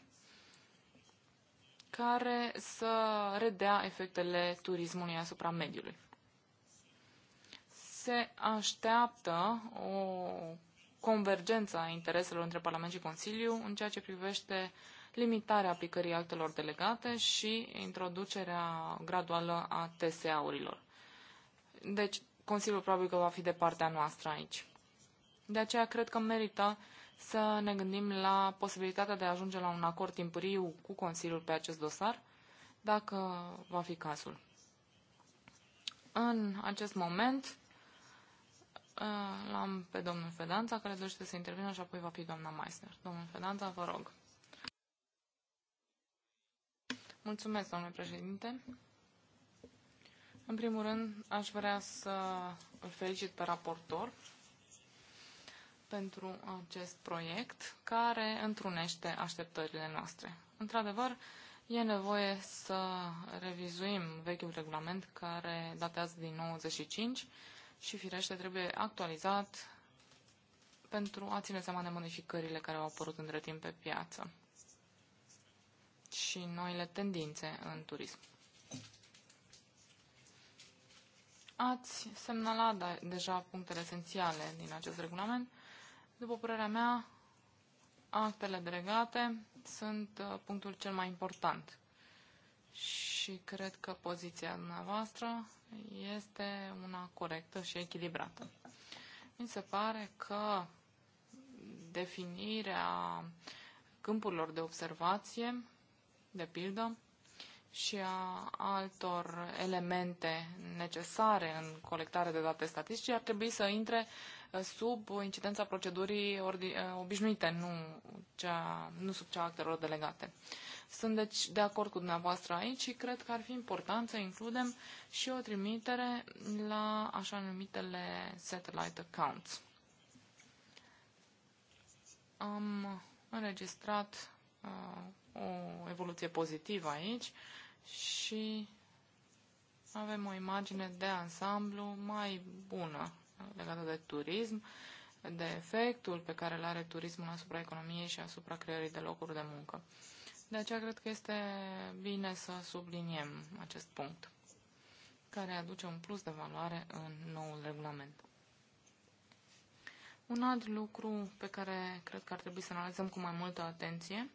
care să redea efectele turismului asupra mediului. Se așteaptă o convergență a intereselor între Parlament și Consiliu în ceea ce privește limitarea aplicării actelor delegate și introducerea graduală a TSA-urilor. Deci, Consiliul probabil că va fi de partea noastră aici. De aceea, cred că merită să ne gândim la posibilitatea de a ajunge la un acord timpuriu cu Consiliul pe acest dosar, dacă va fi cazul. În acest moment l-am pe domnul Fedanța, care dorește să intervină și apoi va fi doamna Meissner. Domnul Fedanța, vă rog. Mulțumesc, domnule președinte. În primul rând, aș vrea să îl felicit pe raportor pentru acest proiect care întrunește așteptările noastre. Într-adevăr, e nevoie să revizuim vechiul regulament care datează din 95 și firește trebuie actualizat pentru a ține seama de modificările care au apărut între timp pe piață și noile tendințe în turism. Ați semnalat deja punctele esențiale din acest regulament după părerea mea, actele delegate sunt uh, punctul cel mai important. Și cred că poziția dumneavoastră este una corectă și echilibrată. Mi se pare că definirea câmpurilor de observație, de pildă, și a altor elemente necesare în colectarea de date statistice ar trebui să intre uh, Uh, sub incidența procedurii uh, obișnuite, nu, cea, nu sub cea actelor delegate. Sunt deci de acord cu dumneavoastră aici și cred că ar fi important să includem și o trimitere la așa numitele satellite accounts. Am înregistrat uh, o evoluție pozitivă aici și avem o imagine de ansamblu mai bună legată de turism, de efectul pe care îl are turismul asupra economiei și asupra creării de locuri de muncă. De aceea cred că este bine să subliniem acest punct, care aduce un plus de valoare în noul regulament. Un alt lucru pe care cred că ar trebui să analizăm cu mai multă atenție,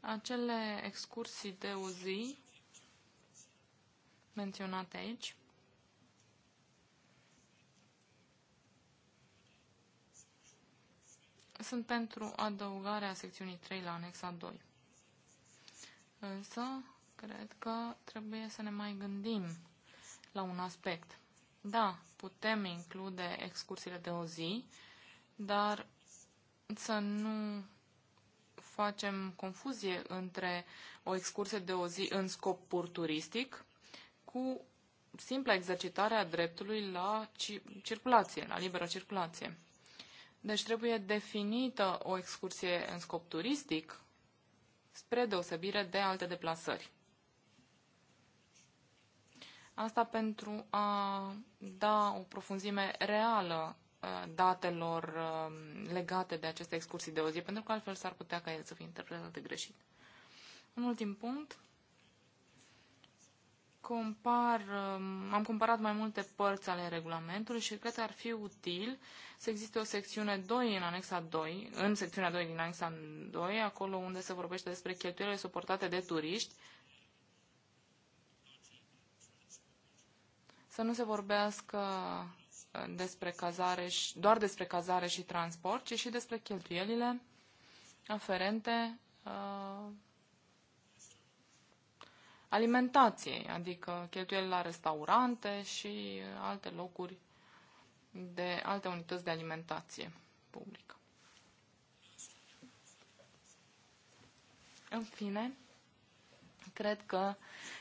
acele excursii de o zi menționate aici, Sunt pentru adăugarea secțiunii 3 la anexa 2. Însă, cred că trebuie să ne mai gândim la un aspect. Da, putem include excursiile de o zi, dar să nu facem confuzie între o excursie de o zi în scop pur turistic cu simpla exercitare a dreptului la circulație, la liberă circulație. Deci trebuie definită o excursie în scop turistic, spre deosebire de alte deplasări. Asta pentru a da o profunzime reală uh, datelor uh, legate de aceste excursii de o zi, pentru că altfel s-ar putea ca ele să fie interpretate greșit. Un ultim punct compar, um, am comparat mai multe părți ale regulamentului și cred că ar fi util să existe o secțiune 2 în anexa 2, în secțiunea 2 din anexa 2, acolo unde se vorbește despre cheltuielile suportate de turiști, să nu se vorbească uh, despre cazare și, doar despre cazare și transport, ci și despre cheltuielile aferente uh, alimentației, adică cheltuieli la restaurante și alte locuri de alte unități de alimentație publică. În fine, cred că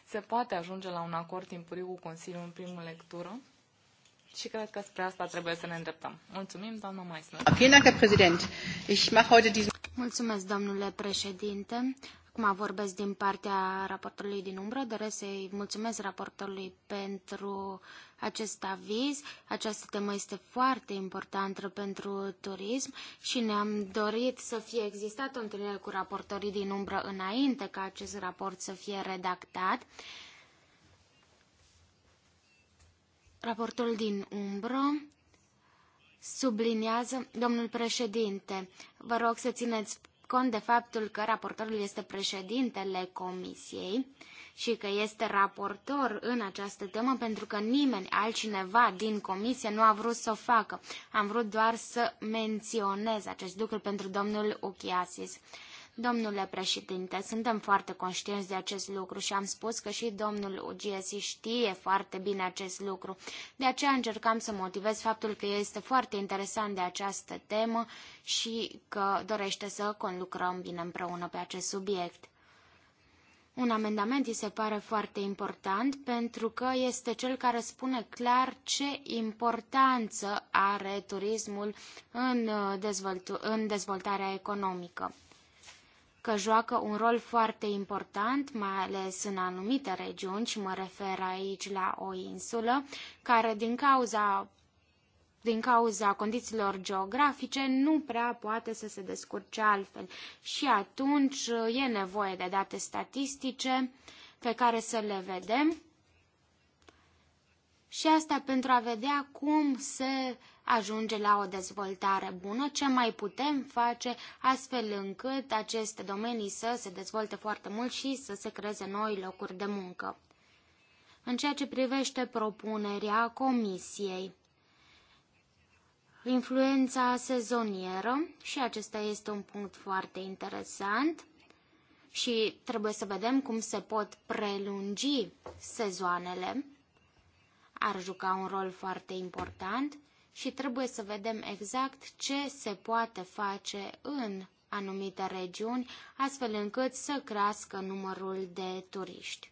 se poate ajunge la un acord timpuriu cu Consiliul în primă lectură și cred că spre asta trebuie să ne îndreptăm. Mulțumim, doamna Maisner. Mulțumesc, domnule președinte. Acum vorbesc din partea raportorului din umbră. Doresc să-i mulțumesc raportorului pentru acest aviz. Această temă este foarte importantă pentru turism și ne-am dorit să fie existat o întâlnire cu raportorii din umbră înainte ca acest raport să fie redactat. Raportul din umbră subliniază, domnul președinte, vă rog să țineți cont de faptul că raportorul este președintele comisiei și că este raportor în această temă pentru că nimeni altcineva din comisie nu a vrut să o facă. Am vrut doar să menționez acest lucru pentru domnul Uchiasis. Domnule președinte, suntem foarte conștienți de acest lucru și am spus că și domnul Ugiesi știe foarte bine acest lucru. De aceea încercam să motivez faptul că este foarte interesant de această temă și că dorește să conlucrăm bine împreună pe acest subiect. Un amendament îi se pare foarte important pentru că este cel care spune clar ce importanță are turismul în, dezvoltarea economică că joacă un rol foarte important, mai ales în anumite regiuni, și mă refer aici la o insulă, care din cauza din cauza condițiilor geografice, nu prea poate să se descurce altfel. Și atunci e nevoie de date statistice pe care să le vedem. Și asta pentru a vedea cum se ajunge la o dezvoltare bună, ce mai putem face astfel încât aceste domenii să se dezvolte foarte mult și să se creeze noi locuri de muncă. În ceea ce privește propunerea Comisiei, influența sezonieră și acesta este un punct foarte interesant și trebuie să vedem cum se pot prelungi sezoanele. Ar juca un rol foarte important și trebuie să vedem exact ce se poate face în anumite regiuni, astfel încât să crească numărul de turiști.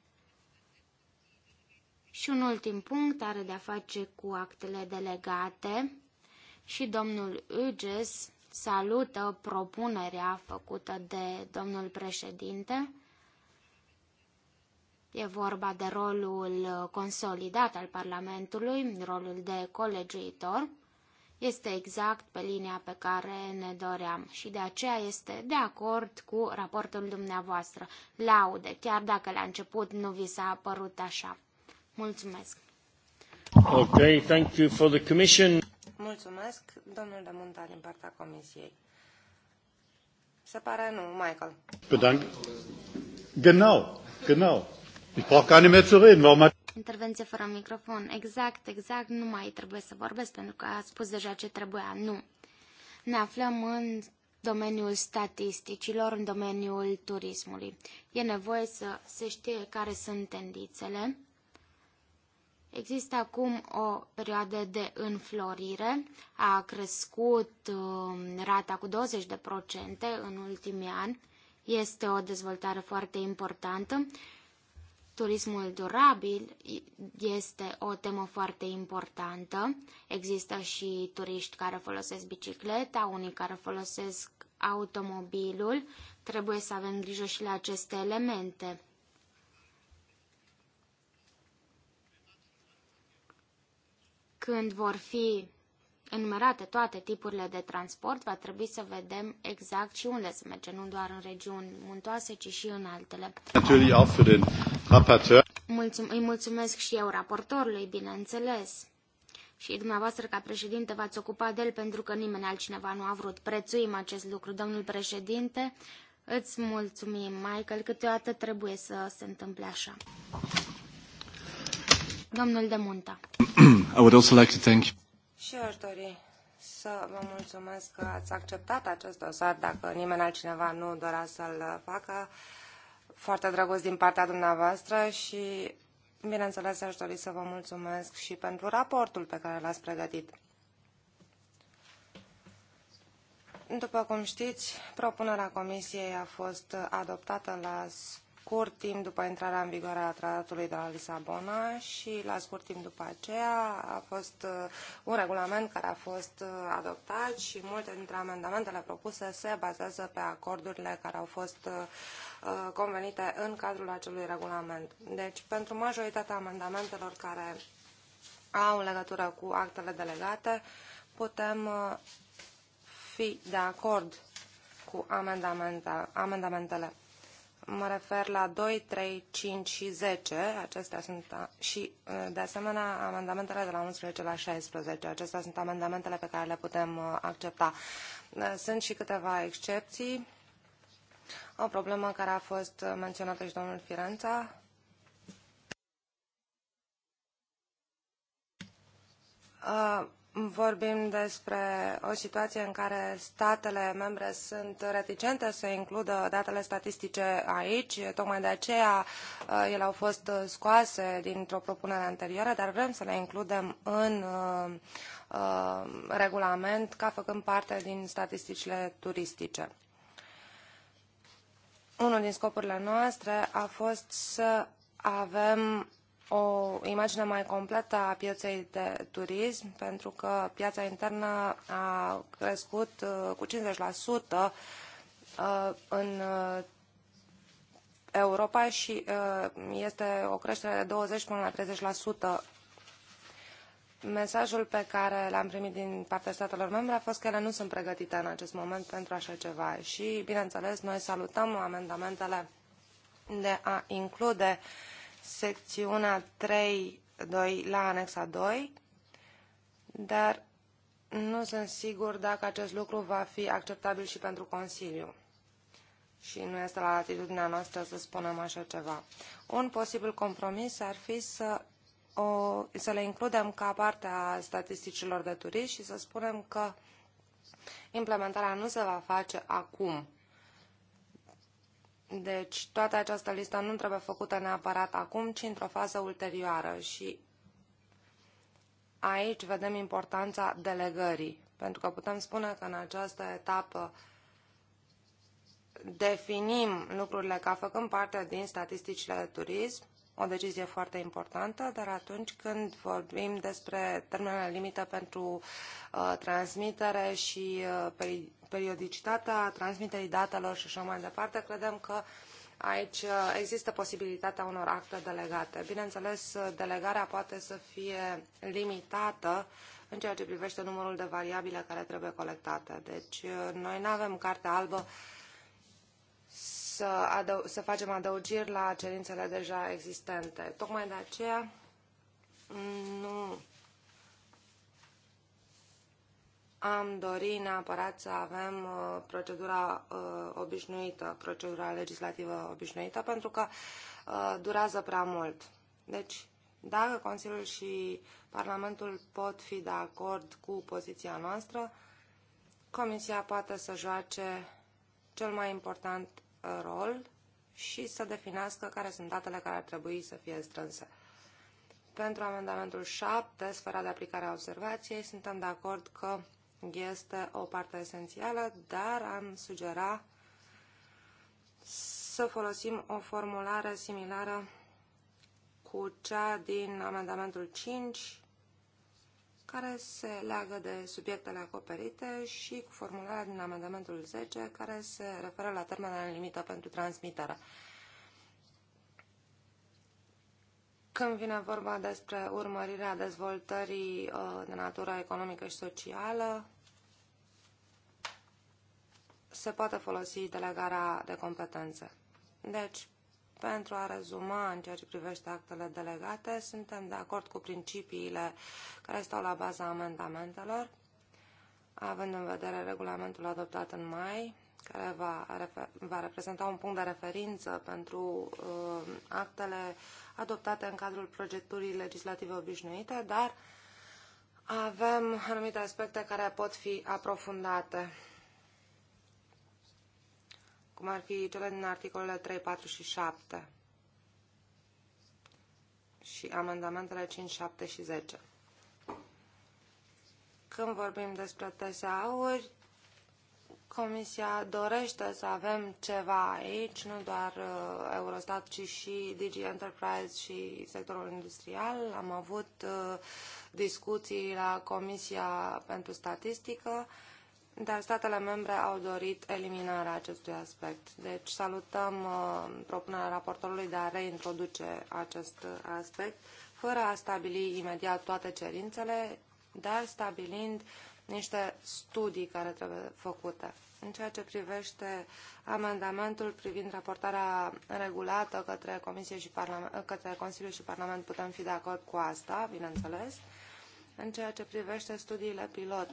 Și un ultim punct are de-a face cu actele delegate și domnul Uges salută propunerea făcută de domnul președinte E vorba de rolul consolidat al Parlamentului, rolul de colegiuitor. Este exact pe linia pe care ne doream și de aceea este de acord cu raportul dumneavoastră. Laude, chiar dacă la început nu vi s-a părut așa. Mulțumesc. Okay, thank you for the commission. Mulțumesc, domnul de Munta, din partea comisiei. Se pare nu, Michael. Bedank. Genau, genau. Ich brauche gar nicht mehr zu reden. Warum hat... Intervenție fără microfon. Exact, exact, nu mai trebuie să vorbesc pentru că a spus deja ce trebuia. Nu. Ne aflăm în domeniul statisticilor, în domeniul turismului. E nevoie să se știe care sunt tendințele. Există acum o perioadă de înflorire. A crescut um, rata cu 20% în ultimii ani. Este o dezvoltare foarte importantă Turismul durabil este o temă foarte importantă. Există și turiști care folosesc bicicleta, unii care folosesc automobilul. Trebuie să avem grijă și la aceste elemente. Când vor fi enumerate toate tipurile de transport, va trebui să vedem exact și unde se merge, nu doar în regiuni muntoase, ci și în altele. Mulțum- îi mulțumesc și eu raportorului, bineînțeles. Și dumneavoastră, ca președinte, v-ați ocupat de el pentru că nimeni altcineva nu a vrut. Prețuim acest lucru, domnul președinte. Îți mulțumim, Michael, câteodată trebuie să se întâmple așa. Domnul de Munta. I would also like to thank you. Și eu aș dori să vă mulțumesc că ați acceptat acest dosar, dacă nimeni altcineva nu dorea să-l facă. Foarte drăguț din partea dumneavoastră și, bineînțeles, aș dori să vă mulțumesc și pentru raportul pe care l-ați pregătit. După cum știți, propunerea Comisiei a fost adoptată la scurt timp după intrarea în vigoare a tratatului de la Lisabona și la scurt timp după aceea a fost uh, un regulament care a fost uh, adoptat și multe dintre amendamentele propuse se bazează pe acordurile care au fost uh, convenite în cadrul acelui regulament. Deci, pentru majoritatea amendamentelor care au legătură cu actele delegate, putem fi de acord cu amendamentele. Mă refer la 2, 3, 5 și 10. Acestea sunt și, uh, de asemenea, amendamentele de la 11 la 16. Acestea sunt amendamentele pe care le putem uh, accepta. Uh, sunt și câteva excepții. O problemă care a fost menționată și domnul Firența. Uh, vorbim despre o situație în care statele membre sunt reticente să includă datele statistice aici. Tocmai de aceea uh, ele au fost scoase dintr-o propunere anterioară, dar vrem să le includem în uh, uh, regulament ca făcând parte din statisticile turistice. Unul din scopurile noastre a fost să avem o imagine mai completă a pieței de turism, pentru că piața internă a crescut uh, cu 50% uh, în uh, Europa și este o creștere de 20 până la 30%. Mesajul pe care l-am primit din partea statelor membre a fost că ele nu sunt pregătite în acest moment pentru așa ceva și, bineînțeles, noi salutăm amendamentele de a include uh, secțiunea 3, 2, la anexa 2, dar nu sunt sigur dacă acest lucru va fi acceptabil și pentru Consiliu. Și nu este la latitudinea noastră să spunem așa ceva. Un posibil compromis ar fi să, o, să le includem ca parte a statisticilor de turiști și să spunem că implementarea nu se va face acum, deci toată această listă nu trebuie făcută neapărat acum, ci într-o fază ulterioară și aici vedem importanța delegării, pentru că putem spune că în această etapă definim lucrurile ca făcând parte din statisticile de turism, o decizie foarte importantă, dar atunci când vorbim despre termenele limită pentru uh, transmitere și uh, periodicitatea transmiterii datelor și așa mai departe, credem că aici uh, există posibilitatea unor acte delegate. Bineînțeles, uh, delegarea poate să fie limitată în ceea ce privește numărul de variabile care trebuie colectate. Deci, uh, noi nu avem carte albă să, adău- să facem adăugiri la cerințele deja existente. Tocmai de aceea nu am dori neapărat să avem uh, procedura uh, obișnuită, procedura legislativă obișnuită, pentru că uh, durează prea mult. Deci, dacă Consiliul și Parlamentul pot fi de acord cu poziția noastră, Comisia poate să joace cel mai important rol și să definească care sunt datele care ar trebui să fie strânse. Pentru amendamentul 7, sfera de aplicare a observației, suntem de acord că este o parte esențială, dar am sugera să folosim o formulare similară cu cea din amendamentul 5, care se leagă de subiectele acoperite și cu formularea din amendamentul 10, care se referă la termenele limită pentru transmitere. când vine vorba despre urmărirea dezvoltării uh, de natură economică și socială, se poate folosi delegarea de competențe. Deci, pentru a rezuma în ceea ce privește actele delegate, suntem de acord cu principiile care stau la baza amendamentelor, având în vedere regulamentul adoptat în mai, care va, va reprezenta un punct de referință pentru uh, actele adoptate în cadrul procedurii legislative obișnuite, dar avem anumite aspecte care pot fi aprofundate, cum ar fi cele din articolele 3, 4 și 7 și amendamentele 5, 7 și 10. Când vorbim despre TSA-uri, Comisia dorește să avem ceva aici, nu doar uh, Eurostat, ci și Digi Enterprise și sectorul industrial. Am avut uh, discuții la Comisia pentru Statistică, dar statele membre au dorit eliminarea acestui aspect. Deci salutăm uh, propunerea raportorului de a reintroduce acest aspect, fără a stabili imediat toate cerințele, dar stabilind niște studii care trebuie făcute. În ceea ce privește amendamentul privind raportarea regulată către, Comisie și către Consiliu și Parlament, putem fi de acord cu asta, bineînțeles. În ceea ce privește studiile pilot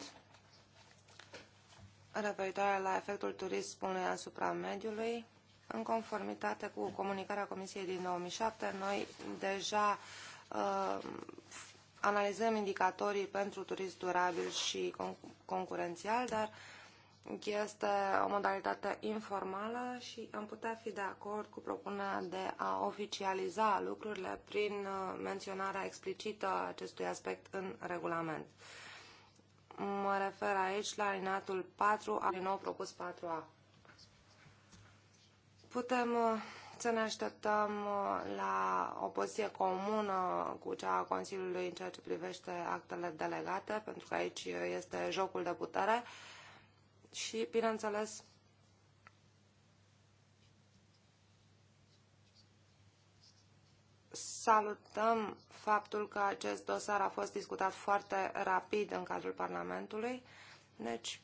referitoare la efectul turismului asupra mediului, în conformitate cu comunicarea Comisiei din 2007, noi deja uh, analizăm indicatorii pentru turism durabil și concurențial, dar este o modalitate informală și am putea fi de acord cu propunerea de a oficializa lucrurile prin uh, menționarea explicită a acestui aspect în regulament. Mă refer aici la inatul 4, alineatul nou propus 4A. Putem uh, să ne așteptăm uh, la o poziție comună cu cea a Consiliului în ceea ce privește actele delegate, pentru că aici este jocul de putere și, bineînțeles, salutăm faptul că acest dosar a fost discutat foarte rapid în cadrul Parlamentului. Deci,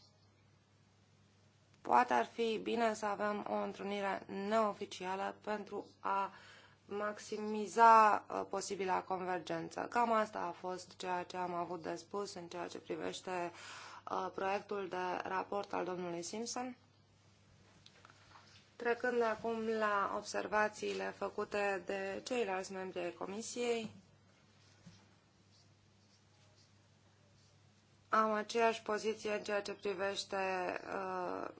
Poate ar fi bine să avem o întrunire neoficială pentru a maximiza uh, posibila convergență. Cam asta a fost ceea ce am avut de spus în ceea ce privește uh, proiectul de raport al domnului Simpson. Trecând acum la observațiile făcute de ceilalți membri ai Comisiei, am aceeași poziție în ceea ce privește uh,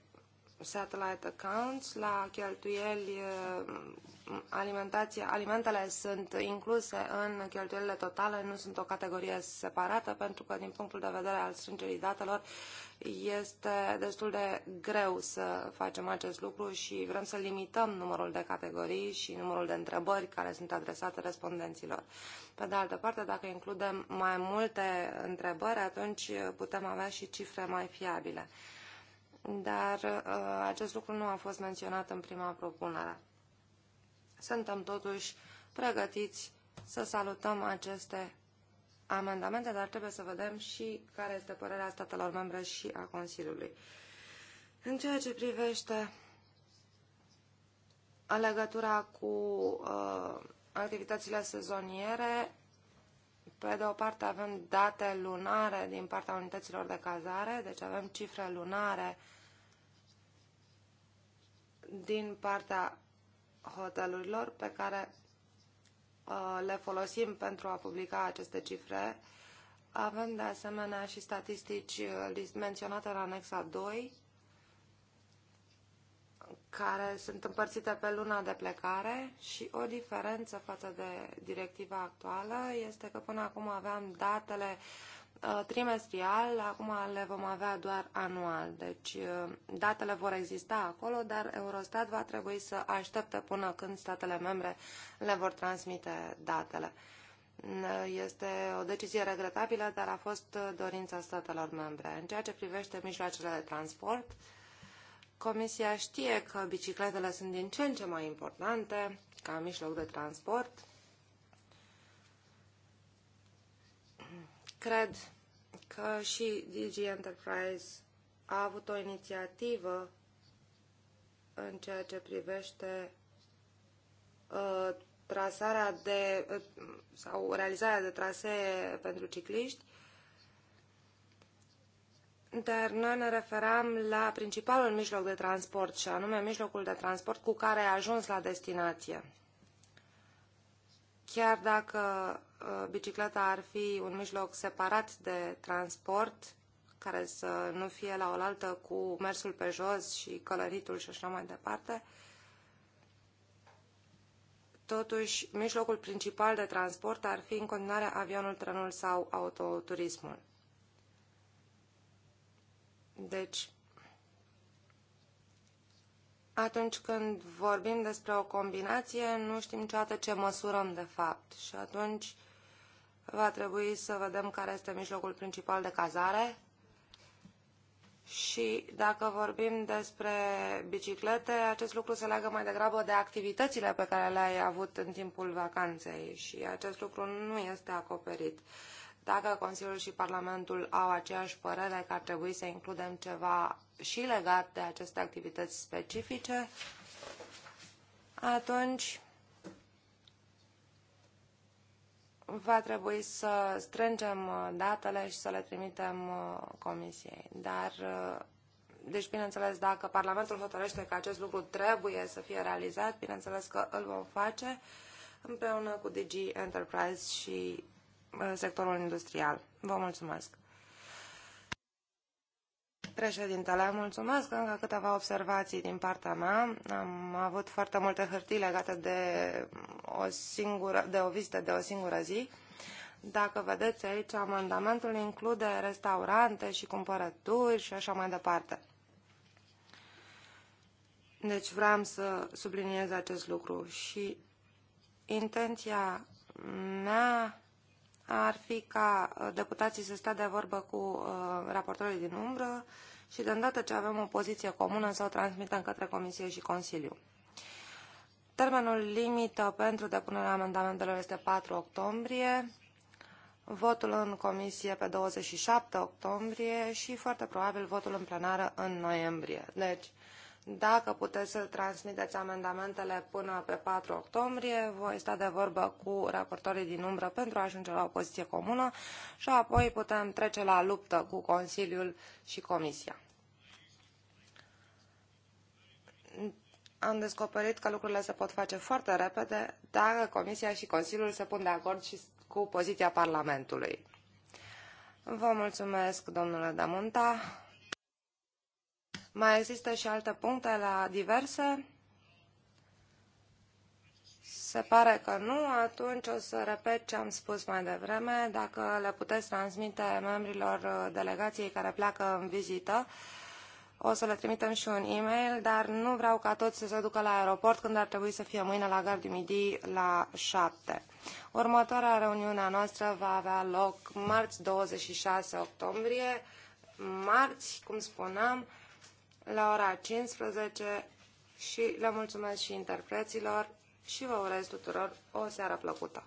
satellite accounts, la cheltuieli uh, alimentație, alimentele sunt incluse în cheltuielile totale, nu sunt o categorie separată, pentru că din punctul de vedere al strângerii datelor este destul de greu să facem acest lucru și vrem să limităm numărul de categorii și numărul de întrebări care sunt adresate respondenților. Pe de altă parte, dacă includem mai multe întrebări, atunci putem avea și cifre mai fiabile dar uh, acest lucru nu a fost menționat în prima propunere. Suntem totuși pregătiți să salutăm aceste amendamente, dar trebuie să vedem și care este părerea statelor membre și a Consiliului. În ceea ce privește legătura cu uh, activitățile sezoniere, pe de o parte avem date lunare din partea unităților de cazare, deci avem cifre lunare uh, din partea hotelurilor pe care uh, le folosim pentru a publica aceste cifre. Avem de asemenea și statistici uh, menționate în anexa 2, care sunt împărțite pe luna de plecare și o diferență față de directiva actuală este că până acum aveam datele uh, Uh, trimestrial, acum le vom avea doar anual. Deci uh, datele vor exista acolo, dar Eurostat va trebui să aștepte până când statele membre le vor transmite datele. Este o decizie regretabilă, dar a fost uh, dorința statelor membre. În ceea ce privește mijloacele de transport, Comisia știe că bicicletele sunt din ce în ce mai importante ca mijloc de transport Cred că și DG Enterprise a avut o inițiativă în ceea ce privește uh, trasarea de uh, sau realizarea de trasee pentru cicliști, dar noi ne referam la principalul mijloc de transport și anume mijlocul de transport cu care ai ajuns la destinație. Chiar dacă uh, bicicleta ar fi un mijloc separat de transport, care să nu fie la oaltă cu mersul pe jos și călăritul și așa mai departe, Totuși, mijlocul principal de transport ar fi în continuare avionul, trenul sau autoturismul. Deci, atunci când vorbim despre o combinație, nu știm niciodată ce măsurăm de fapt și atunci va trebui să vedem care este mijlocul principal de cazare și dacă vorbim despre biciclete, acest lucru se leagă mai degrabă de activitățile pe care le-ai avut în timpul vacanței și acest lucru nu este acoperit. Dacă Consiliul și Parlamentul au aceeași părere că ar trebui să includem ceva și legat de aceste activități specifice, atunci va trebui să strângem uh, datele și să le trimitem uh, comisiei. Dar, uh, deci, bineînțeles, dacă Parlamentul hotărăște că acest lucru trebuie să fie realizat, bineînțeles că îl vom face împreună cu DG Enterprise și sectorul industrial. Vă mulțumesc! Președintele, mulțumesc. Încă câteva observații din partea mea. Am avut foarte multe hârtii legate de o, singură, de o vizită de o singură zi. Dacă vedeți aici, amendamentul include restaurante și cumpărături și așa mai departe. Deci vreau să subliniez acest lucru și intenția mea ar fi ca uh, deputații să stea de vorbă cu uh, raportorii din umbră și de îndată ce avem o poziție comună să o transmitem către Comisie și Consiliu. Termenul limită pentru depunerea amendamentelor este 4 octombrie, votul în comisie pe 27 octombrie și foarte probabil votul în plenară în noiembrie. Deci, dacă puteți să transmiteți amendamentele până pe 4 octombrie, voi sta de vorbă cu raportorii din umbră pentru a ajunge la o poziție comună și apoi putem trece la luptă cu Consiliul și Comisia. Am descoperit că lucrurile se pot face foarte repede dacă Comisia și Consiliul se pun de acord și cu poziția Parlamentului. Vă mulțumesc, domnule Damunta. Mai există și alte puncte la diverse? Se pare că nu, atunci o să repet ce am spus mai devreme. Dacă le puteți transmite membrilor uh, delegației care pleacă în vizită, o să le trimitem și un e-mail, dar nu vreau ca toți să se ducă la aeroport când ar trebui să fie mâine la Gardi Midi la 7. Următoarea reuniune a noastră va avea loc marți 26 octombrie, marți, cum spuneam, la ora 15 și le mulțumesc și interpreților și vă urez tuturor o seară plăcută.